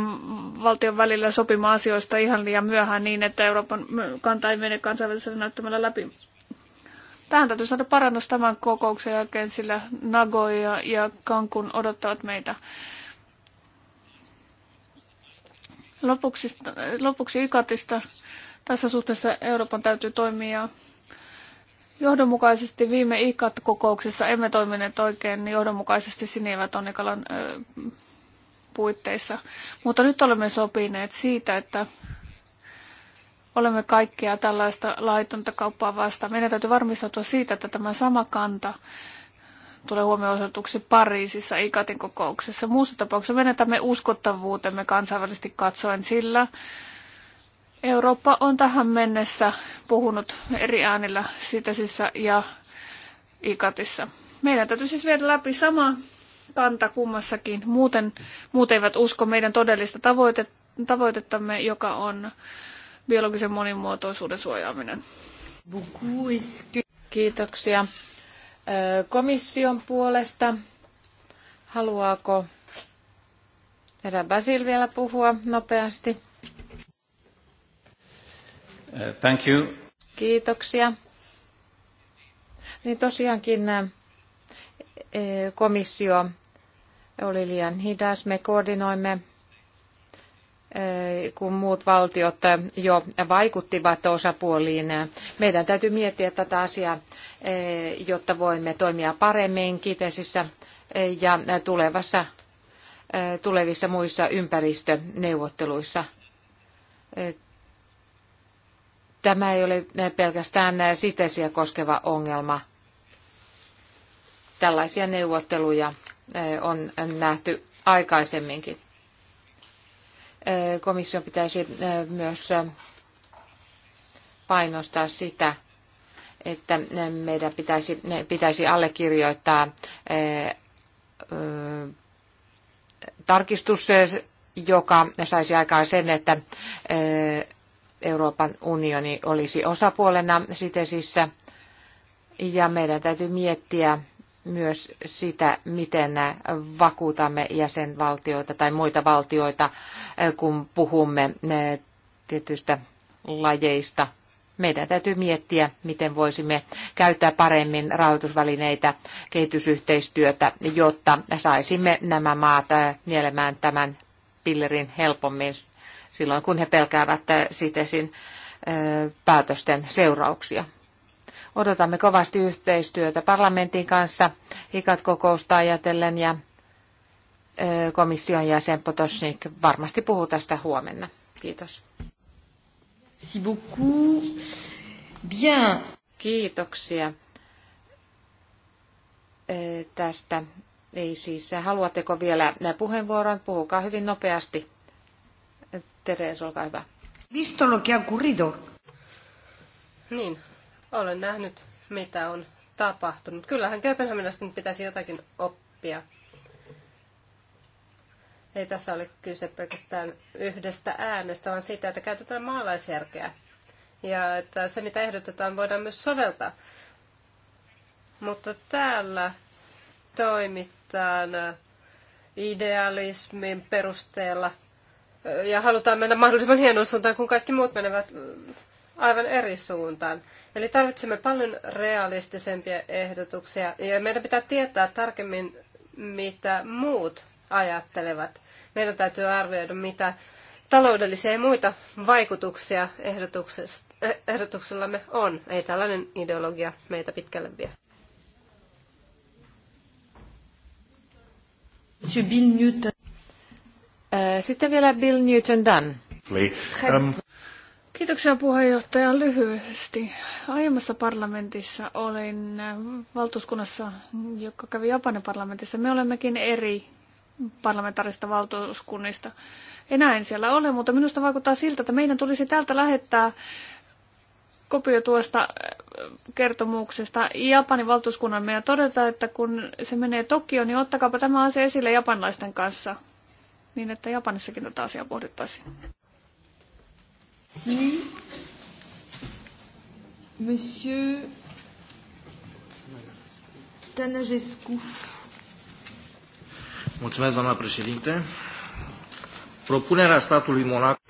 valtion välillä sopimaan asioista ihan liian myöhään niin, että Euroopan kanta ei mene kansainvälisellä näyttämällä läpi. Tähän täytyy saada parannus tämän kokouksen jälkeen, sillä Nagoya ja Kankun odottavat meitä. Lopuksi, lopuksi Ikatista. Tässä suhteessa Euroopan täytyy toimia johdonmukaisesti. Viime IKAT-kokouksessa emme toimineet oikein johdonmukaisesti sinivät onnikalan puitteissa. Mutta nyt olemme sopineet siitä, että olemme kaikkia tällaista laitonta kauppaa vastaan. Meidän täytyy varmistautua siitä, että tämä sama kanta tulee osoituksi Pariisissa ikatin kokouksessa. Muussa tapauksessa menetämme uskottavuutemme kansainvälisesti katsoen sillä, Eurooppa on tähän mennessä puhunut eri äänillä sitesissä ja ikatissa. Meidän täytyy siis viedä läpi sama kanta kummassakin. Muuten, muut eivät usko meidän todellista tavoite, tavoitettamme, joka on biologisen monimuotoisuuden suojaaminen. Kiitoksia. Komission puolesta, haluaako herra Basil vielä puhua nopeasti? Thank you. Kiitoksia. Niin tosiaankin komissio oli liian hidas. Me koordinoimme Eh, kun muut valtiot jo vaikuttivat osapuoliin. Meidän täytyy miettiä tätä asiaa, eh, jotta voimme toimia paremmin kitesissä eh, ja tulevassa, tulevissa muissa ympäristöneuvotteluissa. Tämä ei ole pelkästään sitesiä koskeva ongelma. Tällaisia neuvotteluja on nähty aikaisemminkin komission pitäisi myös painostaa sitä, että meidän pitäisi, pitäisi allekirjoittaa tarkistus, joka saisi aikaan sen, että Euroopan unioni olisi osapuolena sitesissä. Ja meidän täytyy miettiä myös sitä, miten vakuutamme jäsenvaltioita tai muita valtioita, eh, kun puhumme eh, tietyistä lajeista. Meidän täytyy miettiä, miten voisimme käyttää paremmin rahoitusvälineitä, kehitysyhteistyötä, jotta saisimme nämä maat eh, nielemään tämän pillerin helpommin silloin, kun he pelkäävät sitesin päätösten seurauksia. Odotamme kovasti yhteistyötä parlamentin kanssa ICAT-kokousta ajatellen ja komission jäsen Potosnik varmasti puhuu tästä huomenna. Kiitos. Bien. Kiitoksia tästä. Ei siis, haluatteko vielä puheenvuoron? Puhukaa hyvin nopeasti. Teres, olkaa hyvä. Visto lo que ha ocurrido. Niin, olen nähnyt, mitä on tapahtunut. Kyllähän Kööpenhaminasta nyt pitäisi jotakin oppia. Ei tässä ole kyse pelkästään yhdestä äänestä, vaan siitä, että käytetään maalaisjärkeä. Ja että se, mitä ehdotetaan, voidaan myös soveltaa. Mutta täällä toimitaan äh, idealismin perusteella ja halutaan mennä mahdollisimman hienoon suuntaan, kun kaikki muut menevät äh, aivan eri suuntaan. Eli tarvitsemme paljon realistisempia ehdotuksia ja meidän pitää tietää tarkemmin, mitä muut ajattelevat. Meidän täytyy arvioida, mitä taloudellisia ja muita vaikutuksia ehdotuksellamme on. Ei tällainen ideologia meitä pitkälle vie. Äh, sitten vielä Bill Newton Dunn. Um. Kiitoksia puheenjohtaja. Lyhyesti. Aiemmassa parlamentissa olin valtuuskunnassa, joka kävi Japanin parlamentissa. Me olemmekin eri parlamentaarista valtuuskunnista. Enää en siellä ole, mutta minusta vaikuttaa siltä, että meidän tulisi täältä lähettää kopio tuosta äh, kertomuksesta Japanin valtuuskunnan meidän todeta, että kun se menee Tokioon, niin ottakaapa tämä asia esille japanlaisten kanssa, niin että Japanissakin tätä asiaa pohdittaisiin. Merci. Monsieur Tanajescu. Mulțumesc, doamna președinte. Propunerea statului Monaco.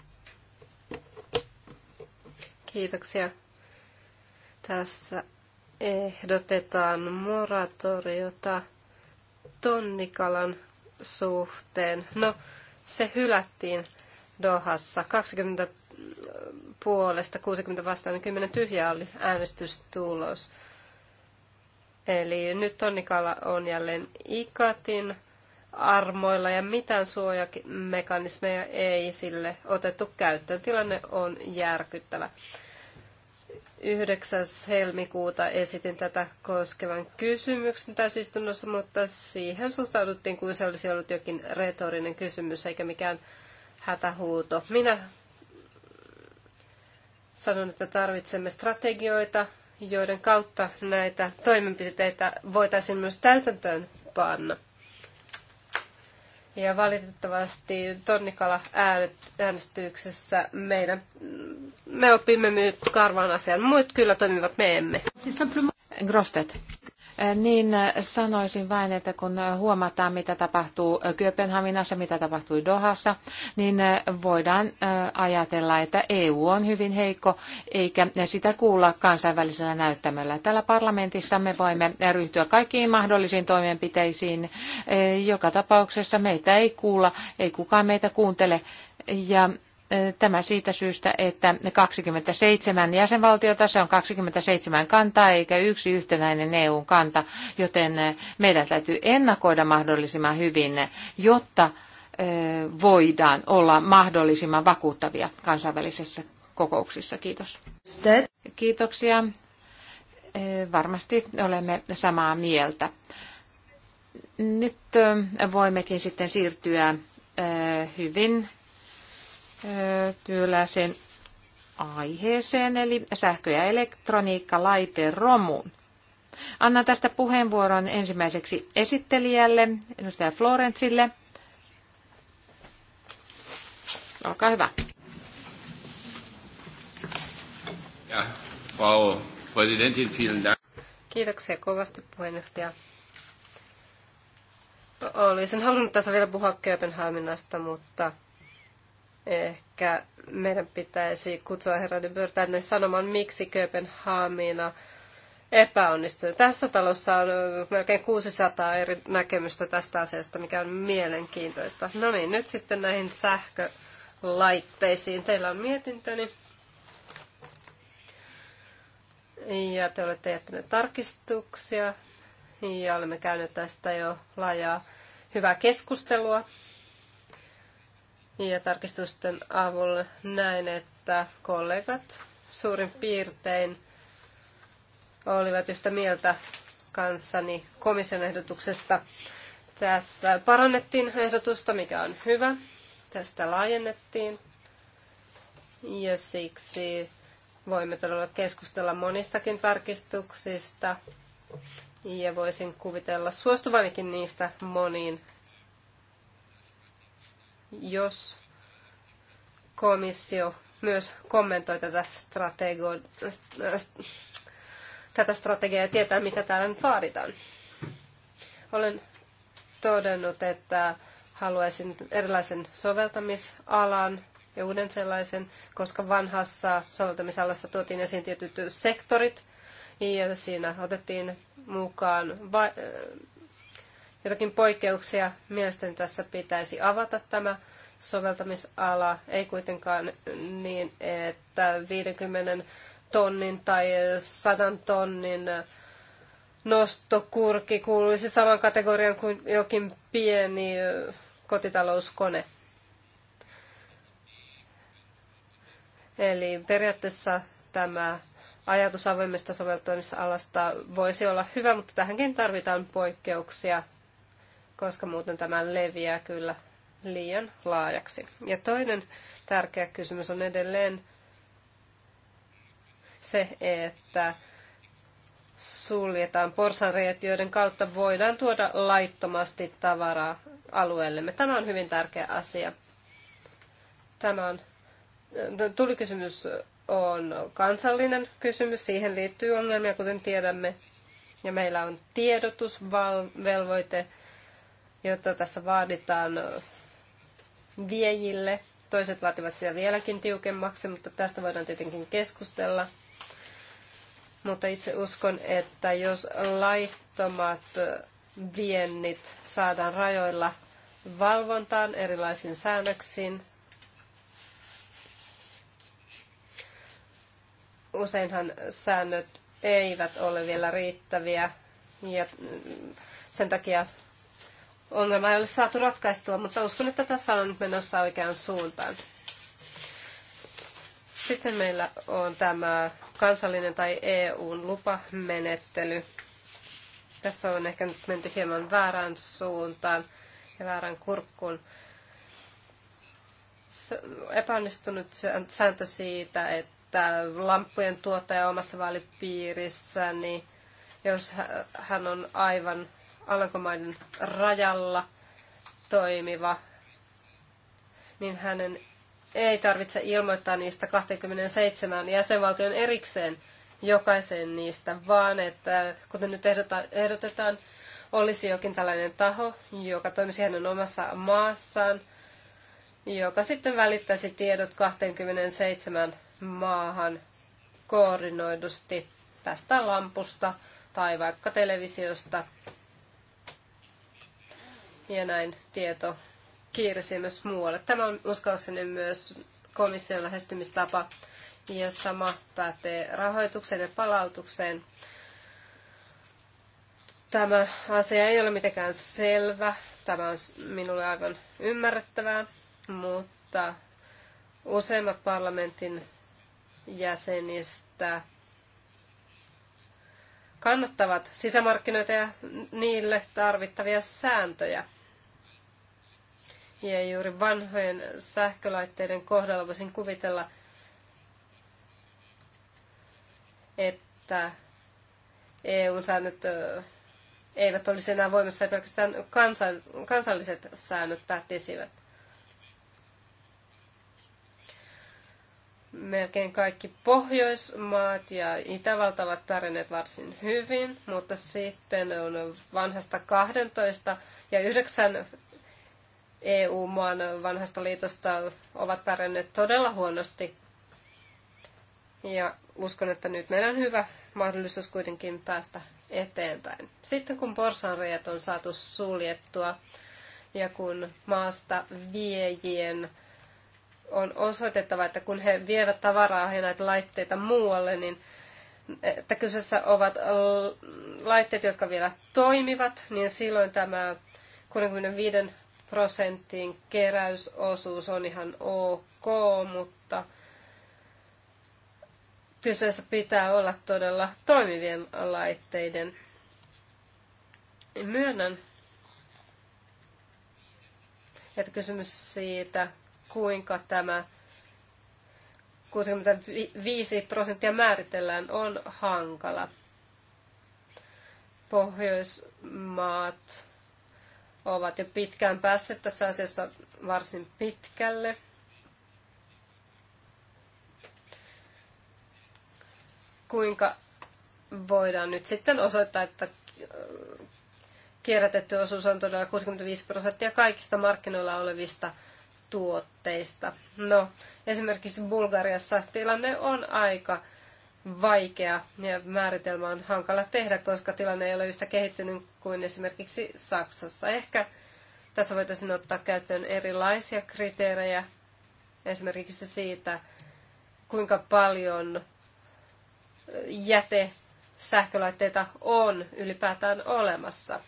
Kiitoksia. Tässä ehdotetaan moratoriota tonnikalan suhteen. No, se hylättiin Dohassa. 20 puolesta, 60 vastaan ja niin 10 tyhjää oli äänestystulos. Eli nyt Tonnikala on jälleen ikatin armoilla ja mitään suojamekanismeja ei sille otettu käyttöön. Tilanne on järkyttävä. 9. helmikuuta esitin tätä koskevan kysymyksen täysistunnossa, mutta siihen suhtauduttiin kuin se olisi ollut jokin retorinen kysymys eikä mikään hätähuuto. Minä sanon, että tarvitsemme strategioita, joiden kautta näitä toimenpiteitä voitaisiin myös täytäntöön panna. Ja valitettavasti Tornikala äänestyksessä meidän, me opimme nyt karvaan asian. Muut kyllä toimivat, me emme. Grostet niin sanoisin vain, että kun huomataan, mitä tapahtuu Kööpenhaminassa, mitä tapahtui Dohassa, niin voidaan ajatella, että EU on hyvin heikko, eikä sitä kuulla kansainvälisellä näyttämällä. Täällä parlamentissa me voimme ryhtyä kaikkiin mahdollisiin toimenpiteisiin. E, joka tapauksessa meitä ei kuulla, ei kukaan meitä kuuntele. Ja Tämä siitä syystä, että 27 jäsenvaltiota, se on 27 kantaa eikä yksi yhtenäinen EUn kanta, joten eh, meidän täytyy ennakoida mahdollisimman hyvin, jotta eh, voidaan olla mahdollisimman vakuuttavia kansainvälisessä kokouksissa. Kiitos. Kiitoksia. Eh, varmasti olemme samaa mieltä. Nyt voimmekin sitten siirtyä hyvin työläisen aiheeseen, eli sähkö- ja elektroniikkalaiteen romuun. Annan tästä puheenvuoron ensimmäiseksi esittelijälle, edustaja Florentsille. Olkaa hyvä. Ja, Frau Präsidentin, vielen Dank. Kiitoksia kovasti puheenjohtaja. Olisin halunnut tässä vielä puhua Kööpenhaminasta, mutta Ehkä meidän pitäisi kutsua herra de Bör tänne sanomaan, miksi Kööpenhamina epäonnistunut. Tässä talossa on melkein 600 eri näkemystä tästä asiasta, mikä on mielenkiintoista. No niin, nyt sitten näihin sähkölaitteisiin. Teillä on mietintöni. Ja te olette jättäneet tarkistuksia. Ja olemme käyneet tästä jo laajaa hyvää keskustelua. Ja tarkistusten avulla näin, että kollegat suurin piirtein olivat yhtä mieltä kanssani komission ehdotuksesta. Tässä parannettiin ehdotusta, mikä on hyvä. Tästä laajennettiin. Ja siksi voimme todella keskustella monistakin tarkistuksista. Ja voisin kuvitella suostuvanikin niistä moniin jos komissio myös kommentoi tätä, stratego- tätä strategiaa ja tietää, mitä täällä nyt vaaditaan. Olen todennut, että haluaisin erilaisen soveltamisalan ja uuden sellaisen, koska vanhassa soveltamisalassa tuotiin esiin tietyt sektorit, ja siinä otettiin mukaan va- jotakin poikkeuksia. Mielestäni tässä pitäisi avata tämä soveltamisala, ei kuitenkaan niin, että 50 tonnin tai 100 tonnin nostokurki kuuluisi saman kategorian kuin jokin pieni kotitalouskone. Eli periaatteessa tämä ajatus avoimesta soveltamisalasta voisi olla hyvä, mutta tähänkin tarvitaan poikkeuksia koska muuten tämä leviää kyllä liian laajaksi. Ja toinen tärkeä kysymys on edelleen se, että suljetaan porsareet, joiden kautta voidaan tuoda laittomasti tavaraa alueellemme. Tämä on hyvin tärkeä asia. Tämä on, tulikysymys on kansallinen kysymys, siihen liittyy ongelmia, kuten tiedämme. Ja meillä on tiedotusvelvoite jota tässä vaaditaan viejille. Toiset vaativat sitä vieläkin tiukemmaksi, mutta tästä voidaan tietenkin keskustella. Mutta itse uskon, että jos laittomat viennit saadaan rajoilla valvontaan erilaisin säännöksiin, useinhan säännöt eivät ole vielä riittäviä ja mm, sen takia ongelma ei ole saatu ratkaistua, mutta uskon, että tässä on nyt menossa oikeaan suuntaan. Sitten meillä on tämä kansallinen tai EUn lupamenettely. Tässä on ehkä nyt menty hieman väärään suuntaan ja väärän kurkkuun. Epäonnistunut sääntö siitä, että lamppujen tuottaja omassa vaalipiirissäni, niin jos hän on aivan Alankomaiden rajalla toimiva, niin hänen ei tarvitse ilmoittaa niistä 27 jäsenvaltion erikseen jokaiseen niistä, vaan että kuten nyt ehdotetaan, olisi jokin tällainen taho, joka toimisi hänen omassa maassaan, joka sitten välittäisi tiedot 27 maahan koordinoidusti tästä lampusta tai vaikka televisiosta ja näin tieto kiirsi myös muualle. Tämä on uskoakseni myös komission lähestymistapa ja sama pätee rahoitukseen ja palautukseen. Tämä asia ei ole mitenkään selvä. Tämä on minulle aivan ymmärrettävää, mutta useimmat parlamentin jäsenistä kannattavat sisämarkkinoita ja niille tarvittavia sääntöjä – ja juuri vanhojen sähkölaitteiden kohdalla voisin kuvitella, että EU-säännöt eivät olisi enää voimassa, ja pelkästään kansan, kansalliset säännöt pätisivät. Melkein kaikki Pohjoismaat ja Itävalta ovat pärjänneet varsin hyvin, mutta sitten on vanhasta 12 ja 9 EU-maan vanhasta liitosta ovat pärjänneet todella huonosti. Ja uskon, että nyt meillä on hyvä mahdollisuus kuitenkin päästä eteenpäin. Sitten kun porsanreijat on saatu suljettua ja kun maasta viejien on osoitettava, että kun he vievät tavaraa ja näitä laitteita muualle, niin että kyseessä ovat laitteet, jotka vielä toimivat, niin silloin tämä 65 prosenttiin keräysosuus on ihan ok, mutta kyseessä pitää olla todella toimivien laitteiden. Myönnän, että kysymys siitä, kuinka tämä 65 prosenttia määritellään, on hankala. Pohjoismaat ovat jo pitkään päässeet tässä asiassa varsin pitkälle. Kuinka voidaan nyt sitten osoittaa, että äh, kierrätetty osuus on todella 65 prosenttia kaikista markkinoilla olevista tuotteista. No, esimerkiksi Bulgariassa tilanne on aika vaikea ja määritelmä on hankala tehdä, koska tilanne ei ole yhtä kehittynyt kuin esimerkiksi Saksassa. Ehkä tässä voitaisiin ottaa käyttöön erilaisia kriteerejä, esimerkiksi siitä, kuinka paljon jäte sähkölaitteita on ylipäätään olemassa.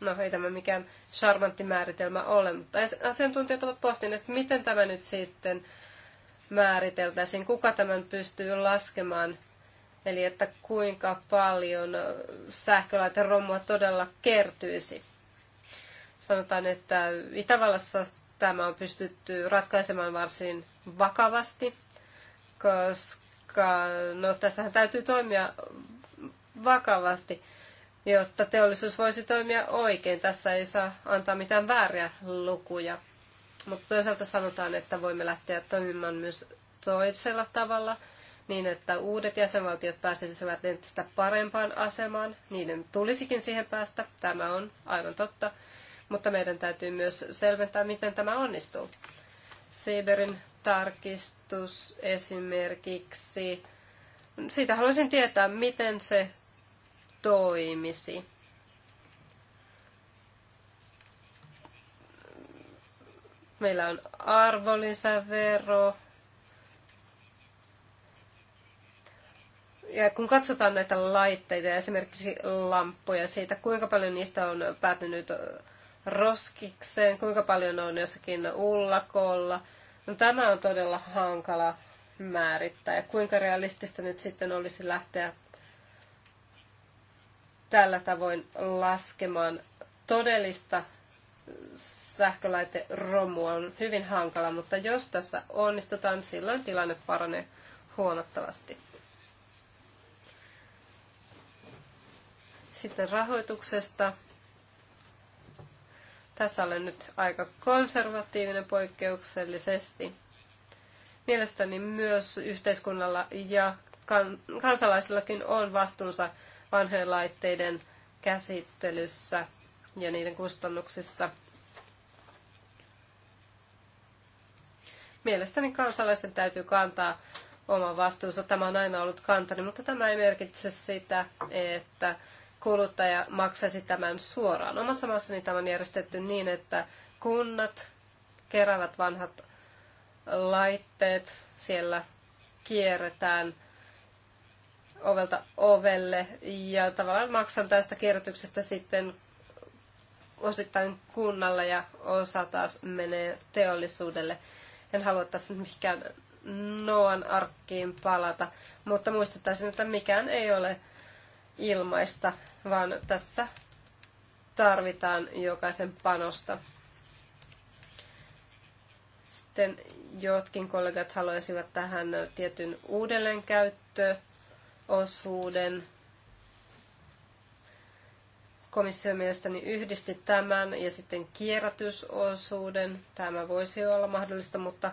No ei tämä mikään charmantti määritelmä ole, mutta asiantuntijat ovat pohtineet, miten tämä nyt sitten määriteltäisiin, kuka tämän pystyy laskemaan Eli että kuinka paljon sähkölaiteromua todella kertyisi. Sanotaan, että Itävallassa tämä on pystytty ratkaisemaan varsin vakavasti, koska no, tässähän täytyy toimia vakavasti, jotta teollisuus voisi toimia oikein. Tässä ei saa antaa mitään vääriä lukuja. Mutta toisaalta sanotaan, että voimme lähteä toimimaan myös toisella tavalla – niin, että uudet jäsenvaltiot pääsisivät entistä parempaan asemaan. Niiden tulisikin siihen päästä, tämä on aivan totta, mutta meidän täytyy myös selventää, miten tämä onnistuu. Seiberin tarkistus esimerkiksi. Siitä haluaisin tietää, miten se toimisi. Meillä on arvonlisävero, ja kun katsotaan näitä laitteita, esimerkiksi lamppuja siitä, kuinka paljon niistä on päätynyt roskikseen, kuinka paljon on jossakin ullakolla, no tämä on todella hankala määrittää. Ja kuinka realistista nyt sitten olisi lähteä tällä tavoin laskemaan todellista sähkölaiteromua on hyvin hankala, mutta jos tässä onnistutaan, silloin tilanne paranee huomattavasti. Sitten rahoituksesta. Tässä olen nyt aika konservatiivinen poikkeuksellisesti. Mielestäni myös yhteiskunnalla ja kansalaisillakin on vastuunsa vanhojen laitteiden käsittelyssä ja niiden kustannuksissa. Mielestäni kansalaisen täytyy kantaa oma vastuunsa. Tämä on aina ollut kantani, mutta tämä ei merkitse sitä, että kuluttaja maksaisi tämän suoraan. Omassa maassani tämä on järjestetty niin, että kunnat keräävät vanhat laitteet, siellä kierretään ovelta ovelle ja tavallaan maksan tästä kierrätyksestä sitten osittain kunnalle ja osa taas menee teollisuudelle. En halua tässä mikään Noan arkkiin palata, mutta muistettaisin, että mikään ei ole ilmaista, vaan tässä tarvitaan jokaisen panosta. Sitten jotkin kollegat haluaisivat tähän tietyn uudelleenkäyttöosuuden. Komissio mielestäni yhdisti tämän ja sitten kierrätysosuuden. Tämä voisi olla mahdollista, mutta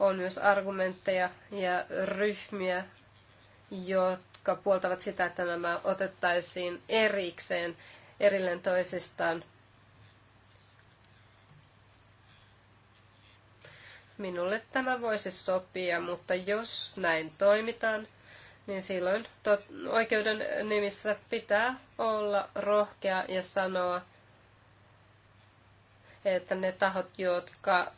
on myös argumentteja ja ryhmiä, jotka jotka puoltavat sitä, että nämä otettaisiin erikseen, erilleen toisistaan. Minulle tämä voisi sopia, mutta jos näin toimitaan, niin silloin tot- oikeuden nimissä pitää olla rohkea ja sanoa, että ne tahot, jotka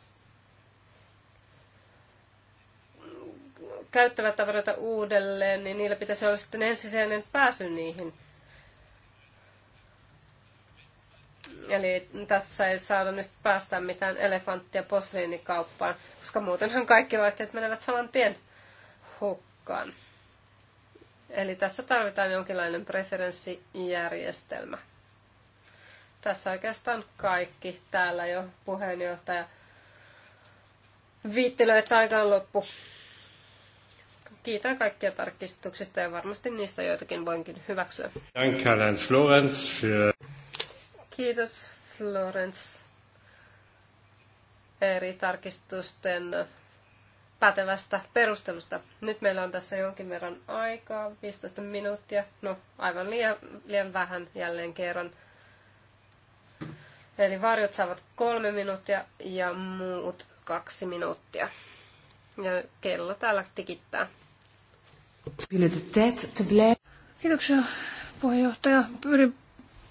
käyttävät tavaroita uudelleen, niin niillä pitäisi olla sitten ensisijainen pääsy niihin. Eli tässä ei saada nyt päästä mitään elefanttia posliinikauppaan, koska muutenhan kaikki laitteet menevät saman tien hukkaan. Eli tässä tarvitaan jonkinlainen preferenssijärjestelmä. Tässä oikeastaan kaikki. Täällä jo puheenjohtaja viittilöi taikan loppu kiitän kaikkia tarkistuksista ja varmasti niistä joitakin voinkin hyväksyä. Kiitos Florence eri tarkistusten pätevästä perustelusta. Nyt meillä on tässä jonkin verran aikaa, 15 minuuttia. No, aivan liian, liian vähän jälleen kerran. Eli varjot saavat kolme minuuttia ja muut kaksi minuuttia. Ja kello täällä tikittää. Kiitoksia puheenjohtaja. Pyrin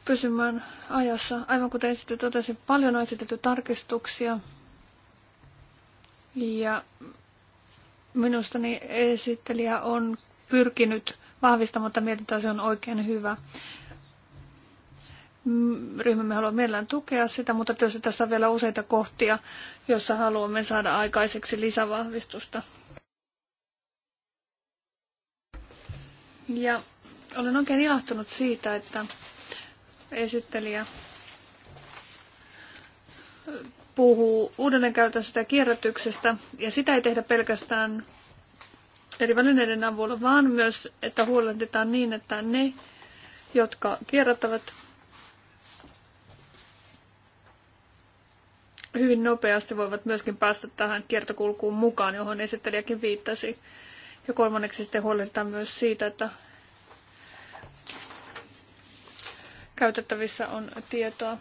pysymään ajassa. Aivan kuten esitte totesin, paljon on esitetty tarkistuksia. Ja minusta niin esittelijä on pyrkinyt vahvistamaan, että mietintö se on oikein hyvä. Ryhmämme haluaa mielellään tukea sitä, mutta tietysti tässä on vielä useita kohtia, joissa haluamme saada aikaiseksi lisävahvistusta. Ja olen oikein ilahtunut siitä, että esittelijä puhuu uudelleenkäytöstä ja kierrätyksestä, ja sitä ei tehdä pelkästään eri välineiden avulla, vaan myös, että huolehditaan niin, että ne, jotka kierrättävät hyvin nopeasti, voivat myöskin päästä tähän kiertokulkuun mukaan, johon esittelijäkin viittasi. Ja kolmanneksi sitten huolehditaan myös siitä, että käytettävissä on tietoa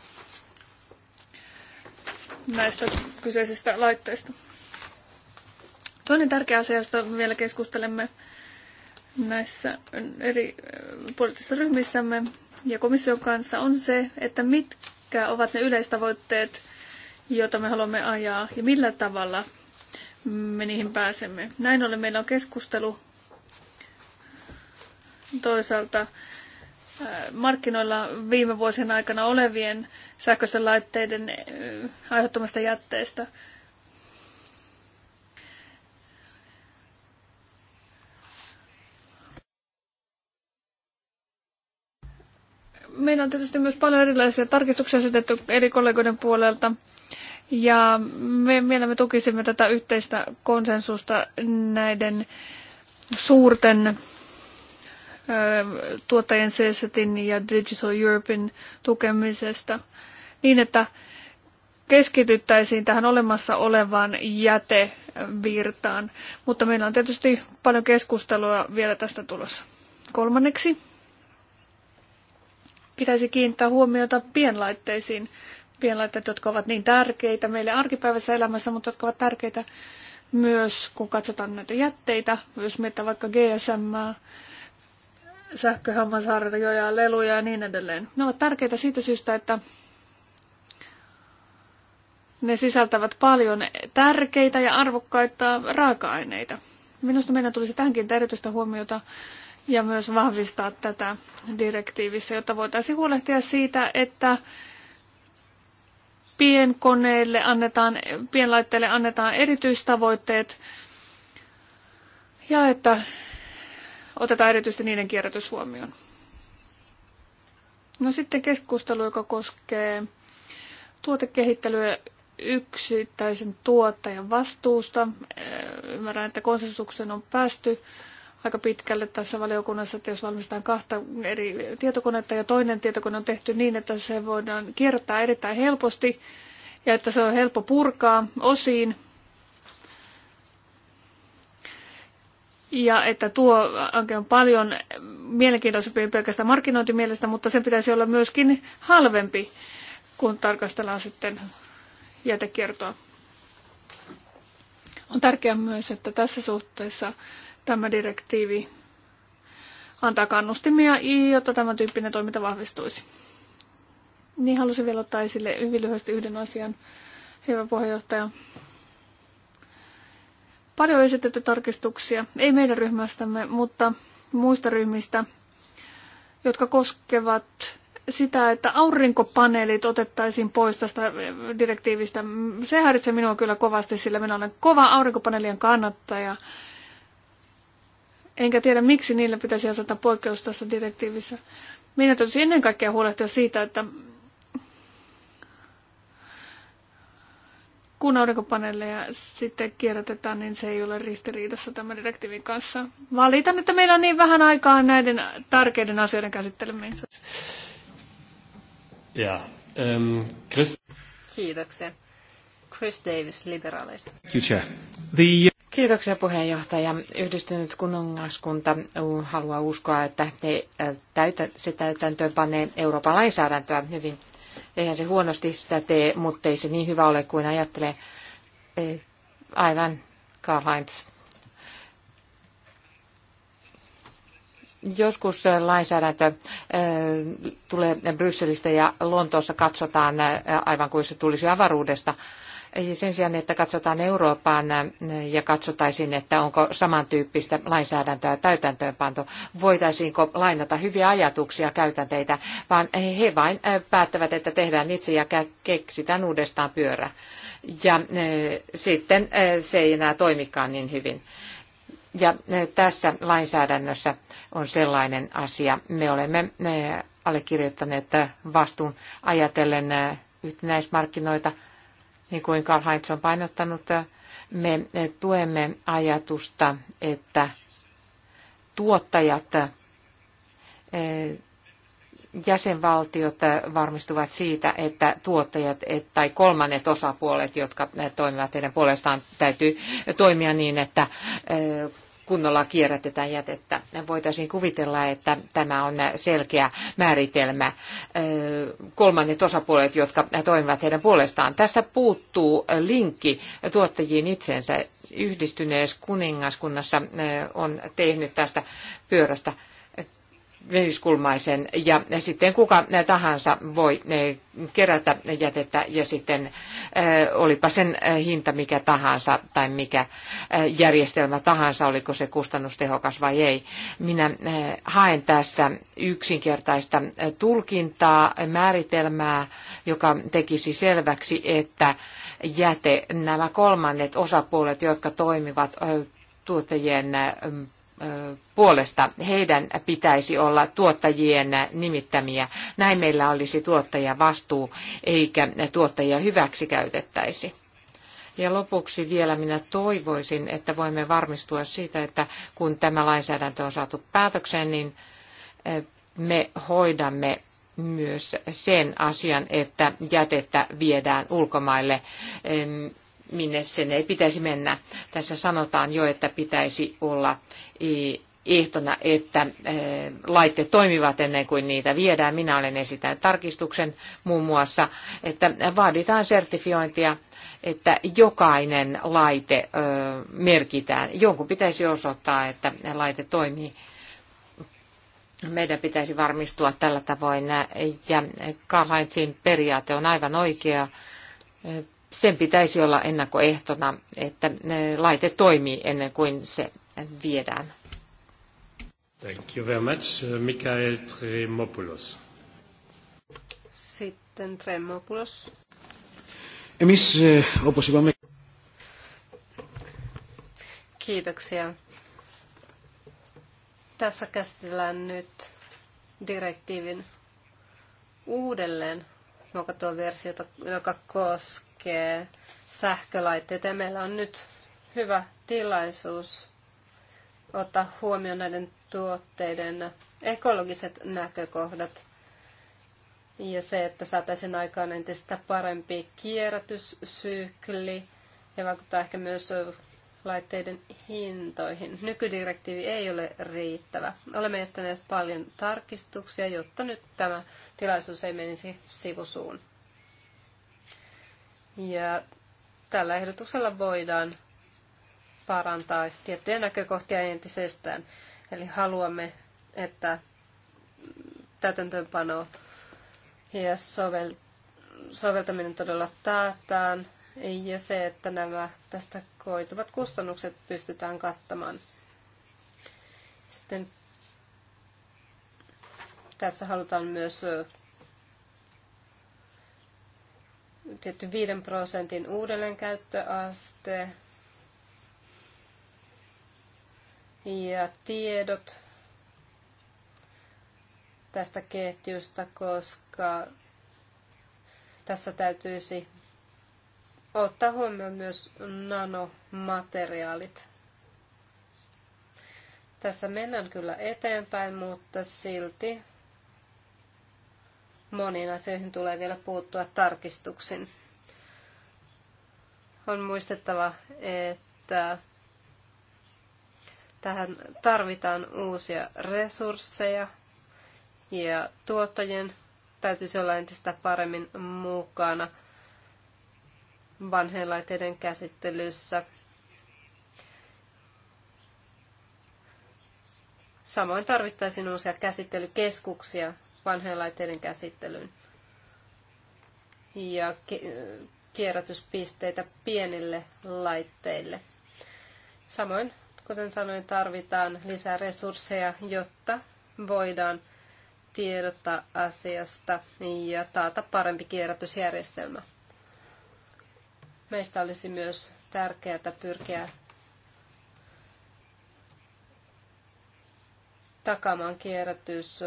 näistä kyseisistä laitteista. Toinen tärkeä asia, josta vielä keskustelemme näissä eri äh, poliittisissa ryhmissämme ja komission kanssa, on se, että mitkä ovat ne yleistavoitteet, joita me haluamme ajaa ja millä tavalla me niihin pääsemme. Näin ollen meillä on keskustelu toisaalta äh, markkinoilla viime vuosien aikana olevien sähköisten laitteiden äh, aiheuttamasta jätteestä. Meillä on tietysti myös paljon erilaisia tarkistuksia asetettu eri kollegoiden puolelta ja me mielemme tukisimme tätä yhteistä konsensusta näiden suurten tuottajien CSETin ja Digital Europein tukemisesta niin, että keskityttäisiin tähän olemassa olevaan jätevirtaan. Mutta meillä on tietysti paljon keskustelua vielä tästä tulossa. Kolmanneksi pitäisi kiinnittää huomiota pienlaitteisiin pienlaitteet, jotka ovat niin tärkeitä meille arkipäiväisessä elämässä, mutta jotka ovat tärkeitä myös, kun katsotaan näitä jätteitä, jos miettää vaikka GSM, sähköhammasharjoja, leluja ja niin edelleen. Ne ovat tärkeitä siitä syystä, että ne sisältävät paljon tärkeitä ja arvokkaita raaka-aineita. Minusta meidän tulisi tähänkin erityistä huomiota ja myös vahvistaa tätä direktiivissä, jotta voitaisiin huolehtia siitä, että pienkoneille annetaan, pienlaitteille annetaan erityistavoitteet ja että otetaan erityisesti niiden kierrätys huomioon. No sitten keskustelu, joka koskee tuotekehittelyä yksittäisen tuottajan vastuusta. Ymmärrän, että konsensuksen on päästy aika pitkälle tässä valiokunnassa, että jos valmistetaan kahta eri tietokonetta ja toinen tietokone on tehty niin, että se voidaan kiertää erittäin helposti ja että se on helppo purkaa osiin. Ja että tuo hanke on paljon mielenkiintoisempi pelkästään markkinointimielestä, mutta sen pitäisi olla myöskin halvempi, kun tarkastellaan sitten jätekiertoa. On tärkeää myös, että tässä suhteessa Tämä direktiivi antaa kannustimia, jotta tämä tyyppinen toiminta vahvistuisi. Niin halusin vielä ottaa esille hyvin lyhyesti yhden asian, hyvä puheenjohtaja. Paljon esitetty tarkistuksia, ei meidän ryhmästämme, mutta muista ryhmistä, jotka koskevat sitä, että aurinkopaneelit otettaisiin pois tästä direktiivistä. Se häiritsee minua kyllä kovasti, sillä minä olen kova aurinkopaneelien kannattaja enkä tiedä miksi niille pitäisi asettaa poikkeus tässä direktiivissä. Meidän täytyisi ennen kaikkea huolehtia siitä, että kun aurinkopaneeleja sitten kierrätetään, niin se ei ole ristiriidassa tämän direktiivin kanssa. Valitan, että meillä on niin vähän aikaa näiden tärkeiden asioiden käsittelemiseen. Ja, ähm, Chris... Kiitoksia. Chris Davis, liberaaleista. The, Kiitoksia puheenjohtaja. Yhdistynyt kuningaskunta haluaa uskoa, että te täytä, se täytäntöön panee Euroopan lainsäädäntöä hyvin. Eihän se huonosti sitä tee, mutta ei se niin hyvä ole kuin ajattelee. E, aivan Karl Heinz. Joskus lainsäädäntö tulee Brysselistä ja Lontoossa katsotaan aivan kuin se tulisi avaruudesta. Sen sijaan, että katsotaan Eurooppaan ja katsotaisiin, että onko samantyyppistä lainsäädäntöä täytäntöönpanto, voitaisiinko lainata hyviä ajatuksia, käytänteitä, vaan he vain päättävät, että tehdään itse ja keksitään uudestaan pyörä. Ja sitten se ei enää toimikaan niin hyvin. Ja tässä lainsäädännössä on sellainen asia. Me olemme allekirjoittaneet vastuun ajatellen yhtenäismarkkinoita – niin kuin Karl Heinz on painottanut, me tuemme ajatusta, että tuottajat, jäsenvaltiot varmistuvat siitä, että tuottajat tai kolmannet osapuolet, jotka toimivat heidän puolestaan, täytyy toimia niin, että kunnolla kierrätetä jätettä. Voitaisiin kuvitella, että tämä on selkeä määritelmä kolmannet osapuolet, jotka toimivat heidän puolestaan. Tässä puuttuu linkki tuottajiin itsensä. Yhdistyneessä kuningaskunnassa on tehnyt tästä pyörästä veriskulmaisen ja sitten kuka tahansa voi eh, kerätä jätettä ja sitten eh, olipa sen eh, hinta mikä tahansa tai mikä järjestelmä tahansa, oliko se kustannustehokas vai ei. Minä haen tässä yksinkertaista tulkintaa, määritelmää, joka tekisi selväksi, että jäte, nämä kolmannet osapuolet, jotka toimivat tuottajien puolesta heidän pitäisi olla tuottajien nimittämiä. Näin meillä olisi tuottaja vastuu eikä tuottajia hyväksikäytettäisi. Ja lopuksi vielä minä toivoisin, että voimme varmistua siitä, että kun tämä lainsäädäntö on saatu päätökseen, niin me hoidamme myös sen asian, että jätettä viedään ulkomaille minne sen ei pitäisi mennä. Tässä sanotaan jo, että pitäisi olla ehtona, että eh, laitteet toimivat ennen kuin niitä viedään. Minä olen esittänyt tarkistuksen muun muassa, että vaaditaan sertifiointia, että jokainen laite eh, merkitään. Jonkun pitäisi osoittaa, että laite toimii. Meidän pitäisi varmistua tällä tavoin ja Karl Heinzin periaate on aivan oikea eh, sen pitäisi olla ennakkoehtona, että eh, laite toimii ennen kuin se viedään. Thank you very much, uh, Mikael Tremopoulos. Sitten Tremopoulos. Emis, όπως Kiitoksia. Tässä käsitellään nyt direktiivin uudelleen muokattua versiota, joka koskee kaikkea sähkölaitteita. Ja meillä on nyt hyvä tilaisuus ottaa huomioon näiden tuotteiden ekologiset näkökohdat ja se, että saataisiin aikaan entistä parempi kierrätyssykli ja vaikuttaa ehkä myös laitteiden hintoihin. Nykydirektiivi ei ole riittävä. Olemme jättäneet paljon tarkistuksia, jotta nyt tämä tilaisuus ei menisi sivusuun. Ja tällä ehdotuksella voidaan parantaa tiettyjä näkökohtia entisestään. Eli haluamme, että täytäntöönpano ja sovel, soveltaminen todella taataan ja se, että nämä tästä koituvat kustannukset pystytään kattamaan. Sitten tässä halutaan myös tietty 5 prosentin uudelleenkäyttöaste ja tiedot tästä ketjusta, koska tässä täytyisi ottaa huomioon myös nanomateriaalit. Tässä mennään kyllä eteenpäin, mutta silti moniin asioihin tulee vielä puuttua tarkistuksin. On muistettava, että tähän tarvitaan uusia resursseja ja tuottajien täytyisi olla entistä paremmin mukana vanhojen laitteiden käsittelyssä. Samoin tarvittaisiin uusia käsittelykeskuksia vanhojen laitteiden käsittelyyn ja kierrätyspisteitä pienille laitteille. Samoin, kuten sanoin, tarvitaan lisää resursseja, jotta voidaan tiedottaa asiasta ja taata parempi kierrätysjärjestelmä. Meistä olisi myös tärkeää pyrkiä takaamaan kierrätys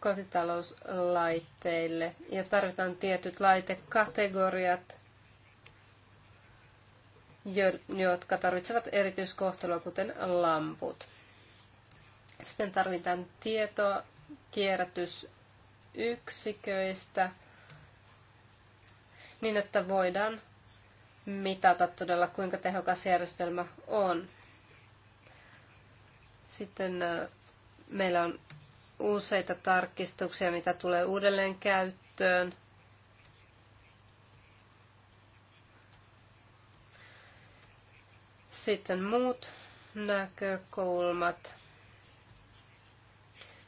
kotitalouslaitteille ja tarvitaan tietyt laitekategoriat, jotka tarvitsevat erityiskohtelua, kuten lamput. Sitten tarvitaan tietoa kierrätysyksiköistä niin, että voidaan mitata todella, kuinka tehokas järjestelmä on. Sitten äh, meillä on useita tarkistuksia, mitä tulee uudelleen käyttöön. Sitten muut näkökulmat.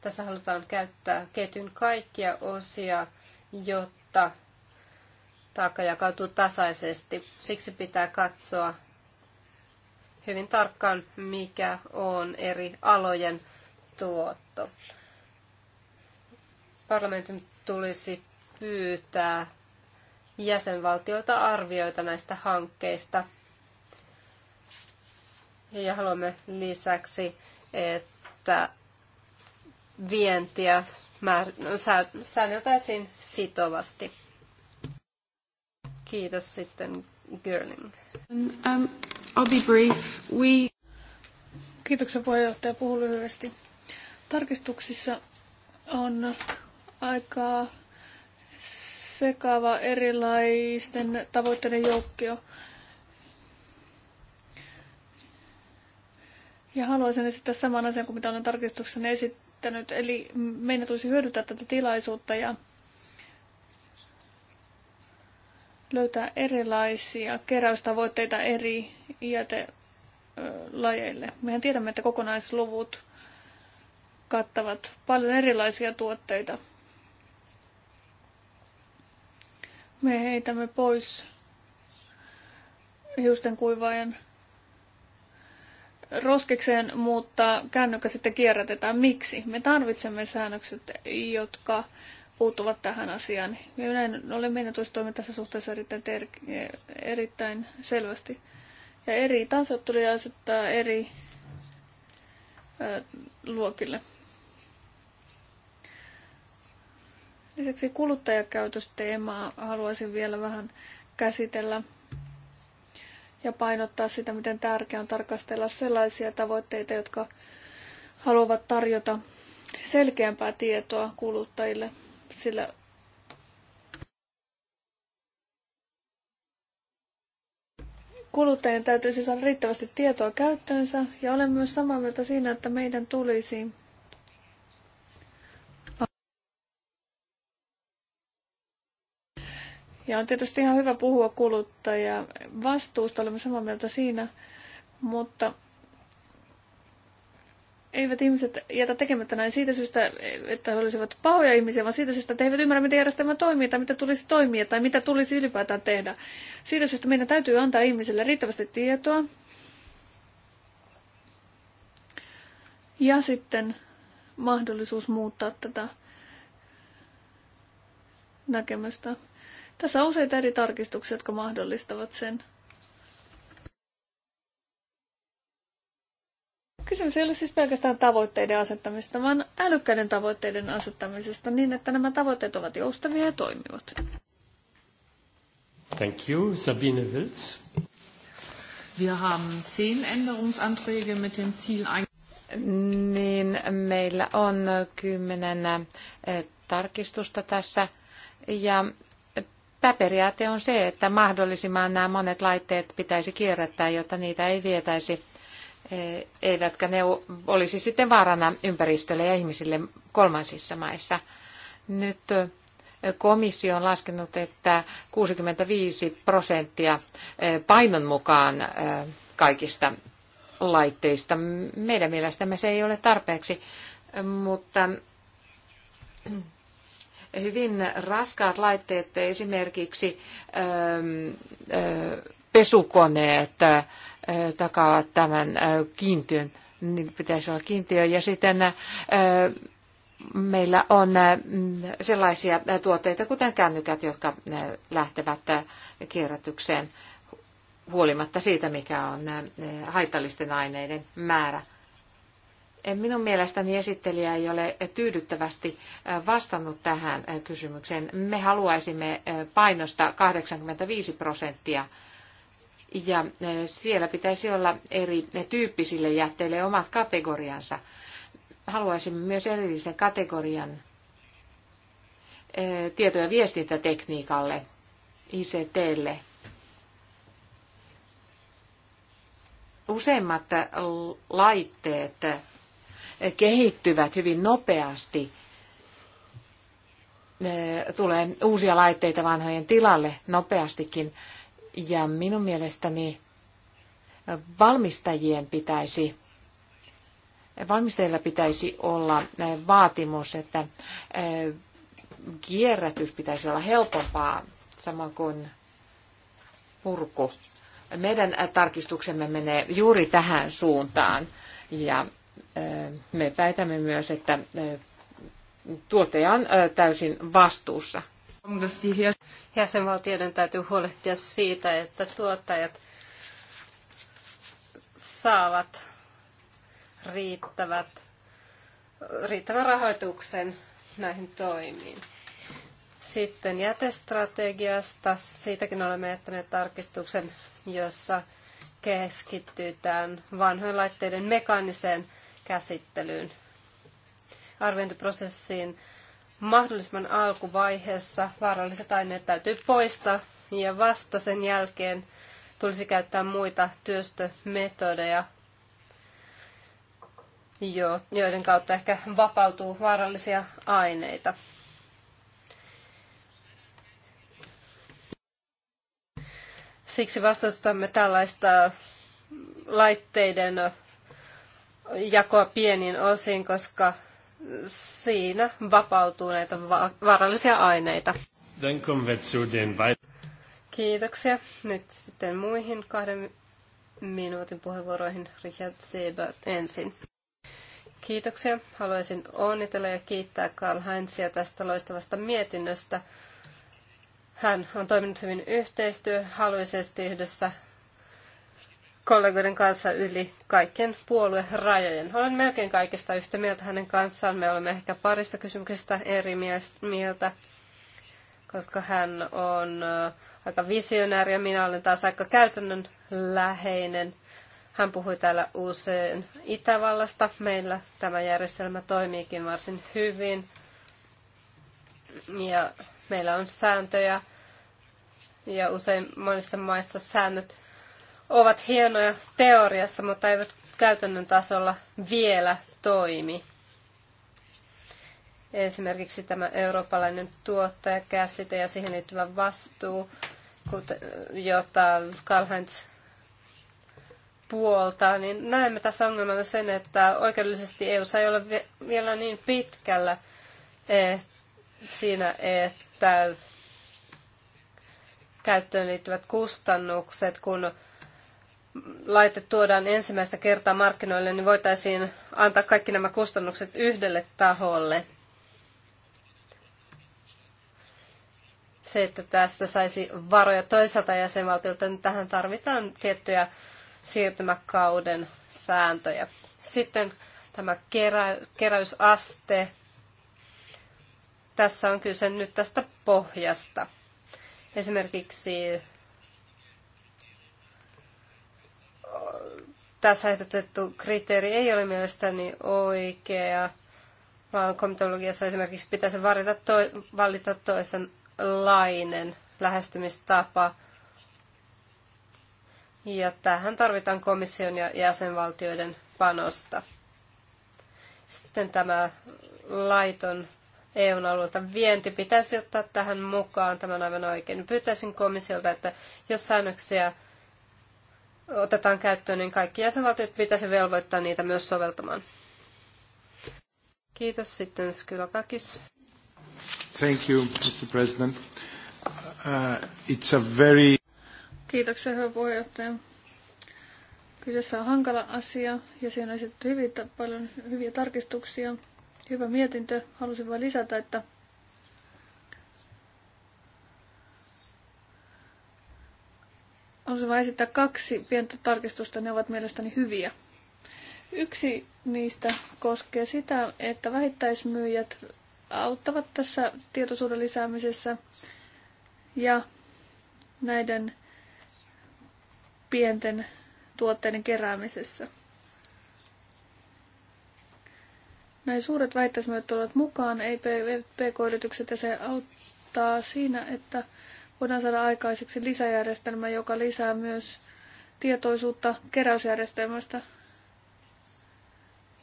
Tässä halutaan käyttää ketjun kaikkia osia, jotta taakka jakautuu tasaisesti. Siksi pitää katsoa hyvin tarkkaan, mikä on eri alojen tuotto parlamentin tulisi pyytää jäsenvaltioilta arvioita näistä hankkeista. Ja haluamme lisäksi, että vientiä säänneltäisiin sitovasti. Kiitos sitten Girling. Um, um I'll be brief. We... Kiitoksen puheenjohtaja. Puhu lyhyesti. Tarkistuksissa on aika sekava erilaisten tavoitteiden joukkio. Ja haluaisin esittää saman asian kuin mitä olen tarkistuksen esittänyt. Eli meidän tulisi hyödyntää tätä tilaisuutta ja löytää erilaisia keräystavoitteita eri jätelajeille. Mehän tiedämme, että kokonaisluvut kattavat paljon erilaisia tuotteita. Me heitämme pois hiusten kuivaajan roskikseen, mutta kännykkä sitten kierrätetään. Miksi? Me tarvitsemme säännökset, jotka puuttuvat tähän asiaan. Minä olen mennyt toimii tässä suhteessa erittäin, ter- erittäin selvästi. Ja eri tasot tuli asettaa eri ö, luokille. Lisäksi kuluttajakäytösteemaa haluaisin vielä vähän käsitellä ja painottaa sitä, miten tärkeää on tarkastella sellaisia tavoitteita, jotka haluavat tarjota selkeämpää tietoa kuluttajille, sillä kuluttajien täytyisi saada riittävästi tietoa käyttöönsä ja olen myös samaa mieltä siinä, että meidän tulisi Ja on tietysti ihan hyvä puhua kuluttaja vastuusta, olemme samaa mieltä siinä, mutta eivät ihmiset jätä tekemättä näin siitä syystä, että he olisivat pahoja ihmisiä, vaan siitä syystä, että he eivät ymmärrä, miten järjestelmä toimii tai mitä tulisi toimia tai mitä tulisi ylipäätään tehdä. Siitä syystä meidän täytyy antaa ihmisille riittävästi tietoa. Ja sitten mahdollisuus muuttaa tätä näkemystä. Tässä on useita eri tarkistuksia, jotka mahdollistavat sen. Kysymys ei ole siis pelkästään tavoitteiden asettamisesta, vaan älykkäiden tavoitteiden asettamisesta niin, että nämä tavoitteet ovat joustavia ja toimivat. Thank you. Sabine Wils. Wir haben zehn Änderungsanträge mit dem Ziel ein niin meillä on kymmenen eh, tarkistusta tässä ja Pääperiaate on se, että mahdollisimman nämä monet laitteet pitäisi kierrättää, jotta niitä ei vietäisi, e, eivätkä ne olisi sitten vaarana ympäristölle ja ihmisille kolmansissa maissa. Nyt e, komissio on laskenut, että 65 prosenttia e, painon mukaan kaikista laitteista. Meidän mielestämme se ei ole tarpeeksi, mutta hyvin raskaat laitteet, esimerkiksi ähm, äh, pesukoneet äh, takaavat tämän äh, kiintiön, niin pitäisi olla kiintiö, ja sitten meillä on sellaisia tuotteita, kuten kännykät, jotka lähtevät kierrätykseen huolimatta siitä, mikä on haitallisten aineiden määrä. Minun mielestäni esittelijä ei ole tyydyttävästi vastannut tähän kysymykseen. Me haluaisimme painosta 85 prosenttia ja siellä pitäisi olla eri tyyppisille jätteille omat kategoriansa. Haluaisimme myös erillisen kategorian tieto- ja viestintätekniikalle, ICTlle. Useimmat laitteet kehittyvät hyvin nopeasti. Tulee uusia laitteita vanhojen tilalle nopeastikin. Ja minun mielestäni valmistajien pitäisi valmistajilla pitäisi olla vaatimus, että kierrätys pitäisi olla helpompaa, sama kuin purku. Meidän tarkistuksemme menee juuri tähän suuntaan ja me väitämme myös, että tuottaja on täysin vastuussa. Jäsenvaltioiden täytyy huolehtia siitä, että tuottajat saavat riittävät, riittävän rahoituksen näihin toimiin. Sitten jätestrategiasta, siitäkin olemme jättäneet tarkistuksen, jossa keskitytään vanhojen laitteiden mekaaniseen käsittelyyn. Arviointiprosessiin mahdollisimman alkuvaiheessa vaaralliset aineet täytyy poistaa ja vasta sen jälkeen tulisi käyttää muita työstömetodeja, joiden kautta ehkä vapautuu vaarallisia aineita. Siksi vastustamme tällaista laitteiden jakoa pienin osin, koska siinä vapautuu näitä vaarallisia aineita. Kiitoksia. Nyt sitten muihin kahden minuutin puheenvuoroihin Richard Siebert ensin. Kiitoksia. Haluaisin onnitella ja kiittää Karl Heinzia tästä loistavasta mietinnöstä. Hän on toiminut hyvin yhteistyöhaluisesti yhdessä kollegoiden kanssa yli kaikkien puoluerajojen. Olen melkein kaikista yhtä mieltä hänen kanssaan. Me olemme ehkä parista kysymyksestä eri mieltä, koska hän on aika visionääri ja minä olen taas aika käytännön läheinen. Hän puhui täällä usein Itävallasta. Meillä tämä järjestelmä toimiikin varsin hyvin. Ja meillä on sääntöjä ja usein monissa maissa säännöt ovat hienoja teoriassa, mutta eivät käytännön tasolla vielä toimi. Esimerkiksi tämä eurooppalainen tuottajakäsite ja siihen liittyvä vastuu, jota Karl-Heinz puoltaa, niin näemme tässä ongelmana sen, että oikeudellisesti EU ei ole vielä niin pitkällä eh, siinä, että käyttöön liittyvät kustannukset, kun laite tuodaan ensimmäistä kertaa markkinoille, niin voitaisiin antaa kaikki nämä kustannukset yhdelle taholle. Se, että tästä saisi varoja toisaalta jäsenvaltiolta, niin tähän tarvitaan tiettyjä siirtymäkauden sääntöjä. Sitten tämä kerä, keräysaste. Tässä on kyse nyt tästä pohjasta. Esimerkiksi tässä ehdotettu kriteeri ei ole mielestäni oikea, vaan komitologiassa esimerkiksi pitäisi valita, to- valita toisenlainen lähestymistapa. Ja tähän tarvitaan komission ja jäsenvaltioiden panosta. Sitten tämä laiton EUn alueelta vienti pitäisi ottaa tähän mukaan, on aivan oikein. Pyytäisin komissiolta, että jos säännöksiä otetaan käyttöön, niin kaikki jäsenvaltiot pitäisi velvoittaa niitä myös soveltamaan. Kiitos sitten Skylakakis. Thank you, Mr. President. Uh, it's a very... Kiitoksia, hyvä puheenjohtaja. Kyseessä on hankala asia ja siinä on esitetty hyvin paljon hyviä tarkistuksia. Hyvä mietintö. Halusin vain lisätä, että Haluaisin vain esittää kaksi pientä tarkistusta, ne ovat mielestäni hyviä. Yksi niistä koskee sitä, että vähittäismyyjät auttavat tässä tietoisuuden lisäämisessä ja näiden pienten tuotteiden keräämisessä. Näin suuret väittäismyöt tulevat mukaan, ei pk-yritykset, ja se auttaa siinä, että voidaan saada aikaiseksi lisäjärjestelmä, joka lisää myös tietoisuutta keräysjärjestelmästä,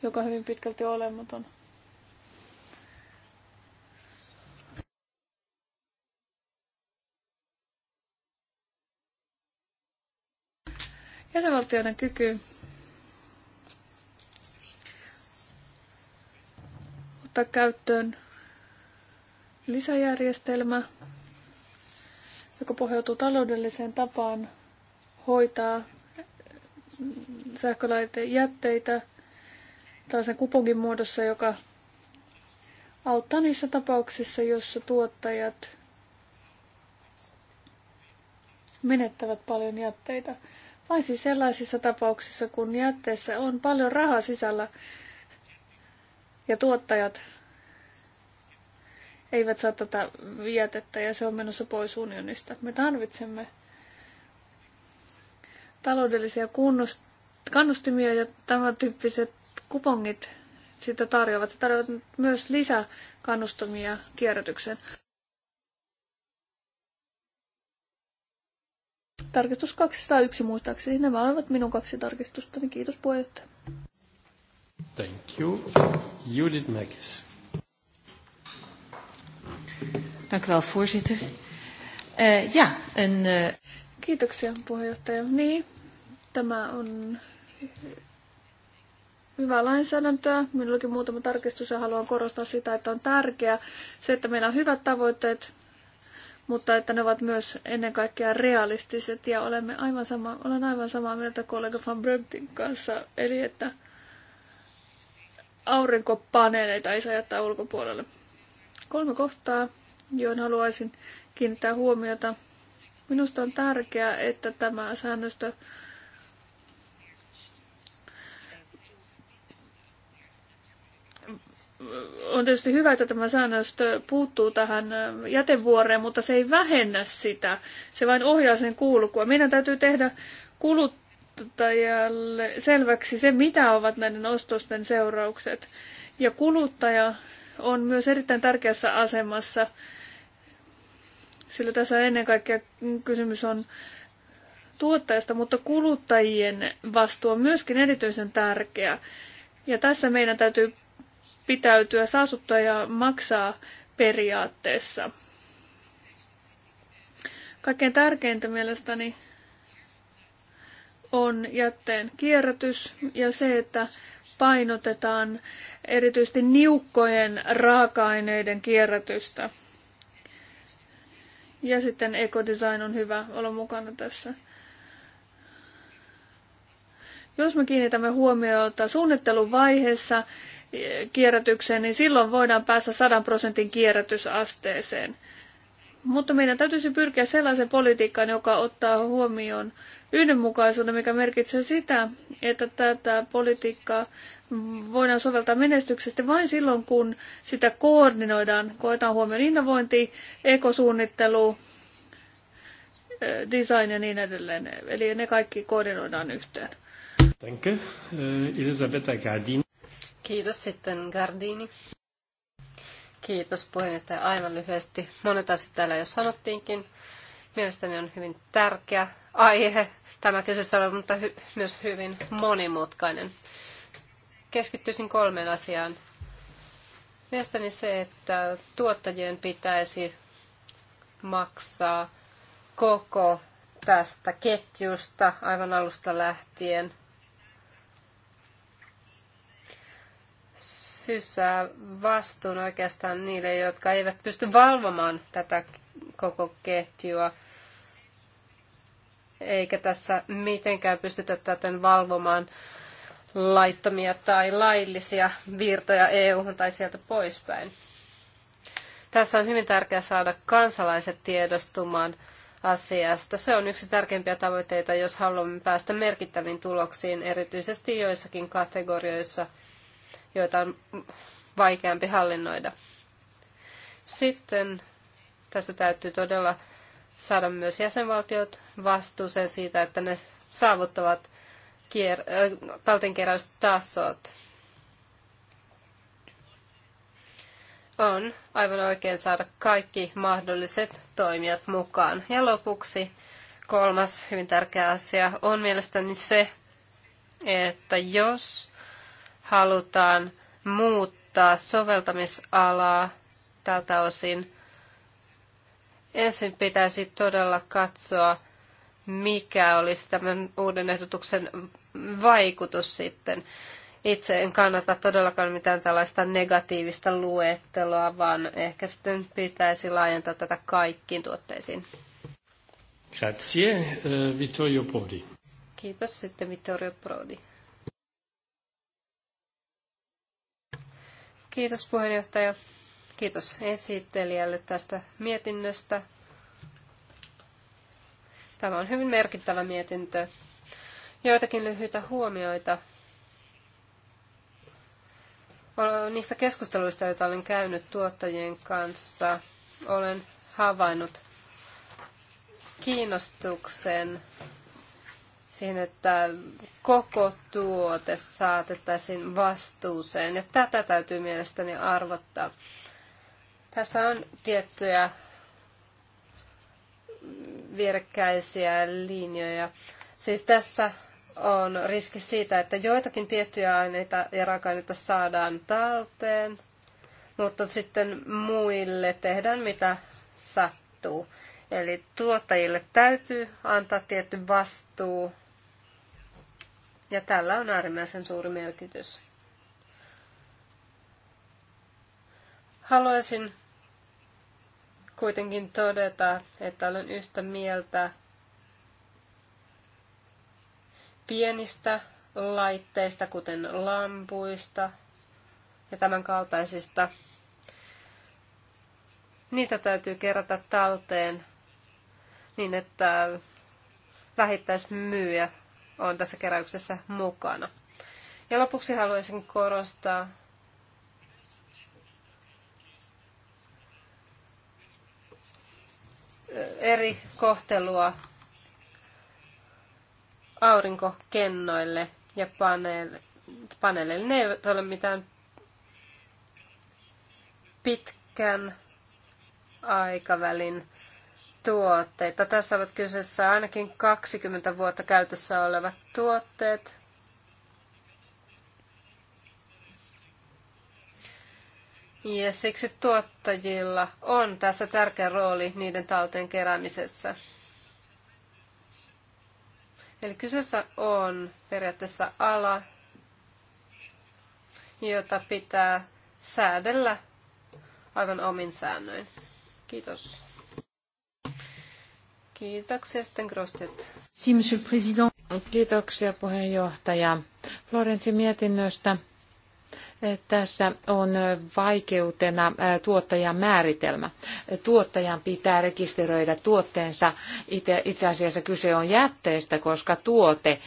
joka hyvin pitkälti olematon. Jäsenvaltioiden kyky ottaa käyttöön lisäjärjestelmä joka pohjautuu taloudelliseen tapaan hoitaa jätteitä tällaisen kupongin muodossa, joka auttaa niissä tapauksissa, joissa tuottajat menettävät paljon jätteitä. Vai siis sellaisissa tapauksissa, kun jätteessä on paljon rahaa sisällä ja tuottajat eivät saa tätä vietettä ja se on menossa pois unionista. Me tarvitsemme taloudellisia kannustimia ja tämän tyyppiset kupongit sitä tarjoavat. Se tarjoavat myös lisäkannustamia kierrätykseen. Tarkistus 201 muistaakseni. Nämä olivat minun kaksi tarkistustani. Kiitos puheenjohtaja. Thank you. Judith Mäkis. Dank u wel, voorzitter. Uh, ja, een... Uh... Kiitoksia, puheenjohtaja. Niin, tämä on hyvää lainsäädäntöä. Minullakin muutama tarkistus ja haluan korostaa sitä, että on tärkeää se, että meillä on hyvät tavoitteet, mutta että ne ovat myös ennen kaikkea realistiset ja olemme aivan sama, olen aivan samaa mieltä kollega Van Bröntin kanssa, eli että aurinkopaneeleita ei saa jättää ulkopuolelle. Kolme kohtaa, joihin haluaisin kiinnittää huomiota. Minusta on tärkeää, että tämä säännöstö on tietysti hyvä, että tämä säännöstö puuttuu tähän jätevuoreen, mutta se ei vähennä sitä. Se vain ohjaa sen kulkua. Meidän täytyy tehdä kuluttajalle selväksi se, mitä ovat näiden ostosten seuraukset. Ja kuluttaja on myös erittäin tärkeässä asemassa, sillä tässä ennen kaikkea kysymys on tuottajasta, mutta kuluttajien vastuu on myöskin erityisen tärkeä. Ja tässä meidän täytyy pitäytyä saasuttaja maksaa periaatteessa. Kaikkein tärkeintä mielestäni on jätteen kierrätys ja se, että painotetaan erityisesti niukkojen raaka-aineiden kierrätystä. Ja sitten ekodesign on hyvä olla mukana tässä. Jos me kiinnitämme huomiota suunnittelun vaiheessa kierrätykseen, niin silloin voidaan päästä 100 prosentin kierrätysasteeseen. Mutta meidän täytyisi pyrkiä sellaiseen politiikkaan, joka ottaa huomioon yhdenmukaisuuden, mikä merkitsee sitä, että tätä politiikkaa voidaan soveltaa menestyksestä vain silloin, kun sitä koordinoidaan, koetaan huomioon innovointi, ekosuunnittelu, eh, design ja niin edelleen. Eli ne kaikki koordinoidaan yhteen. Danke, eh, Elisabetta Gardini. Kiitos sitten Gardini. Kiitos puheenjohtaja. Aivan lyhyesti. Monet asiat täällä jo sanottiinkin. Mielestäni on hyvin tärkeä aihe tämä kyseessä oleva, mutta hy- myös hyvin monimutkainen. Keskittyisin kolmeen asiaan. Mielestäni se, että tuottajien pitäisi maksaa koko tästä ketjusta aivan alusta lähtien. Sysää vastuun oikeastaan niille, jotka eivät pysty valvomaan tätä koko ketjua – eikä tässä mitenkään pystytä täten valvomaan laittomia tai laillisia virtoja EU-hun tai sieltä poispäin. Tässä on hyvin tärkeää saada kansalaiset tiedostumaan asiasta. Se on yksi tärkeimpiä tavoitteita, jos haluamme päästä merkittäviin tuloksiin, erityisesti joissakin kategorioissa, joita on vaikeampi hallinnoida. Sitten tässä täytyy todella saada myös jäsenvaltiot vastuuseen siitä, että ne saavuttavat kier- äh, taltenkeräystasot. On aivan oikein saada kaikki mahdolliset toimijat mukaan. Ja lopuksi kolmas hyvin tärkeä asia on mielestäni se, että jos halutaan muuttaa soveltamisalaa tältä osin, Ensin pitäisi todella katsoa, mikä olisi tämän uuden ehdotuksen vaikutus sitten. Itse en kannata todellakaan mitään tällaista negatiivista luetteloa, vaan ehkä sitten pitäisi laajentaa tätä kaikkiin tuotteisiin. Grazie, eh, Vittorio Prodi. Kiitos sitten Vittorio Prodi. Kiitos puheenjohtaja. Kiitos esittelijälle tästä mietinnöstä. Tämä on hyvin merkittävä mietintö. Joitakin lyhyitä huomioita niistä keskusteluista, joita olen käynyt tuottajien kanssa. Olen havainnut kiinnostuksen siihen, että koko tuote saatettaisiin vastuuseen. Ja tätä täytyy mielestäni arvottaa. Tässä on tiettyjä vierekkäisiä linjoja. Siis tässä on riski siitä, että joitakin tiettyjä aineita ja raaka-aineita saadaan talteen, mutta sitten muille tehdään mitä sattuu. Eli tuottajille täytyy antaa tietty vastuu, ja tällä on äärimmäisen suuri merkitys. Haluaisin kuitenkin todeta, että olen yhtä mieltä pienistä laitteista, kuten lampuista ja tämän kaltaisista. Niitä täytyy kerätä talteen niin, että vähittäismyyjä on tässä keräyksessä mukana. Ja lopuksi haluaisin korostaa eri kohtelua aurinkokennoille ja paneeleille. Ne eivät ole mitään pitkän aikavälin tuotteita. Tässä ovat kyseessä ainakin 20 vuotta käytössä olevat tuotteet, Ja siksi tuottajilla on tässä tärkeä rooli niiden talteen keräämisessä. Eli kyseessä on periaatteessa ala, jota pitää säädellä aivan omin säännöin. Kiitos. Kiitoksia sitten Grostet. Si, monsieur président. Kiitoksia puheenjohtaja Florenssin mietinnöstä. Tässä on vaikeutena tuottajan määritelmä. Tuottajan pitää rekisteröidä tuotteensa. Itse asiassa kyse on jätteestä, koska tuote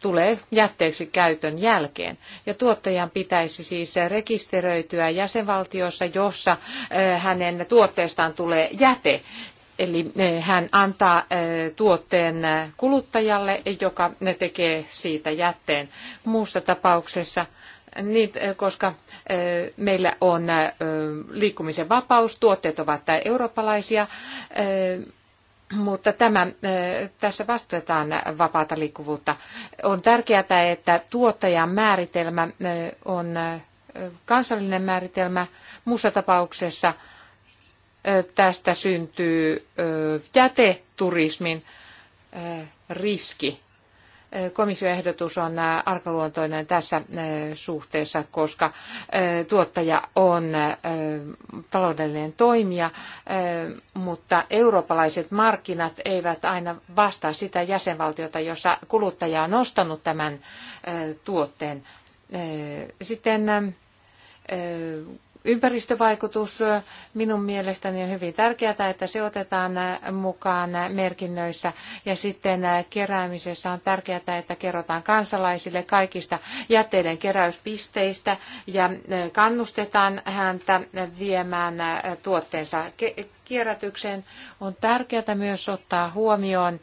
tulee jätteeksi käytön jälkeen. Ja tuottajan pitäisi siis rekisteröityä jäsenvaltiossa, jossa hänen tuotteestaan tulee jäte. Eli hän antaa tuotteen kuluttajalle, joka tekee siitä jätteen. Muussa tapauksessa niin, eh, koska eh, meillä on eh, liikkumisen vapaus, tuotteet ovat eurooppalaisia, mutta tämä, tässä vastuetaan vapaata liikkuvuutta. On tärkeää, että tuottajan määritelmä on kansallinen määritelmä. Muussa tapauksessa tästä syntyy jäteturismin riski komissioehdotus on äh, arkaluontoinen tässä äh, suhteessa, koska äh, tuottaja on taloudellinen toimija, mutta eurooppalaiset markkinat eivät aina vastaa sitä jäsenvaltiota, jossa kuluttaja on ostanut tämän tuotteen. Sitten Ympäristövaikutus minun mielestäni on hyvin tärkeää, että se otetaan mukaan merkinnöissä ja sitten keräämisessä on tärkeää, että kerrotaan kansalaisille kaikista jätteiden keräyspisteistä ja kannustetaan häntä viemään tuotteensa kierrätykseen. On tärkeää myös ottaa huomioon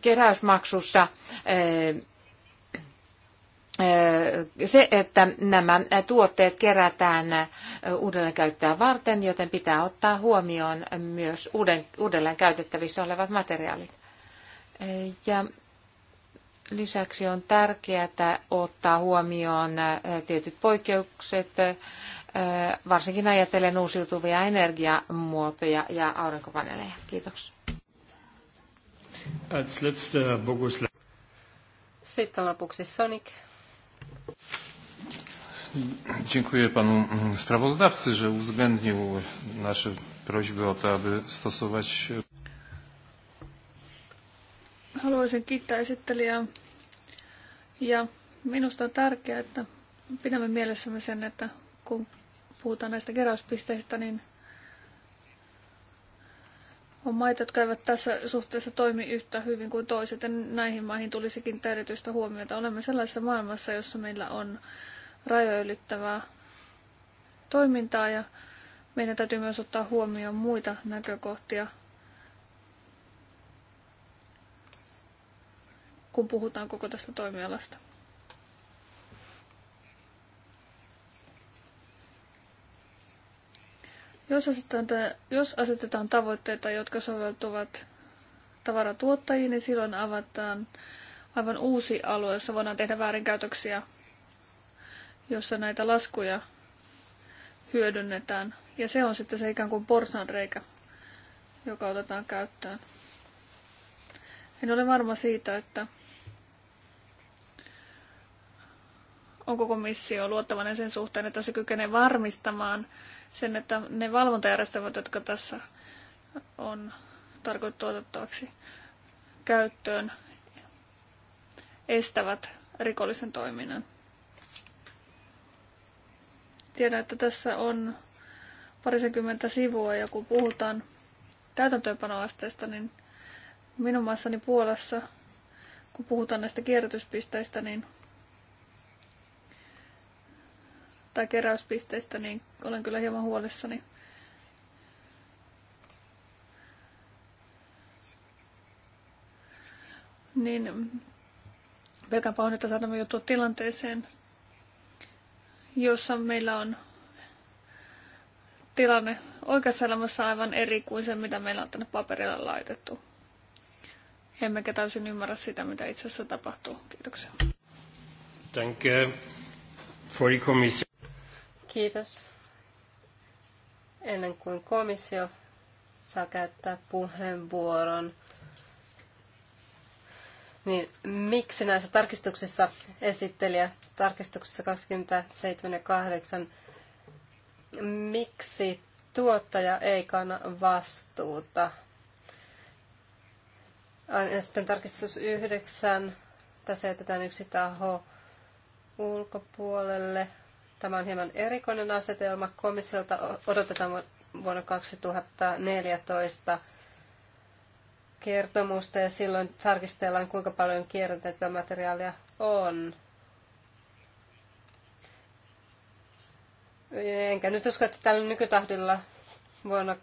keräysmaksussa se, että nämä tuotteet kerätään uudelleenkäyttöä varten, joten pitää ottaa huomioon myös uuden, uudelleen käytettävissä olevat materiaalit. Ja lisäksi on tärkeää ottaa huomioon tietyt poikkeukset, varsinkin ajatellen uusiutuvia energiamuotoja ja aurinkopaneeleja. Kiitos. Sitten lopuksi Sonic. Dziękuję panu sprawozdawcy, że uwzględnił nasze prośby o to, aby stosować... Haluaisin kiittää esittelijää ja minusta on tärkeää, että pidämme mielessämme sen, että kun puhutaan näistä keräyspisteistä, niin on maita, jotka eivät tässä suhteessa toimi yhtä hyvin kuin toiset, ja näihin maihin tulisikin erityistä huomiota. Olemme sellaisessa maailmassa, jossa meillä on rajoja ylittävää toimintaa, ja meidän täytyy myös ottaa huomioon muita näkökohtia, kun puhutaan koko tästä toimialasta. Jos asetetaan, jos asetetaan tavoitteita, jotka soveltuvat tavaratuottajiin, niin silloin avataan aivan uusi alue, jossa voidaan tehdä väärinkäytöksiä, jossa näitä laskuja hyödynnetään. Ja se on sitten se ikään kuin porsanreikä, joka otetaan käyttöön. En ole varma siitä, että onko komissio luottavainen sen suhteen, että se kykenee varmistamaan sen, että ne valvontajärjestelmät, jotka tässä on tarkoitettu otettavaksi käyttöön, estävät rikollisen toiminnan. Tiedän, että tässä on parisenkymmentä sivua ja kun puhutaan täytäntöönpanoasteesta, niin minun maassani Puolassa, kun puhutaan näistä kierrätyspisteistä, niin tai keräyspisteistä, niin olen kyllä hieman huolissani. Niin pelkään pahoin, että saadamme joutua tilanteeseen, jossa meillä on tilanne oikeassa elämässä aivan eri kuin se, mitä meillä on tänne paperille laitettu. Emmekä täysin ymmärrä sitä, mitä itse asiassa tapahtuu. Kiitoksia. you for die commission. Kiitos. Ennen kuin komissio saa käyttää puheenvuoron, niin miksi näissä tarkistuksissa esittelijä, tarkistuksissa 27 ja 8, miksi tuottaja ei kanna vastuuta? Ja sitten tarkistus 9, tässä jätetään yksi taho ulkopuolelle. Tämä on hieman erikoinen asetelma. Komissiolta odotetaan vuonna 2014 kertomusta ja silloin tarkistellaan, kuinka paljon kierrätettyä materiaalia on. Enkä nyt usko, että tällä nykytahdilla vuonna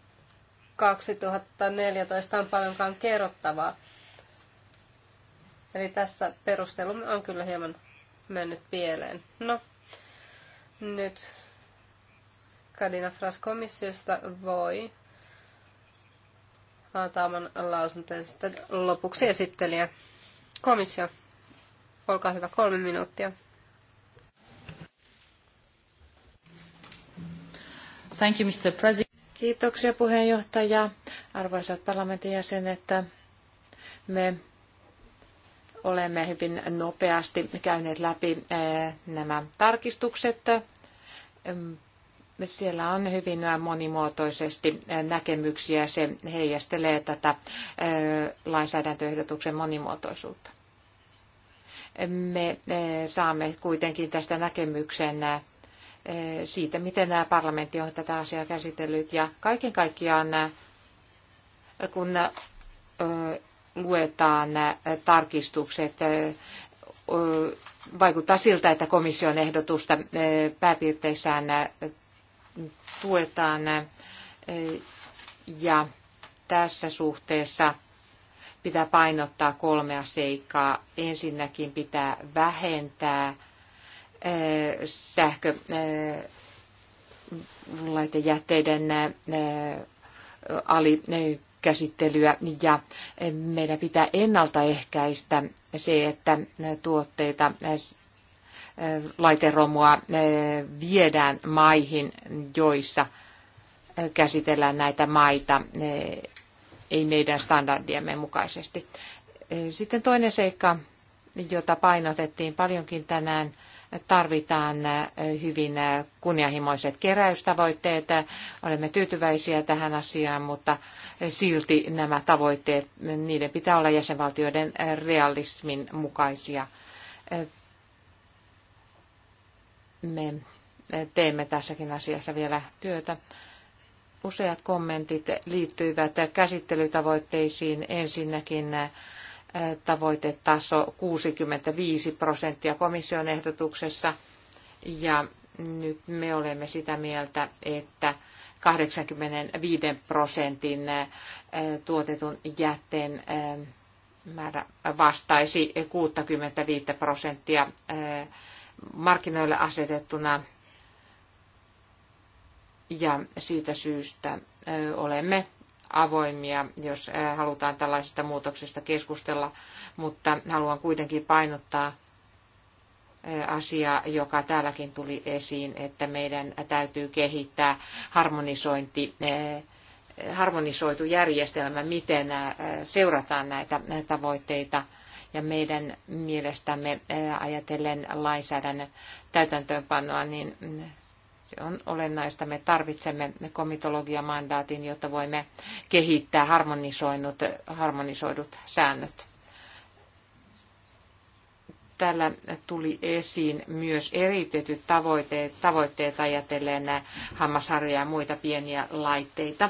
2014 on paljonkaan kerrottavaa. Eli tässä perustelu on kyllä hieman mennyt pieleen. No, nyt Kadina Fras komissiosta voi antaa oman lausuntonsa sitten lopuksi esittelijä. Komissio, olkaa hyvä, kolme minuuttia. Thank you, Mr. President. Kiitoksia puheenjohtaja, arvoisat parlamentin jäsenet. Me olemme hyvin nopeasti käyneet läpi eh, nämä tarkistukset. Siellä on hyvin monimuotoisesti eh, näkemyksiä. Se heijastelee tätä eh, lainsäädäntöehdotuksen monimuotoisuutta. Me saamme kuitenkin tästä näkemyksen siitä, miten parlamentti on tätä asiaa käsitellyt. Ja kaiken kaikkiaan, kun luetaan tarkistukset, vaikuttaa siltä, että komission ehdotusta eh, pääpiirteissään eh, tuetaan. Eh, ja tässä suhteessa pitää painottaa kolmea seikkaa. Ensinnäkin pitää vähentää sähkö laitejätteiden ali käsittelyä ja meidän pitää ennaltaehkäistä se, että tuotteita laiteromua viedään maihin, joissa käsitellään näitä maita ei meidän standardiemme mukaisesti. Sitten toinen seikka, jota painotettiin paljonkin tänään, tarvitaan äh, hyvin äh, kunnianhimoiset keräystavoitteet. Olemme tyytyväisiä tähän asiaan, mutta äh, silti nämä tavoitteet, niiden pitää olla jäsenvaltioiden realismin mukaisia. Me teemme tässäkin asiassa vielä työtä. Useat kommentit liittyivät käsittelytavoitteisiin. Ensinnäkin tavoitetaso 65 prosenttia komission ehdotuksessa. Ja nyt me olemme sitä mieltä, että 85 prosentin tuotetun jätteen määrä vastaisi 65 prosenttia markkinoille asetettuna. Ja siitä syystä olemme avoimia, jos halutaan tällaisista muutoksista keskustella, mutta haluan kuitenkin painottaa asia, joka täälläkin tuli esiin, että meidän täytyy kehittää harmonisointi, harmonisoitu järjestelmä, miten seurataan näitä tavoitteita. Ja meidän mielestämme ajatellen lainsäädännön täytäntöönpanoa, niin se on olennaista. Me tarvitsemme komitologiamandaatin, jotta voimme kehittää harmonisoidut, harmonisoidut säännöt. Täällä tuli esiin myös eriytetyt tavoitteet, tavoitteet ajatellen hammasharjoja ja muita pieniä laitteita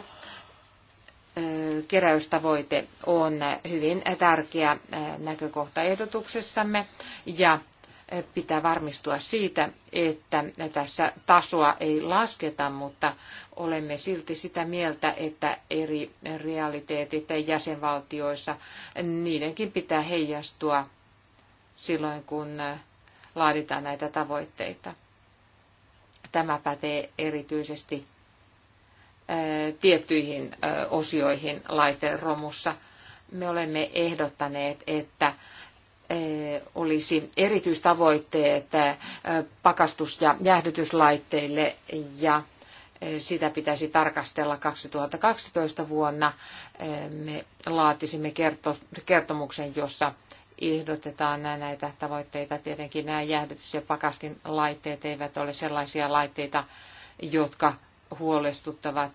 keräystavoite on hyvin tärkeä näkökohta ehdotuksessamme ja pitää varmistua siitä, että tässä tasoa ei lasketa, mutta olemme silti sitä mieltä, että eri realiteetit jäsenvaltioissa, niidenkin pitää heijastua silloin, kun laaditaan näitä tavoitteita. Tämä pätee erityisesti tiettyihin osioihin laiteromussa. Me olemme ehdottaneet, että Eh, olisi erityistavoitteet eh, pakastus- ja jäähdytyslaitteille ja eh, sitä pitäisi tarkastella 2012 vuonna. Me laatisimme kertomuksen, jossa ehdotetaan näitä tavoitteita. Tietenkin nämä jäähdytys- ja pakastinlaitteet eivät ole sellaisia laitteita, jotka huolestuttavat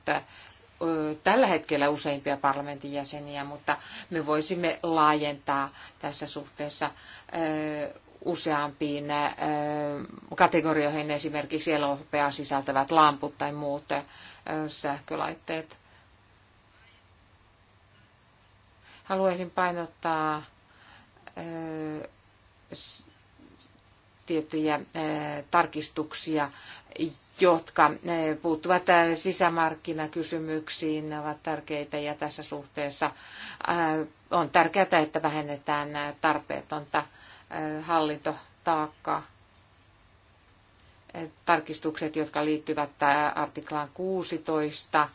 tällä hetkellä useimpia parlamentin jäseniä, mutta me voisimme laajentaa tässä suhteessa useampiin kategorioihin, esimerkiksi elohopeaa sisältävät lamput tai muut sähkölaitteet. Haluaisin painottaa tiettyjä tarkistuksia, jotka eh, puuttuvat eh, sisämarkkinakysymyksiin, ne ovat tärkeitä ja tässä suhteessa eh, on tärkeää, että vähennetään tarpeetonta hallintotaakkaa. Tarkistukset, jotka liittyvät artiklaan 16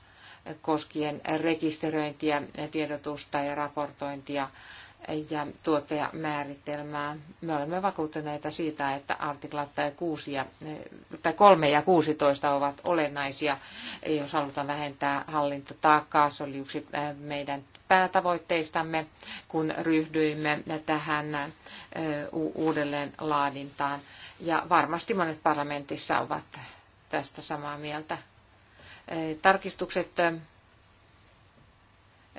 koskien rekisteröintiä, tiedotusta ja raportointia ja tuottajamääritelmää. Me olemme vakuuttuneita siitä, että artiklat 6 ja, tai 3 ja 16 ovat olennaisia, jos halutaan vähentää hallintotaakkaa. Se oli yksi meidän päätavoitteistamme, kun ryhdyimme tähän uudelleen laadintaan. Ja varmasti monet parlamentissa ovat tästä samaa mieltä. Tarkistukset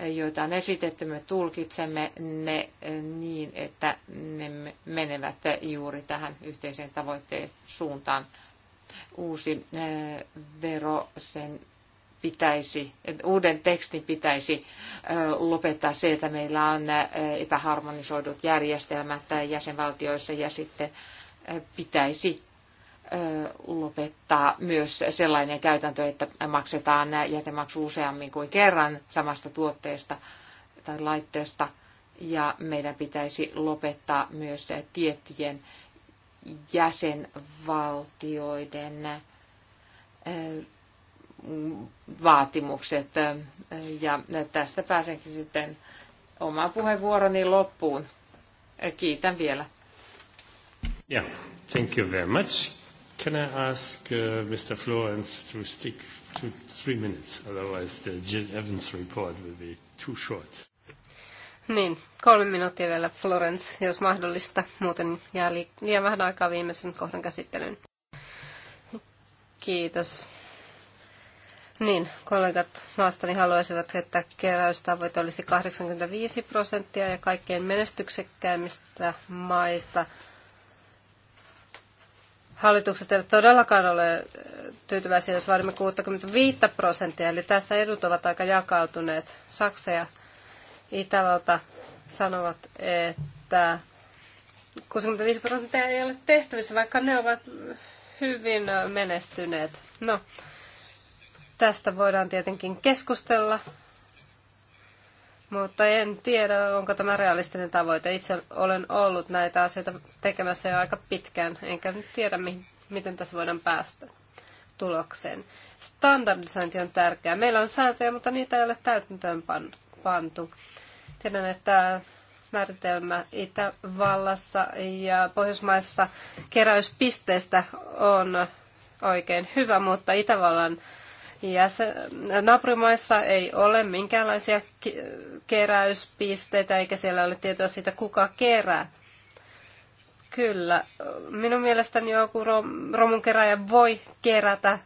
joita on esitetty, me tulkitsemme ne eh, niin, että ne menevät juuri tähän yhteiseen tavoitteen suuntaan. Uusi eh, vero, sen pitäisi, uuden tekstin pitäisi eh, lopettaa se, että meillä on epäharmonisoidut järjestelmät jäsenvaltioissa ja sitten pitäisi lopettaa myös sellainen käytäntö, että maksetaan jätemaksu useammin kuin kerran samasta tuotteesta tai laitteesta. Ja meidän pitäisi lopettaa myös tiettyjen jäsenvaltioiden vaatimukset. Ja tästä pääsenkin sitten oma puheenvuoroni loppuun. Kiitän vielä. Yeah, thank you very much. Can I ask uh, Mr. Florence to stick to three minutes, otherwise the Jill Evans report will be too short. Niin, kolme minuuttia vielä Florence, jos mahdollista. Muuten jää liian vähän aikaa viimeisen kohdan käsittelyyn. Kiitos. Niin, kollegat maastani haluaisivat, että keräystavoite olisi 85 prosenttia ja kaikkein menestyksekkäimmistä maista – Hallitukset eivät todellakaan ole äh, tyytyväisiä, jos vaadimme 65 prosenttia, eli tässä edut ovat aika jakautuneet. Saksa ja Itävalta sanovat, että 65 prosenttia ei ole tehtävissä, vaikka ne ovat hyvin menestyneet. No, tästä voidaan tietenkin keskustella, mutta en tiedä, onko tämä realistinen tavoite. Itse olen ollut näitä asioita tekemässä jo aika pitkään, enkä nyt tiedä, miten tässä voidaan päästä tulokseen. Standardisointi on tärkeää. Meillä on sääntöjä, mutta niitä ei ole täytäntöön pantu. Tiedän, että määritelmä Itävallassa ja Pohjoismaissa keräyspisteestä on oikein hyvä, mutta Itävallan Jäsen, naapurimaissa ei ole minkäänlaisia keräyspisteitä, eikä siellä ole tietoa siitä, kuka kerää. Kyllä. Minun mielestäni joku romunkeräjä voi kerätä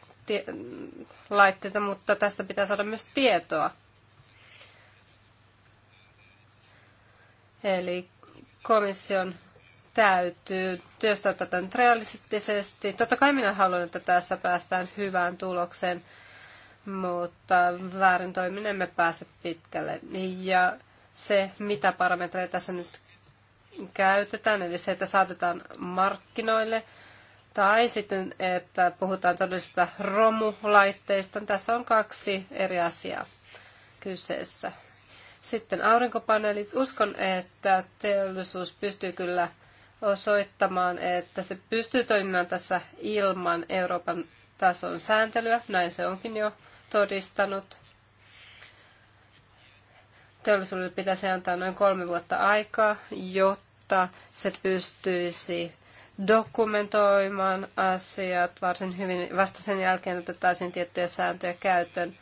laitteita, mutta tästä pitää saada myös tietoa. Eli komission täytyy työstää tätä nyt realistisesti. Totta kai minä haluan, että tässä päästään hyvään tulokseen, mutta väärin toimin emme pääse pitkälle. Ja se, mitä parametreja tässä nyt käytetään, eli se, että saatetaan markkinoille, tai sitten, että puhutaan todellisista romulaitteista. Tässä on kaksi eri asiaa kyseessä. Sitten aurinkopaneelit. Uskon, että teollisuus pystyy kyllä osoittamaan, että se pystyy toimimaan tässä ilman Euroopan tason sääntelyä. Näin se onkin jo todistanut. Teollisuudelle pitäisi antaa noin kolme vuotta aikaa, jotta se pystyisi dokumentoimaan asiat varsin hyvin. Vasta sen jälkeen otettaisiin tiettyjä sääntöjä käyttöön.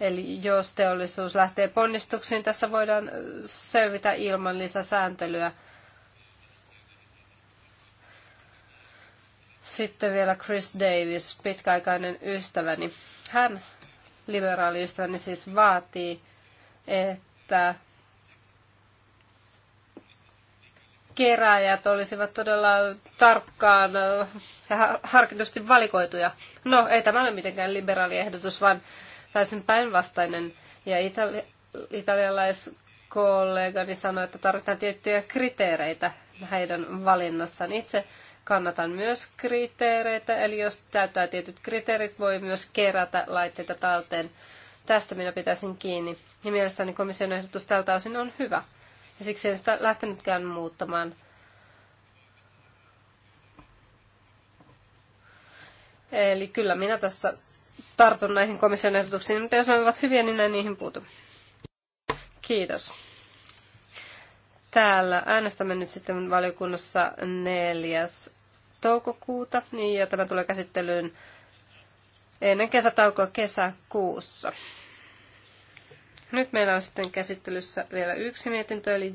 Eli jos teollisuus lähtee ponnistuksiin, tässä voidaan selvitä ilman lisäsääntelyä. sääntelyä Sitten vielä Chris Davis, pitkäaikainen ystäväni. Hän, liberaali ystäväni, siis vaatii, että keräjät olisivat todella tarkkaan ja harkitusti valikoituja. No, ei tämä ole mitenkään liberaali ehdotus, vaan täysin päinvastainen. Ja itali- italialaiskollegani sanoi, että tarvitaan tiettyjä kriteereitä heidän valinnassaan. Itse Kannatan myös kriteereitä, eli jos täyttää tietyt kriteerit, voi myös kerätä laitteita talteen. Tästä minä pitäisin kiinni. Ja mielestäni komission ehdotus tältä osin on hyvä. Ja siksi en sitä lähtenytkään muuttamaan. Eli kyllä minä tässä tartun näihin komission ehdotuksiin, mutta jos ne ovat hyviä, niin näin niihin puutu. Kiitos. Täällä äänestämme nyt sitten valiokunnassa neljäs toukokuuta, niin ja tämä tulee käsittelyyn ennen kesätaukoa kesäkuussa. Nyt meillä on sitten käsittelyssä vielä yksi mietintö, eli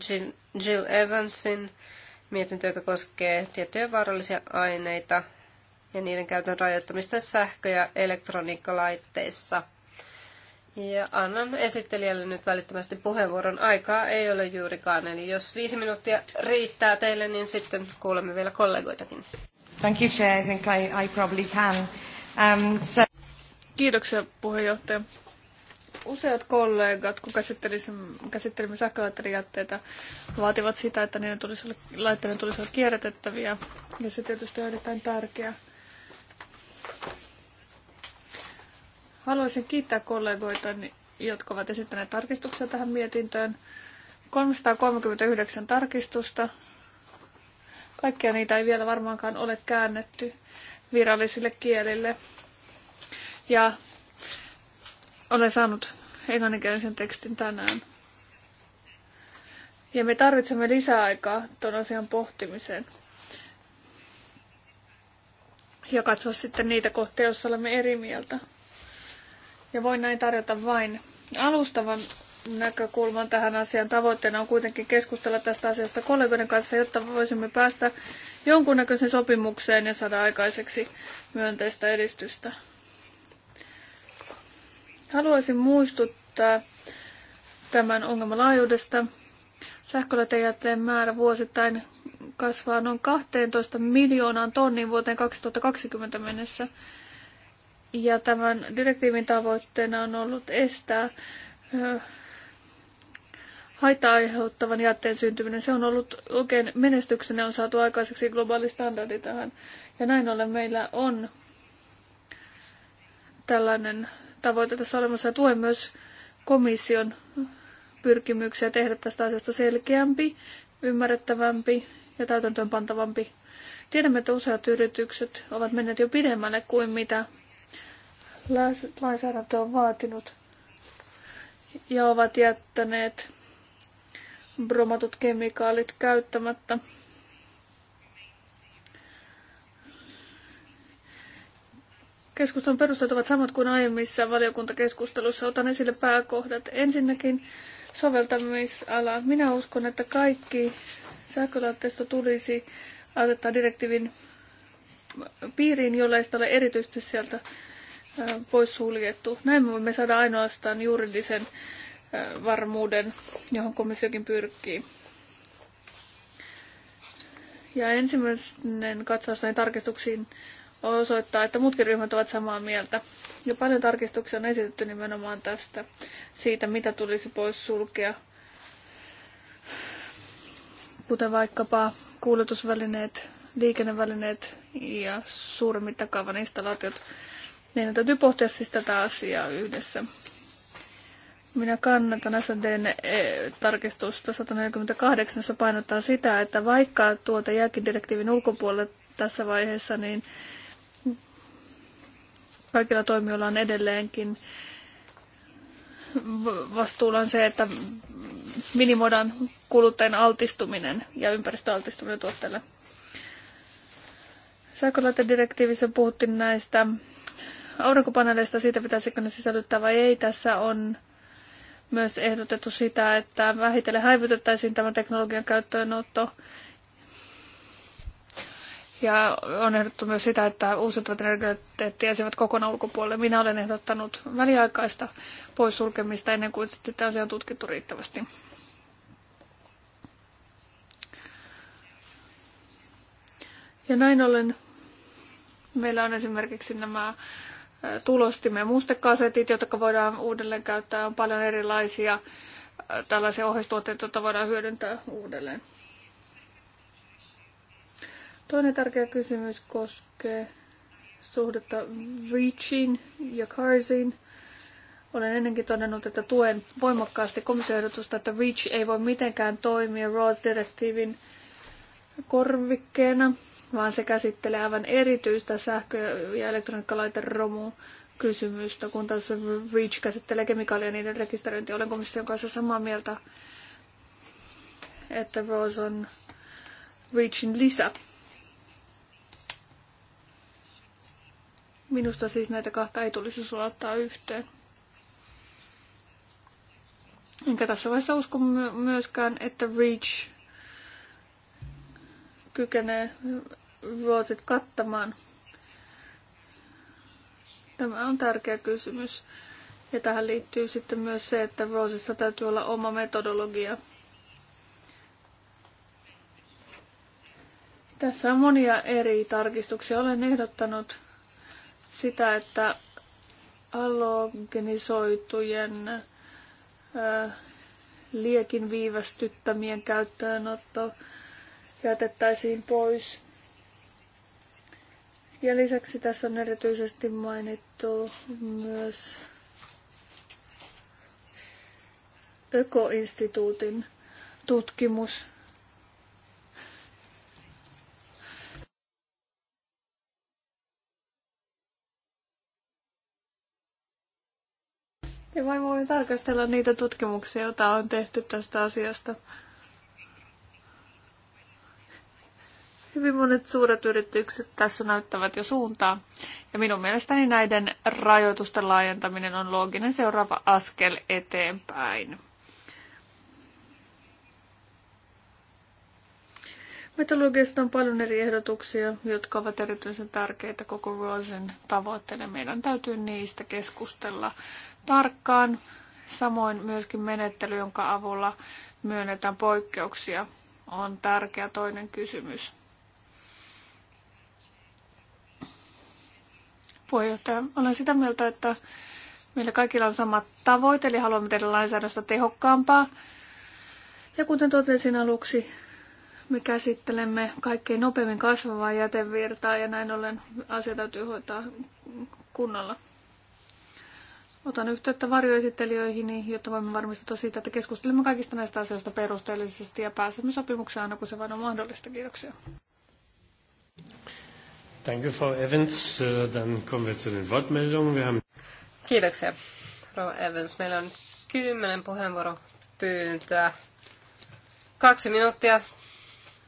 Jill Evansin mietintö, joka koskee tiettyjä vaarallisia aineita ja niiden käytön rajoittamista sähkö- ja elektroniikkalaitteissa. Ja annan esittelijälle nyt välittömästi puheenvuoron. Aikaa ei ole juurikaan, eli jos viisi minuuttia riittää teille, niin sitten kuulemme vielä kollegoitakin. Thank you, Chair. I think I, I probably can. Um, so... Kiitoksia puheenjohtaja. Useat kollegat, kun käsittelimme sähkölaitterijätteitä, vaativat sitä, että niiden tulisi olla, laitteiden tulisi olla kierrätettäviä, ja se tietysti on erittäin tärkeää. Haluaisin kiittää kollegoita, jotka ovat esittäneet tarkistuksia tähän mietintöön. 339 tarkistusta Kaikkia niitä ei vielä varmaankaan ole käännetty virallisille kielille. Ja olen saanut englanninkielisen tekstin tänään. Ja me tarvitsemme lisäaikaa tuon asian pohtimiseen. Ja katsoa sitten niitä kohtia, joissa olemme eri mieltä. Ja voin näin tarjota vain alustavan näkökulman tähän asiaan. Tavoitteena on kuitenkin keskustella tästä asiasta kollegoiden kanssa, jotta voisimme päästä jonkunnäköiseen sopimukseen ja saada aikaiseksi myönteistä edistystä. Haluaisin muistuttaa tämän ongelman laajuudesta. Sähkölätejätteen määrä vuosittain kasvaa noin 12 miljoonaan tonnin vuoteen 2020 mennessä. Ja tämän direktiivin tavoitteena on ollut estää haittaa aiheuttavan jätteen syntyminen. Se on ollut oikein menestyksenä, on saatu aikaiseksi globaali standardi tähän. Ja näin ollen meillä on tällainen tavoite tässä olemassa ja tuen myös komission pyrkimyksiä tehdä tästä asiasta selkeämpi, ymmärrettävämpi ja täytäntöönpantavampi. Tiedämme, että useat yritykset ovat menneet jo pidemmälle kuin mitä lainsäädäntö on vaatinut ja ovat jättäneet bromatut kemikaalit käyttämättä. Keskustelun perusteet ovat samat kuin aiemmissa valiokuntakeskustelussa. Otan esille pääkohdat. Ensinnäkin soveltamisala. Minä uskon, että kaikki sähkölaitteisto tulisi autettaa direktiivin piiriin, jolla ei sitä ole erityisesti sieltä poissuljettu. Näin me voimme saada ainoastaan juridisen varmuuden, johon komissiokin pyrkii. Ja ensimmäinen katsaus näihin tarkistuksiin osoittaa, että muutkin ryhmät ovat samaa mieltä. Ja paljon tarkistuksia on esitetty nimenomaan tästä, siitä mitä tulisi pois sulkea. Kuten vaikkapa kuulutusvälineet, liikennevälineet ja suuren mittakaavan installaatiot. Meidän täytyy pohtia siis tätä asiaa yhdessä. Minä kannatan SDN eh, tarkistusta 148, jossa painottaa sitä, että vaikka tuota jääkin direktiivin ulkopuolelle tässä vaiheessa, niin kaikilla toimijoilla on edelleenkin vastuulla on se, että minimoidaan kuluttajan altistuminen ja ympäristöaltistuminen tuotteelle. Sähkölaitedirektiivissä puhuttiin näistä aurinkopaneeleista, siitä pitäisikö ne sisällyttää vai ei. Tässä on myös ehdotettu sitä, että vähitellen häivytettäisiin tämä teknologian käyttöönotto. Ja on ehdotettu myös sitä, että uusiutuvat energiat jäisivät kokonaan ulkopuolelle. Minä olen ehdottanut väliaikaista poissulkemista ennen kuin sitten tämä asia on tutkittu riittävästi. Ja näin ollen meillä on esimerkiksi nämä tulostimia, mustekasetit, jotka voidaan uudelleen käyttää, on paljon erilaisia tällaisia ohjeistuotteita, joita voidaan hyödyntää uudelleen. Toinen tärkeä kysymys koskee suhdetta REACHin ja CARSin. Olen ennenkin todennut, että tuen voimakkaasti komissioehdotusta, että REACH ei voi mitenkään toimia ROAS-direktiivin korvikkeena vaan se käsittelee aivan erityistä sähkö- ja romu kysymystä, kun taas REACH käsittelee kemikaalia niiden rekisteröintiä. Olen komission kanssa samaa mieltä, että Rose on REACHin lisä. Minusta siis näitä kahta ei tulisi sulattaa yhteen. Enkä tässä vaiheessa usko myöskään, että REACH kykenee vuosit kattamaan? Tämä on tärkeä kysymys. Ja tähän liittyy sitten myös se, että vuosissa täytyy olla oma metodologia. Tässä on monia eri tarkistuksia. Olen ehdottanut sitä, että allogenisoitujen liekin viivästyttämien käyttöönotto jätettäisiin pois. Ja lisäksi tässä on erityisesti mainittu myös Ökoinstituutin tutkimus. Ja vain voin tarkastella niitä tutkimuksia, joita on tehty tästä asiasta. Hyvin monet suuret yritykset tässä näyttävät jo suuntaa. Ja minun mielestäni näiden rajoitusten laajentaminen on looginen seuraava askel eteenpäin. Metallurgiasta on paljon eri ehdotuksia, jotka ovat erityisen tärkeitä koko vuosin tavoitteille. Meidän täytyy niistä keskustella tarkkaan. Samoin myöskin menettely, jonka avulla myönnetään poikkeuksia, on tärkeä toinen kysymys. puheenjohtaja. Olen sitä mieltä, että meillä kaikilla on sama tavoite, eli haluamme tehdä lainsäädännöstä tehokkaampaa. Ja kuten totesin aluksi, me käsittelemme kaikkein nopeimmin kasvavaa jätevirtaa ja näin ollen asia täytyy hoitaa kunnolla. Otan yhteyttä varjoesittelijöihin, jotta voimme varmistua siitä, että keskustelemme kaikista näistä asioista perusteellisesti ja pääsemme sopimukseen aina kun se vain on mahdollista. Kiitoksia. Danke, Frau Evans. Äh, dann kommen wir zu den Wortmeldungen. Wir haben... Kiitoksia, Frau Evans. Meillä on kymmenen puheenvuoropyyntöä. Kaksi minuuttia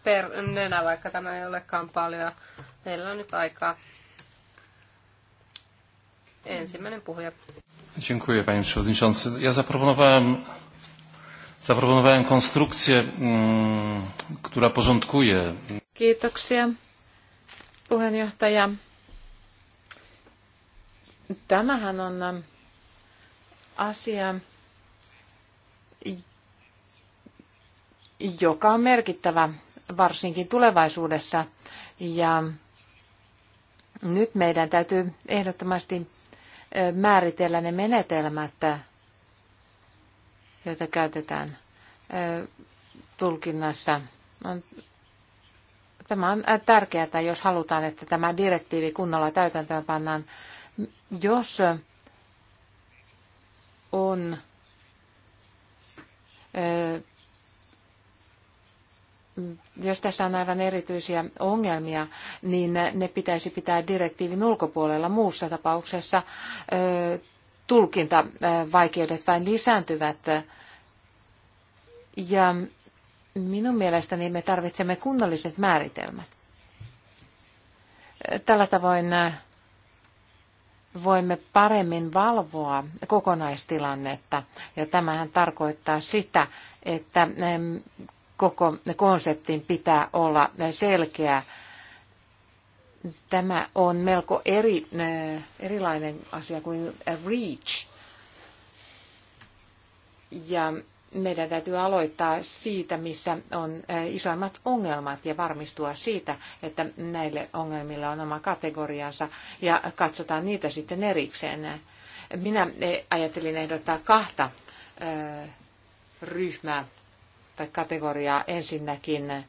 per nenä, vaikka tämä ei olekaan paljon. Meillä on nyt aikaa. Ensimmäinen puhuja. Dziękuję panie przewodniczący. Ja zaproponowałem, zaproponowałem konstrukcję, mm, która porządkuje. Kiitoksia puheenjohtaja. Tämähän on ähm, asia, joka on merkittävä varsinkin tulevaisuudessa. Ja nyt meidän täytyy ehdottomasti määritellä ne menetelmät, joita käytetään tulkinnassa. On Tämä on äh, tärkeää, jos halutaan, että tämä direktiivi kunnolla täytäntöön pannaan. Jos äh, on äh, jos tässä on aivan erityisiä ongelmia, niin ne pitäisi pitää direktiivin ulkopuolella. Muussa tapauksessa tulkintavaikeudet vain lisääntyvät. Ja Minun mielestäni me tarvitsemme kunnolliset määritelmät. Tällä tavoin äh, voimme paremmin valvoa kokonaistilannetta. Ja tämähän tarkoittaa sitä, että ähm, koko konseptin pitää olla äh, selkeä. Tämä on melko eri, äh, erilainen asia kuin REACH. Ja meidän täytyy aloittaa siitä, missä on isoimmat ongelmat ja varmistua siitä, että näille ongelmilla on oma kategoriansa ja katsotaan niitä sitten erikseen. Minä ajattelin ehdottaa kahta ryhmää tai kategoriaa. Ensinnäkin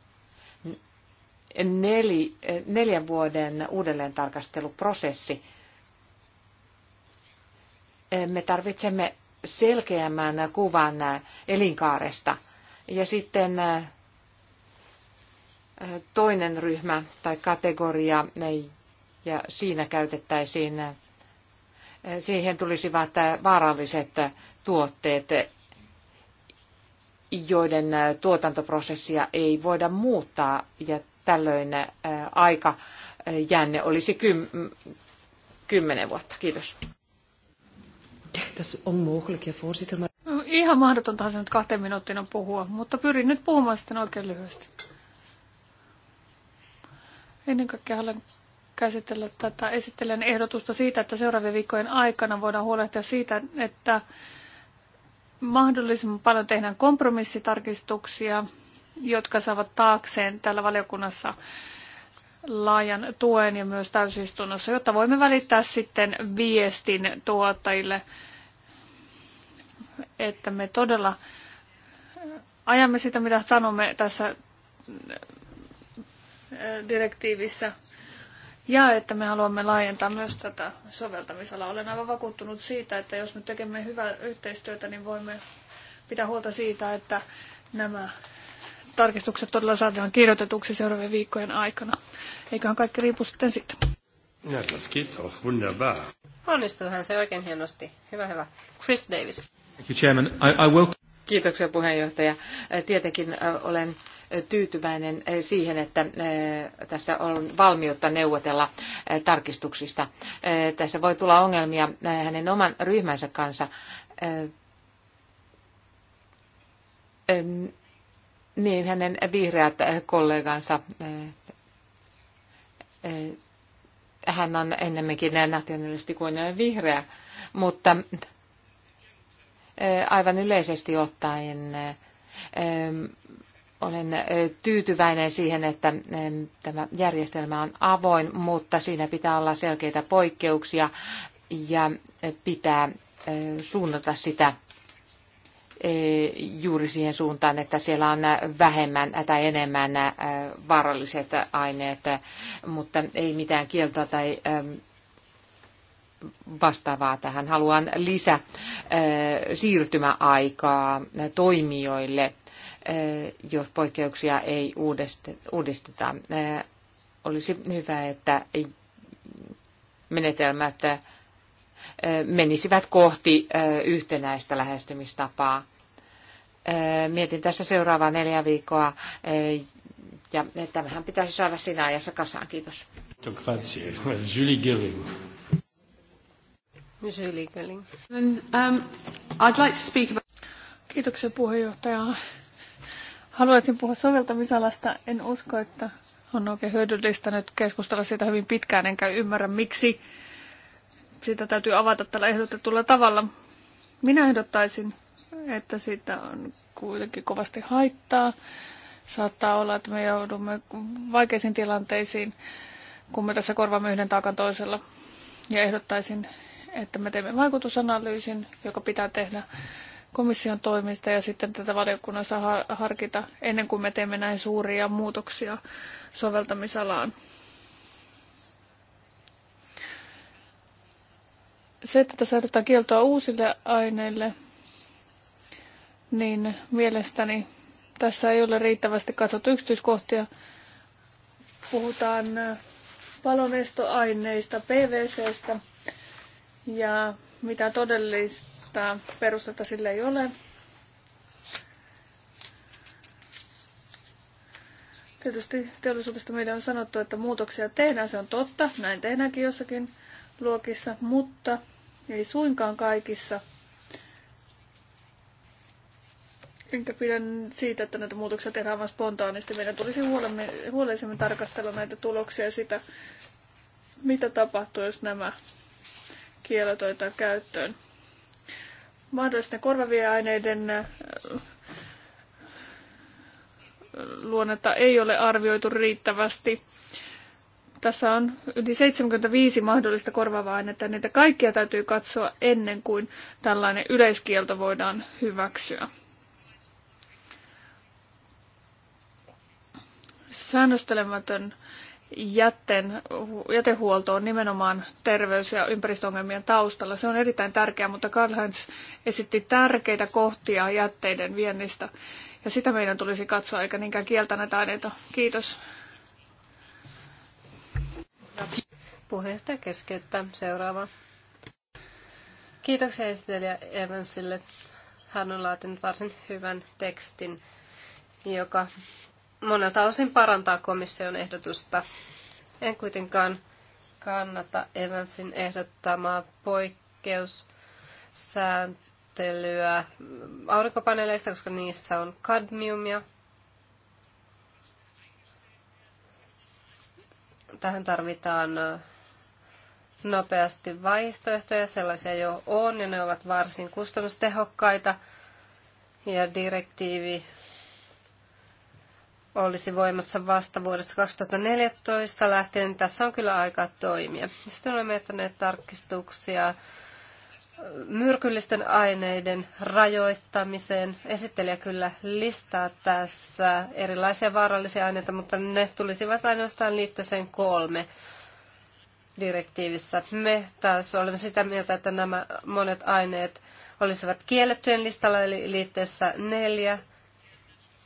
neli, neljän vuoden uudelleentarkasteluprosessi. Me tarvitsemme selkeämmän kuvan elinkaaresta. Ja sitten eh, toinen ryhmä tai kategoria, eh, ja siinä käytettäisiin, eh, siihen tulisivat vaaralliset tuotteet, joiden tuotantoprosessia ei voida muuttaa, ja tällöin aika jänne olisi kymmenen vuotta. Kiitos. Dat is onmogelijk, voorzitter. Maar... No, ihan mahdotontahan se nyt kahteen minuuttina puhua, mutta pyrin nyt puhumaan sitten oikein lyhyesti. Ennen kaikkea haluan käsitellä tätä esittelen ehdotusta siitä, että seuraavien viikkojen aikana voidaan huolehtia siitä, että mahdollisimman paljon tehdään kompromissitarkistuksia, jotka saavat taakseen täällä valiokunnassa laajan tuen ja myös täysistunnossa, jotta voimme välittää sitten viestin tuottajille, että me todella ajamme sitä, mitä sanomme tässä äh, direktiivissä. Ja että me haluamme laajentaa myös tätä soveltamisalaa. Olen aivan vakuuttunut siitä, että jos me tekemme hyvää yhteistyötä, niin voimme pitää huolta siitä, että nämä tarkistukset todella saadaan kirjoitetuksi seuraavien viikkojen aikana. Eiköhän kaikki riipu sitten siitä. Ja, das geht auch wunderbar. Onnistuuhan se oikein hienosti. Hyvä, hyvä. Chris Davis. Thank you, Chairman. I, I will... Kiitoksia puheenjohtaja. Tietenkin olen tyytyväinen siihen, että tässä on valmiutta neuvotella tarkistuksista. Tässä voi tulla ongelmia hänen oman ryhmänsä kanssa niin, hänen vihreät kollegansa. Hän on ennemminkin nationalisti kuin vihreä, mutta aivan yleisesti ottaen olen tyytyväinen siihen, että tämä järjestelmä on avoin, mutta siinä pitää olla selkeitä poikkeuksia ja pitää suunnata sitä Eh, juuri siihen suuntaan, että siellä on vähemmän tai enemmän eh, vaaralliset aineet, mutta ei mitään kieltoa tai eh, vastaavaa tähän. Haluan lisä siirtymäaikaa toimijoille, jos poikkeuksia ei uudisteta. Olisi hyvä, että menetelmät menisivät kohti yhtenäistä lähestymistapaa mietin tässä seuraavaa neljä viikkoa ja tämähän pitäisi saada sinä ajassa kasaan. Kiitos. Julie Gilling. Julie Gelling. Um, I'd like to speak about... Kiitoksia puheenjohtaja. Haluaisin puhua soveltamisalasta. En usko, että on oikein hyödyllistä nyt keskustella siitä hyvin pitkään, enkä ymmärrä miksi. Sitä täytyy avata tällä ehdotetulla tavalla. Minä ehdottaisin että siitä on kuitenkin kovasti haittaa. Saattaa olla, että me joudumme vaikeisiin tilanteisiin, kun me tässä korvaamme yhden taakan toisella. Ja ehdottaisin, että me teemme vaikutusanalyysin, joka pitää tehdä komission toimista ja sitten tätä valiokunnassa harkita ennen kuin me teemme näin suuria muutoksia soveltamisalaan. Se, että tässä kieltoa uusille aineille, niin mielestäni tässä ei ole riittävästi katsottu yksityiskohtia. Puhutaan äh, palonestoaineista, PVCstä ja mitä todellista perustetta sille ei ole. Tietysti teollisuudesta meille on sanottu, että muutoksia tehdään, se on totta, näin tehdäänkin jossakin luokissa, mutta ei suinkaan kaikissa – enkä pidä siitä, että näitä muutoksia tehdään vain spontaanisti. Meidän tulisi huolellisemmin tarkastella näitä tuloksia ja sitä, mitä tapahtuu, jos nämä kiellot otetaan käyttöön. Mahdollisten korvavien aineiden luonnetta ei ole arvioitu riittävästi. Tässä on yli 75 mahdollista korvaavaa ainetta, niitä kaikkia täytyy katsoa ennen kuin tällainen yleiskielto voidaan hyväksyä. Säännöstelemätön jätteen, jätehuolto on nimenomaan terveys- ja ympäristöongelmien taustalla. Se on erittäin tärkeää, mutta Karl-Heinz esitti tärkeitä kohtia jätteiden viennistä. Ja sitä meidän tulisi katsoa, eikä niinkään kieltä näitä aineita. Kiitos. Puheenjohtaja keskeyttää. Seuraava. Kiitoksia esittelijä Evansille. Hän on laatinut varsin hyvän tekstin, joka monelta osin parantaa komission ehdotusta. En kuitenkaan kannata Evansin ehdottamaa poikkeussääntelyä aurinkopaneeleista, koska niissä on kadmiumia. Tähän tarvitaan nopeasti vaihtoehtoja, sellaisia jo on, ja ne ovat varsin kustannustehokkaita. Ja direktiivi olisi voimassa vasta vuodesta 2014 lähtien, niin tässä on kyllä aikaa toimia. Sitten olemme jättäneet tarkistuksia myrkyllisten aineiden rajoittamiseen. Esittelijä kyllä listaa tässä erilaisia vaarallisia aineita, mutta ne tulisivat ainoastaan liitteeseen kolme direktiivissä. Me taas olemme sitä mieltä, että nämä monet aineet olisivat kiellettyjen listalla, eli liitteessä neljä –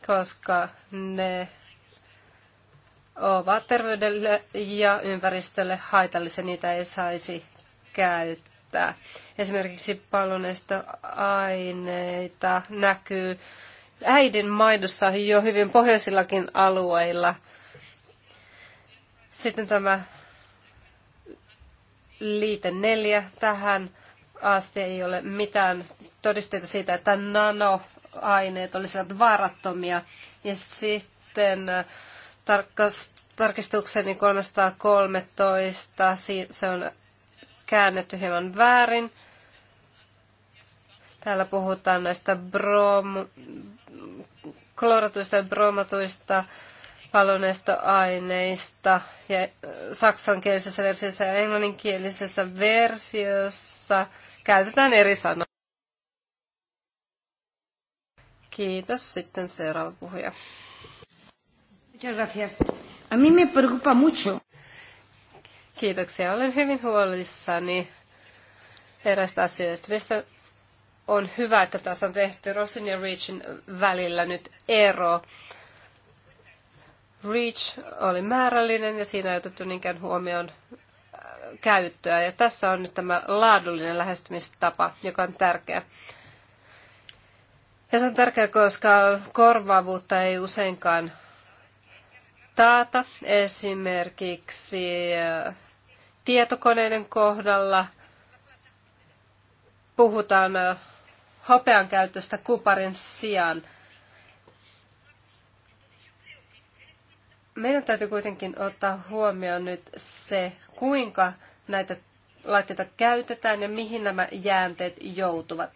koska ne ovat terveydelle ja ympäristölle haitallisia, niitä ei saisi käyttää. Esimerkiksi aineita näkyy äidin maidossa jo hyvin pohjoisillakin alueilla. Sitten tämä liite neljä tähän asti ei ole mitään todisteita siitä, että nano aineet olisivat vaarattomia. Ja sitten äh, tarkistukseni 313, se on käännetty hieman väärin. Täällä puhutaan näistä brom, kloratuista ja bromatuista paloneista aineista. Ja äh, saksankielisessä versiossa ja englanninkielisessä versiossa käytetään eri sanoja. Kiitos. Sitten seuraava puhuja. Muchas gracias. A mí me preocupa mucho. Kiitoksia. Olen hyvin huolissani erästä asioista. Mistä on hyvä, että tässä on tehty Rosin ja Reachin välillä nyt ero. Reach oli määrällinen ja siinä ei otettu niinkään huomioon äh, käyttöä. Ja tässä on nyt tämä laadullinen lähestymistapa, joka on tärkeä. Ja se on tärkeää, koska korvaavuutta ei useinkaan taata. Esimerkiksi äh, tietokoneiden kohdalla puhutaan äh, hopean käytöstä kuparin sijaan. Meidän täytyy kuitenkin ottaa huomioon nyt se, kuinka näitä laitteita käytetään ja mihin nämä jäänteet joutuvat.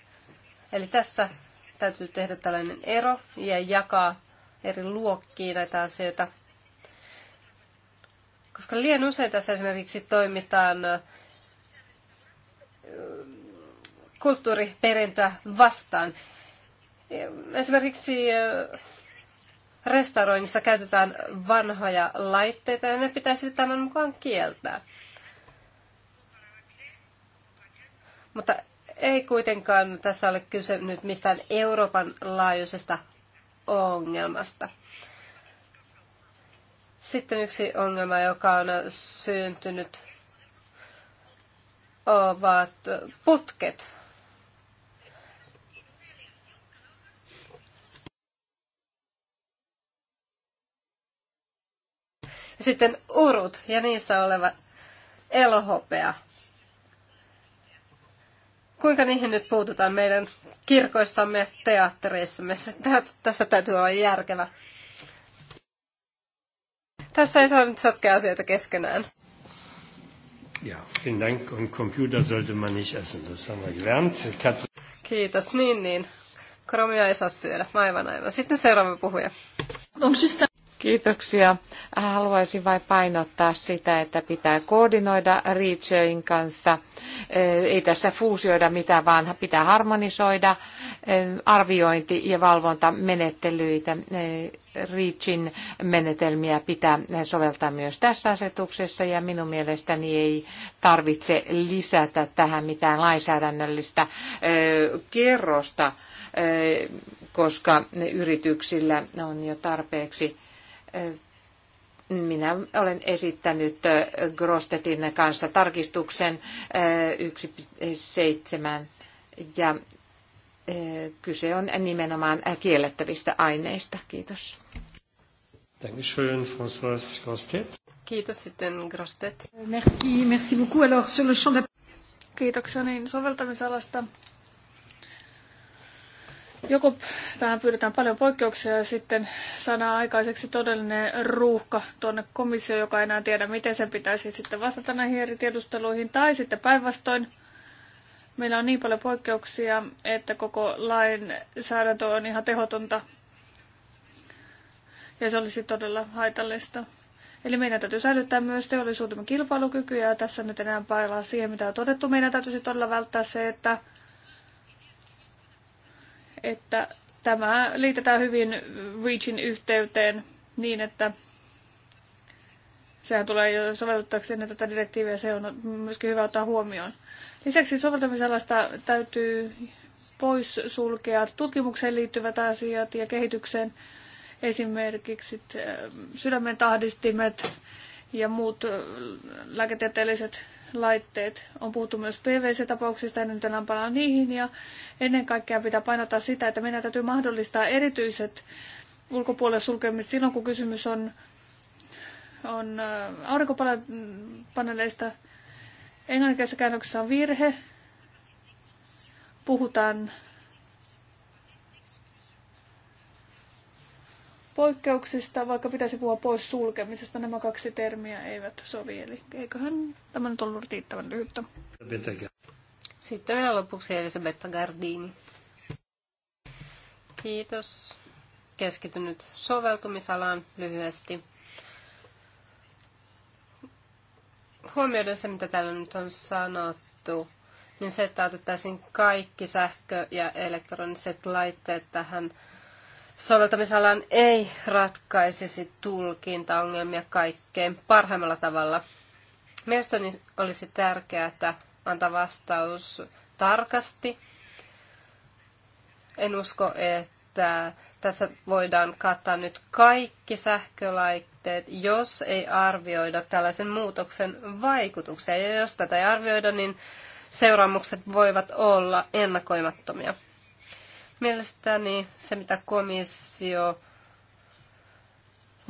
Eli tässä täytyy tehdä tällainen ero ja jakaa eri luokkiin näitä asioita. Koska liian usein tässä esimerkiksi toimitaan kulttuuriperintöä vastaan. Esimerkiksi restauroinnissa käytetään vanhoja laitteita ja ne pitäisi tämän mukaan kieltää. Mutta ei kuitenkaan tässä ole kyse nyt mistään Euroopan laajuisesta ongelmasta. Sitten yksi ongelma, joka on syntynyt, ovat putket. Ja sitten urut ja niissä oleva elohopea kuinka niihin nyt puututaan meidän kirkoissamme, teattereissamme. Tässä täytyy olla järkevä. Tässä ei saa nyt sotkea asioita keskenään. Ja, vielen Dank. Und Computer sollte man nicht essen. Das haben wir gelernt. Kiitos. Niin, niin. Kromia ei saa syödä. Aivan, aivan. Sitten seuraava puhuja. Onko Kiitoksia. Haluaisin vain painottaa sitä, että pitää koordinoida Reacherin kanssa. Eh, ei tässä fuusioida mitään, vaan pitää harmonisoida eh, arviointi- ja valvontamenettelyitä. Eh, Reachin menetelmiä pitää soveltaa myös tässä asetuksessa ja minun mielestäni ei tarvitse lisätä tähän mitään lainsäädännöllistä kerrosta koska yrityksillä on jo tarpeeksi minä olen esittänyt Grostetin kanssa tarkistuksen 1.7 ja kyse on nimenomaan kiellettävistä aineista. Kiitos. Kiitos sitten Grostet. Merci, merci beaucoup. Alors, sur le champ de... Kiitoksia niin soveltamisalasta. Joko tähän pyydetään paljon poikkeuksia ja sitten saadaan aikaiseksi todellinen ruuhka tuonne komissio, joka ei enää tiedä, miten sen pitäisi sitten vastata näihin eri tiedusteluihin. Tai sitten päinvastoin meillä on niin paljon poikkeuksia, että koko lainsäädäntö on ihan tehotonta ja se olisi todella haitallista. Eli meidän täytyy säilyttää myös teollisuutemme kilpailukykyä ja tässä nyt enää pailaa siihen, mitä on todettu. Meidän täytyisi todella välttää se, että että tämä liitetään hyvin Reachin yhteyteen niin, että sehän tulee jo sovellettavaksi ennen tätä direktiiviä, se on myöskin hyvä ottaa huomioon. Lisäksi soveltamisalasta täytyy pois sulkea tutkimukseen liittyvät asiat ja kehitykseen esimerkiksi äh, sydämen tahdistimet ja muut äh, lääketieteelliset laitteet. On puhuttu myös PVC-tapauksista, ja nyt enää palaan niihin. Ja ennen kaikkea pitää painottaa sitä, että meidän täytyy mahdollistaa erityiset ulkopuolelle sulkemiset silloin, kun kysymys on, on äh, aurinkopaneeleista. Englanninkielisessä käännöksessä on virhe. Puhutaan poikkeuksista, vaikka pitäisi puhua pois sulkemisesta, nämä kaksi termiä eivät sovi. Eli eiköhän tämä nyt ollut riittävän lyhyttä. Sitten vielä lopuksi Elisabetta Gardini. Kiitos. Keskityn nyt soveltumisalaan lyhyesti. Huomioiden se, mitä täällä nyt on sanottu, niin se, että otettaisiin kaikki sähkö- ja elektroniset laitteet tähän soveltamisalan ei ratkaisisi tulkintaongelmia kaikkein parhaimmalla tavalla. Mielestäni olisi tärkeää, että antaa vastaus tarkasti. En usko, että tässä voidaan kattaa nyt kaikki sähkölaitteet, jos ei arvioida tällaisen muutoksen vaikutuksia. Ja jos tätä ei arvioida, niin seuraamukset voivat olla ennakoimattomia. Mielestäni se, mitä komissio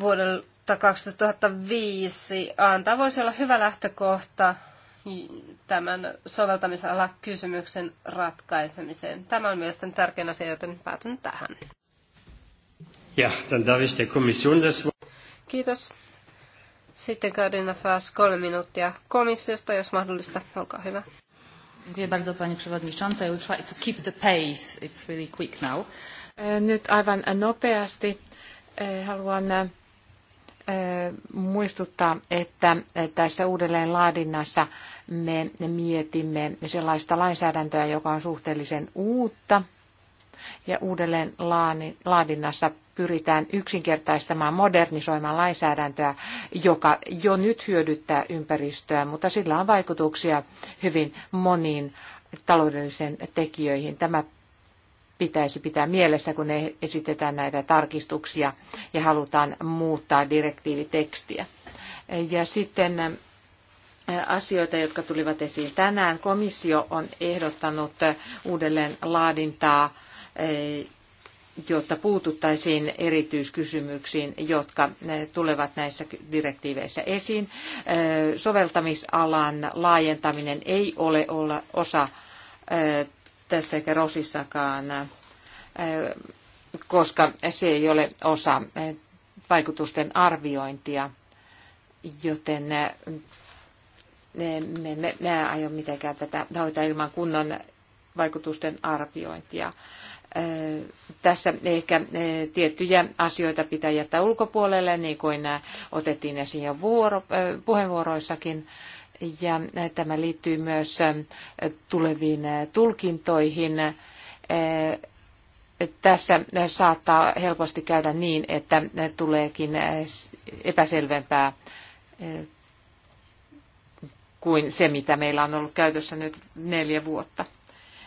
vuodelta 2005 antaa, voisi olla hyvä lähtökohta tämän soveltamisalakysymyksen ratkaisemiseen. Tämä on mielestäni tärkein asia, joten päätän tähän. Ja, dann darf ich der Kommission das Kiitos. Sitten Karina Faas kolme minuuttia komissiosta, jos mahdollista. Olkaa hyvä. Dziękuję bardzo Pani Przewodnicząca. I will try to keep the pace. It's really quick now. E, nyt aivan nopeasti e, haluan e, muistuttaa, että tässä uudelleen laadinnassa me mietimme sellaista lainsäädäntöä, joka on suhteellisen uutta. Ja uudelleen laadinnassa pyritään yksinkertaistamaan, modernisoimaan lainsäädäntöä, joka jo nyt hyödyttää ympäristöä, mutta sillä on vaikutuksia hyvin moniin taloudellisiin tekijöihin. Tämä pitäisi pitää mielessä, kun esitetään näitä tarkistuksia ja halutaan muuttaa direktiivitekstiä. Ja sitten asioita, jotka tulivat esiin tänään. Komissio on ehdottanut uudelleen laadintaa jotta puututtaisiin erityiskysymyksiin, jotka eh, tulevat näissä direktiiveissä esiin. Eh, soveltamisalan laajentaminen ei ole osa eh, tässä eikä Rosissakaan, koska se ei ole osa vaikutusten arviointia, joten me emme aio mitenkään tätä hoitaa ilman kunnon vaikutusten arviointia tässä ehkä eh, tiettyjä asioita pitää jättää ulkopuolelle, niin kuin nämä eh, otettiin esiin jo vuoro, eh, puheenvuoroissakin. Ja tämä liittyy myös tuleviin tulkintoihin. Tässä saattaa helposti käydä niin, että tuleekin epäselvempää kuin se, mitä meillä on ollut käytössä nyt neljä vuotta.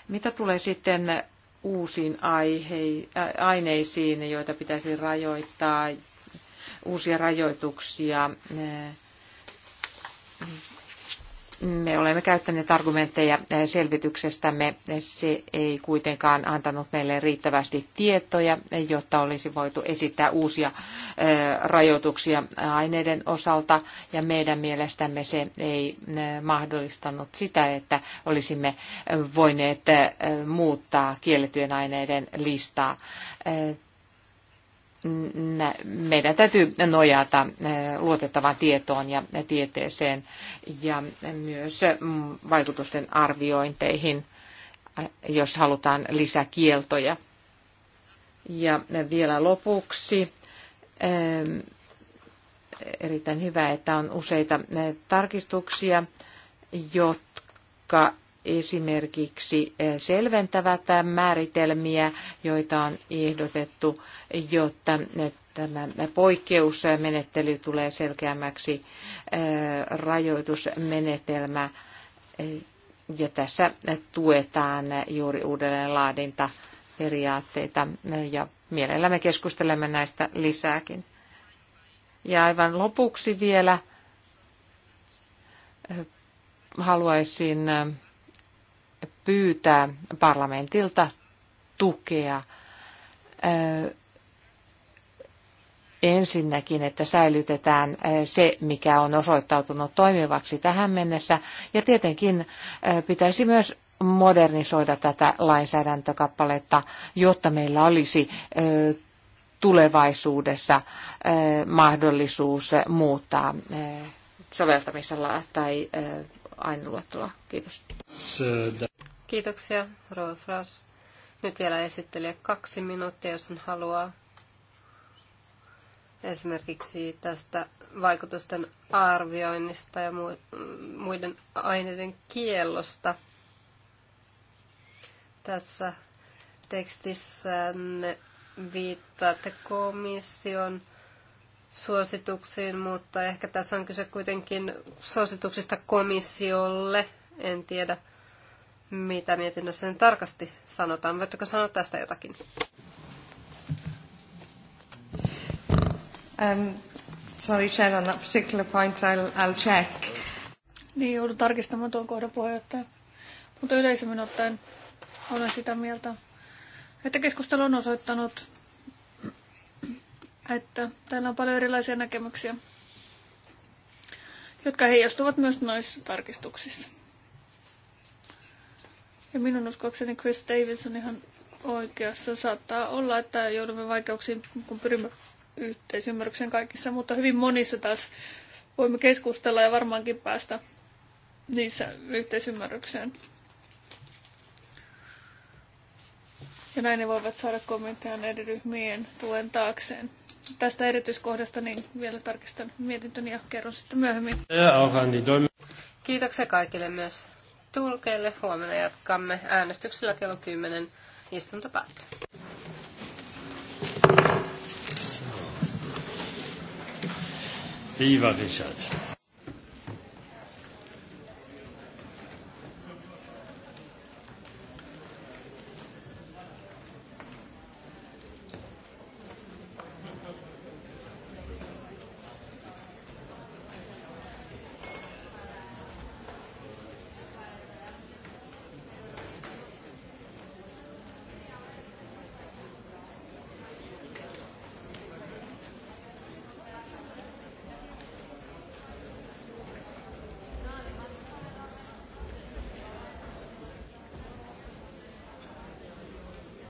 Mitä tulee sitten uusiin aihei, aineisiin, joita pitäisi rajoittaa, uusia rajoituksia me olemme käyttäneet argumentteja eh, selvityksestämme. Se ei kuitenkaan antanut meille riittävästi tietoja, eh, jotta olisi voitu esittää uusia eh, rajoituksia aineiden osalta. Ja meidän mielestämme se ei mahdollistanut sitä, että olisimme voineet muuttaa kielletyjen aineiden listaa meidän täytyy nojata eh, luotettavaan tietoon ja tieteeseen ja myös mm, vaikutusten arviointeihin, eh, jos halutaan lisäkieltoja. Ja vielä lopuksi eh, erittäin hyvä, että on useita tarkistuksia, jotka esimerkiksi eh, selventävät määritelmiä, joita on ehdotettu, jotta eh, tämä poikkeusmenettely tulee selkeämmäksi eh, rajoitusmenetelmä. Ja tässä tuetaan juuri uudelleenlaadinta periaatteita ja mielellämme keskustelemme näistä lisääkin. Ja aivan lopuksi vielä haluaisin pyytää parlamentilta tukea ensinnäkin, että säilytetään se, mikä on osoittautunut toimivaksi tähän mennessä. Ja tietenkin pitäisi myös modernisoida tätä lainsäädäntökappaletta, jotta meillä olisi tulevaisuudessa mahdollisuus muuttaa soveltamisella tai aineluettelua. Kiitos. Kiitoksia, Rolf Ross. Nyt vielä esittelijä kaksi minuuttia, jos hän haluaa esimerkiksi tästä vaikutusten arvioinnista ja muiden aineiden kiellosta. Tässä tekstissä viittaatte komission suosituksiin, mutta ehkä tässä on kyse kuitenkin suosituksista komissiolle, en tiedä mitä mietinnössä nyt tarkasti sanotaan. Voitteko sanoa tästä jotakin? Um, sorry, Chair, on that particular point I'll, I'll check. Niin, joudun tarkistamaan tuon kohdan puheenjohtaja. Mutta yleisemmin ottaen olen sitä mieltä, että keskustelu on osoittanut, että täällä on paljon erilaisia näkemyksiä, jotka heijastuvat myös noissa tarkistuksissa. Ja minun uskoakseni Chris Davis on ihan oikeassa. Saattaa olla, että joudumme vaikeuksiin, kun pyrimme yhteisymmärryksen kaikissa, mutta hyvin monissa taas voimme keskustella ja varmaankin päästä niissä yhteisymmärrykseen. Ja näin ne voivat saada kommentteja eri ryhmien tuen taakseen. Tästä erityiskohdasta niin vielä tarkistan mietintöni ja kerron sitten myöhemmin. Niin Kiitoksia kaikille myös tulkeille. Huomenna jatkamme äänestyksellä kello 10. Istunto päättyy. Viva Richard.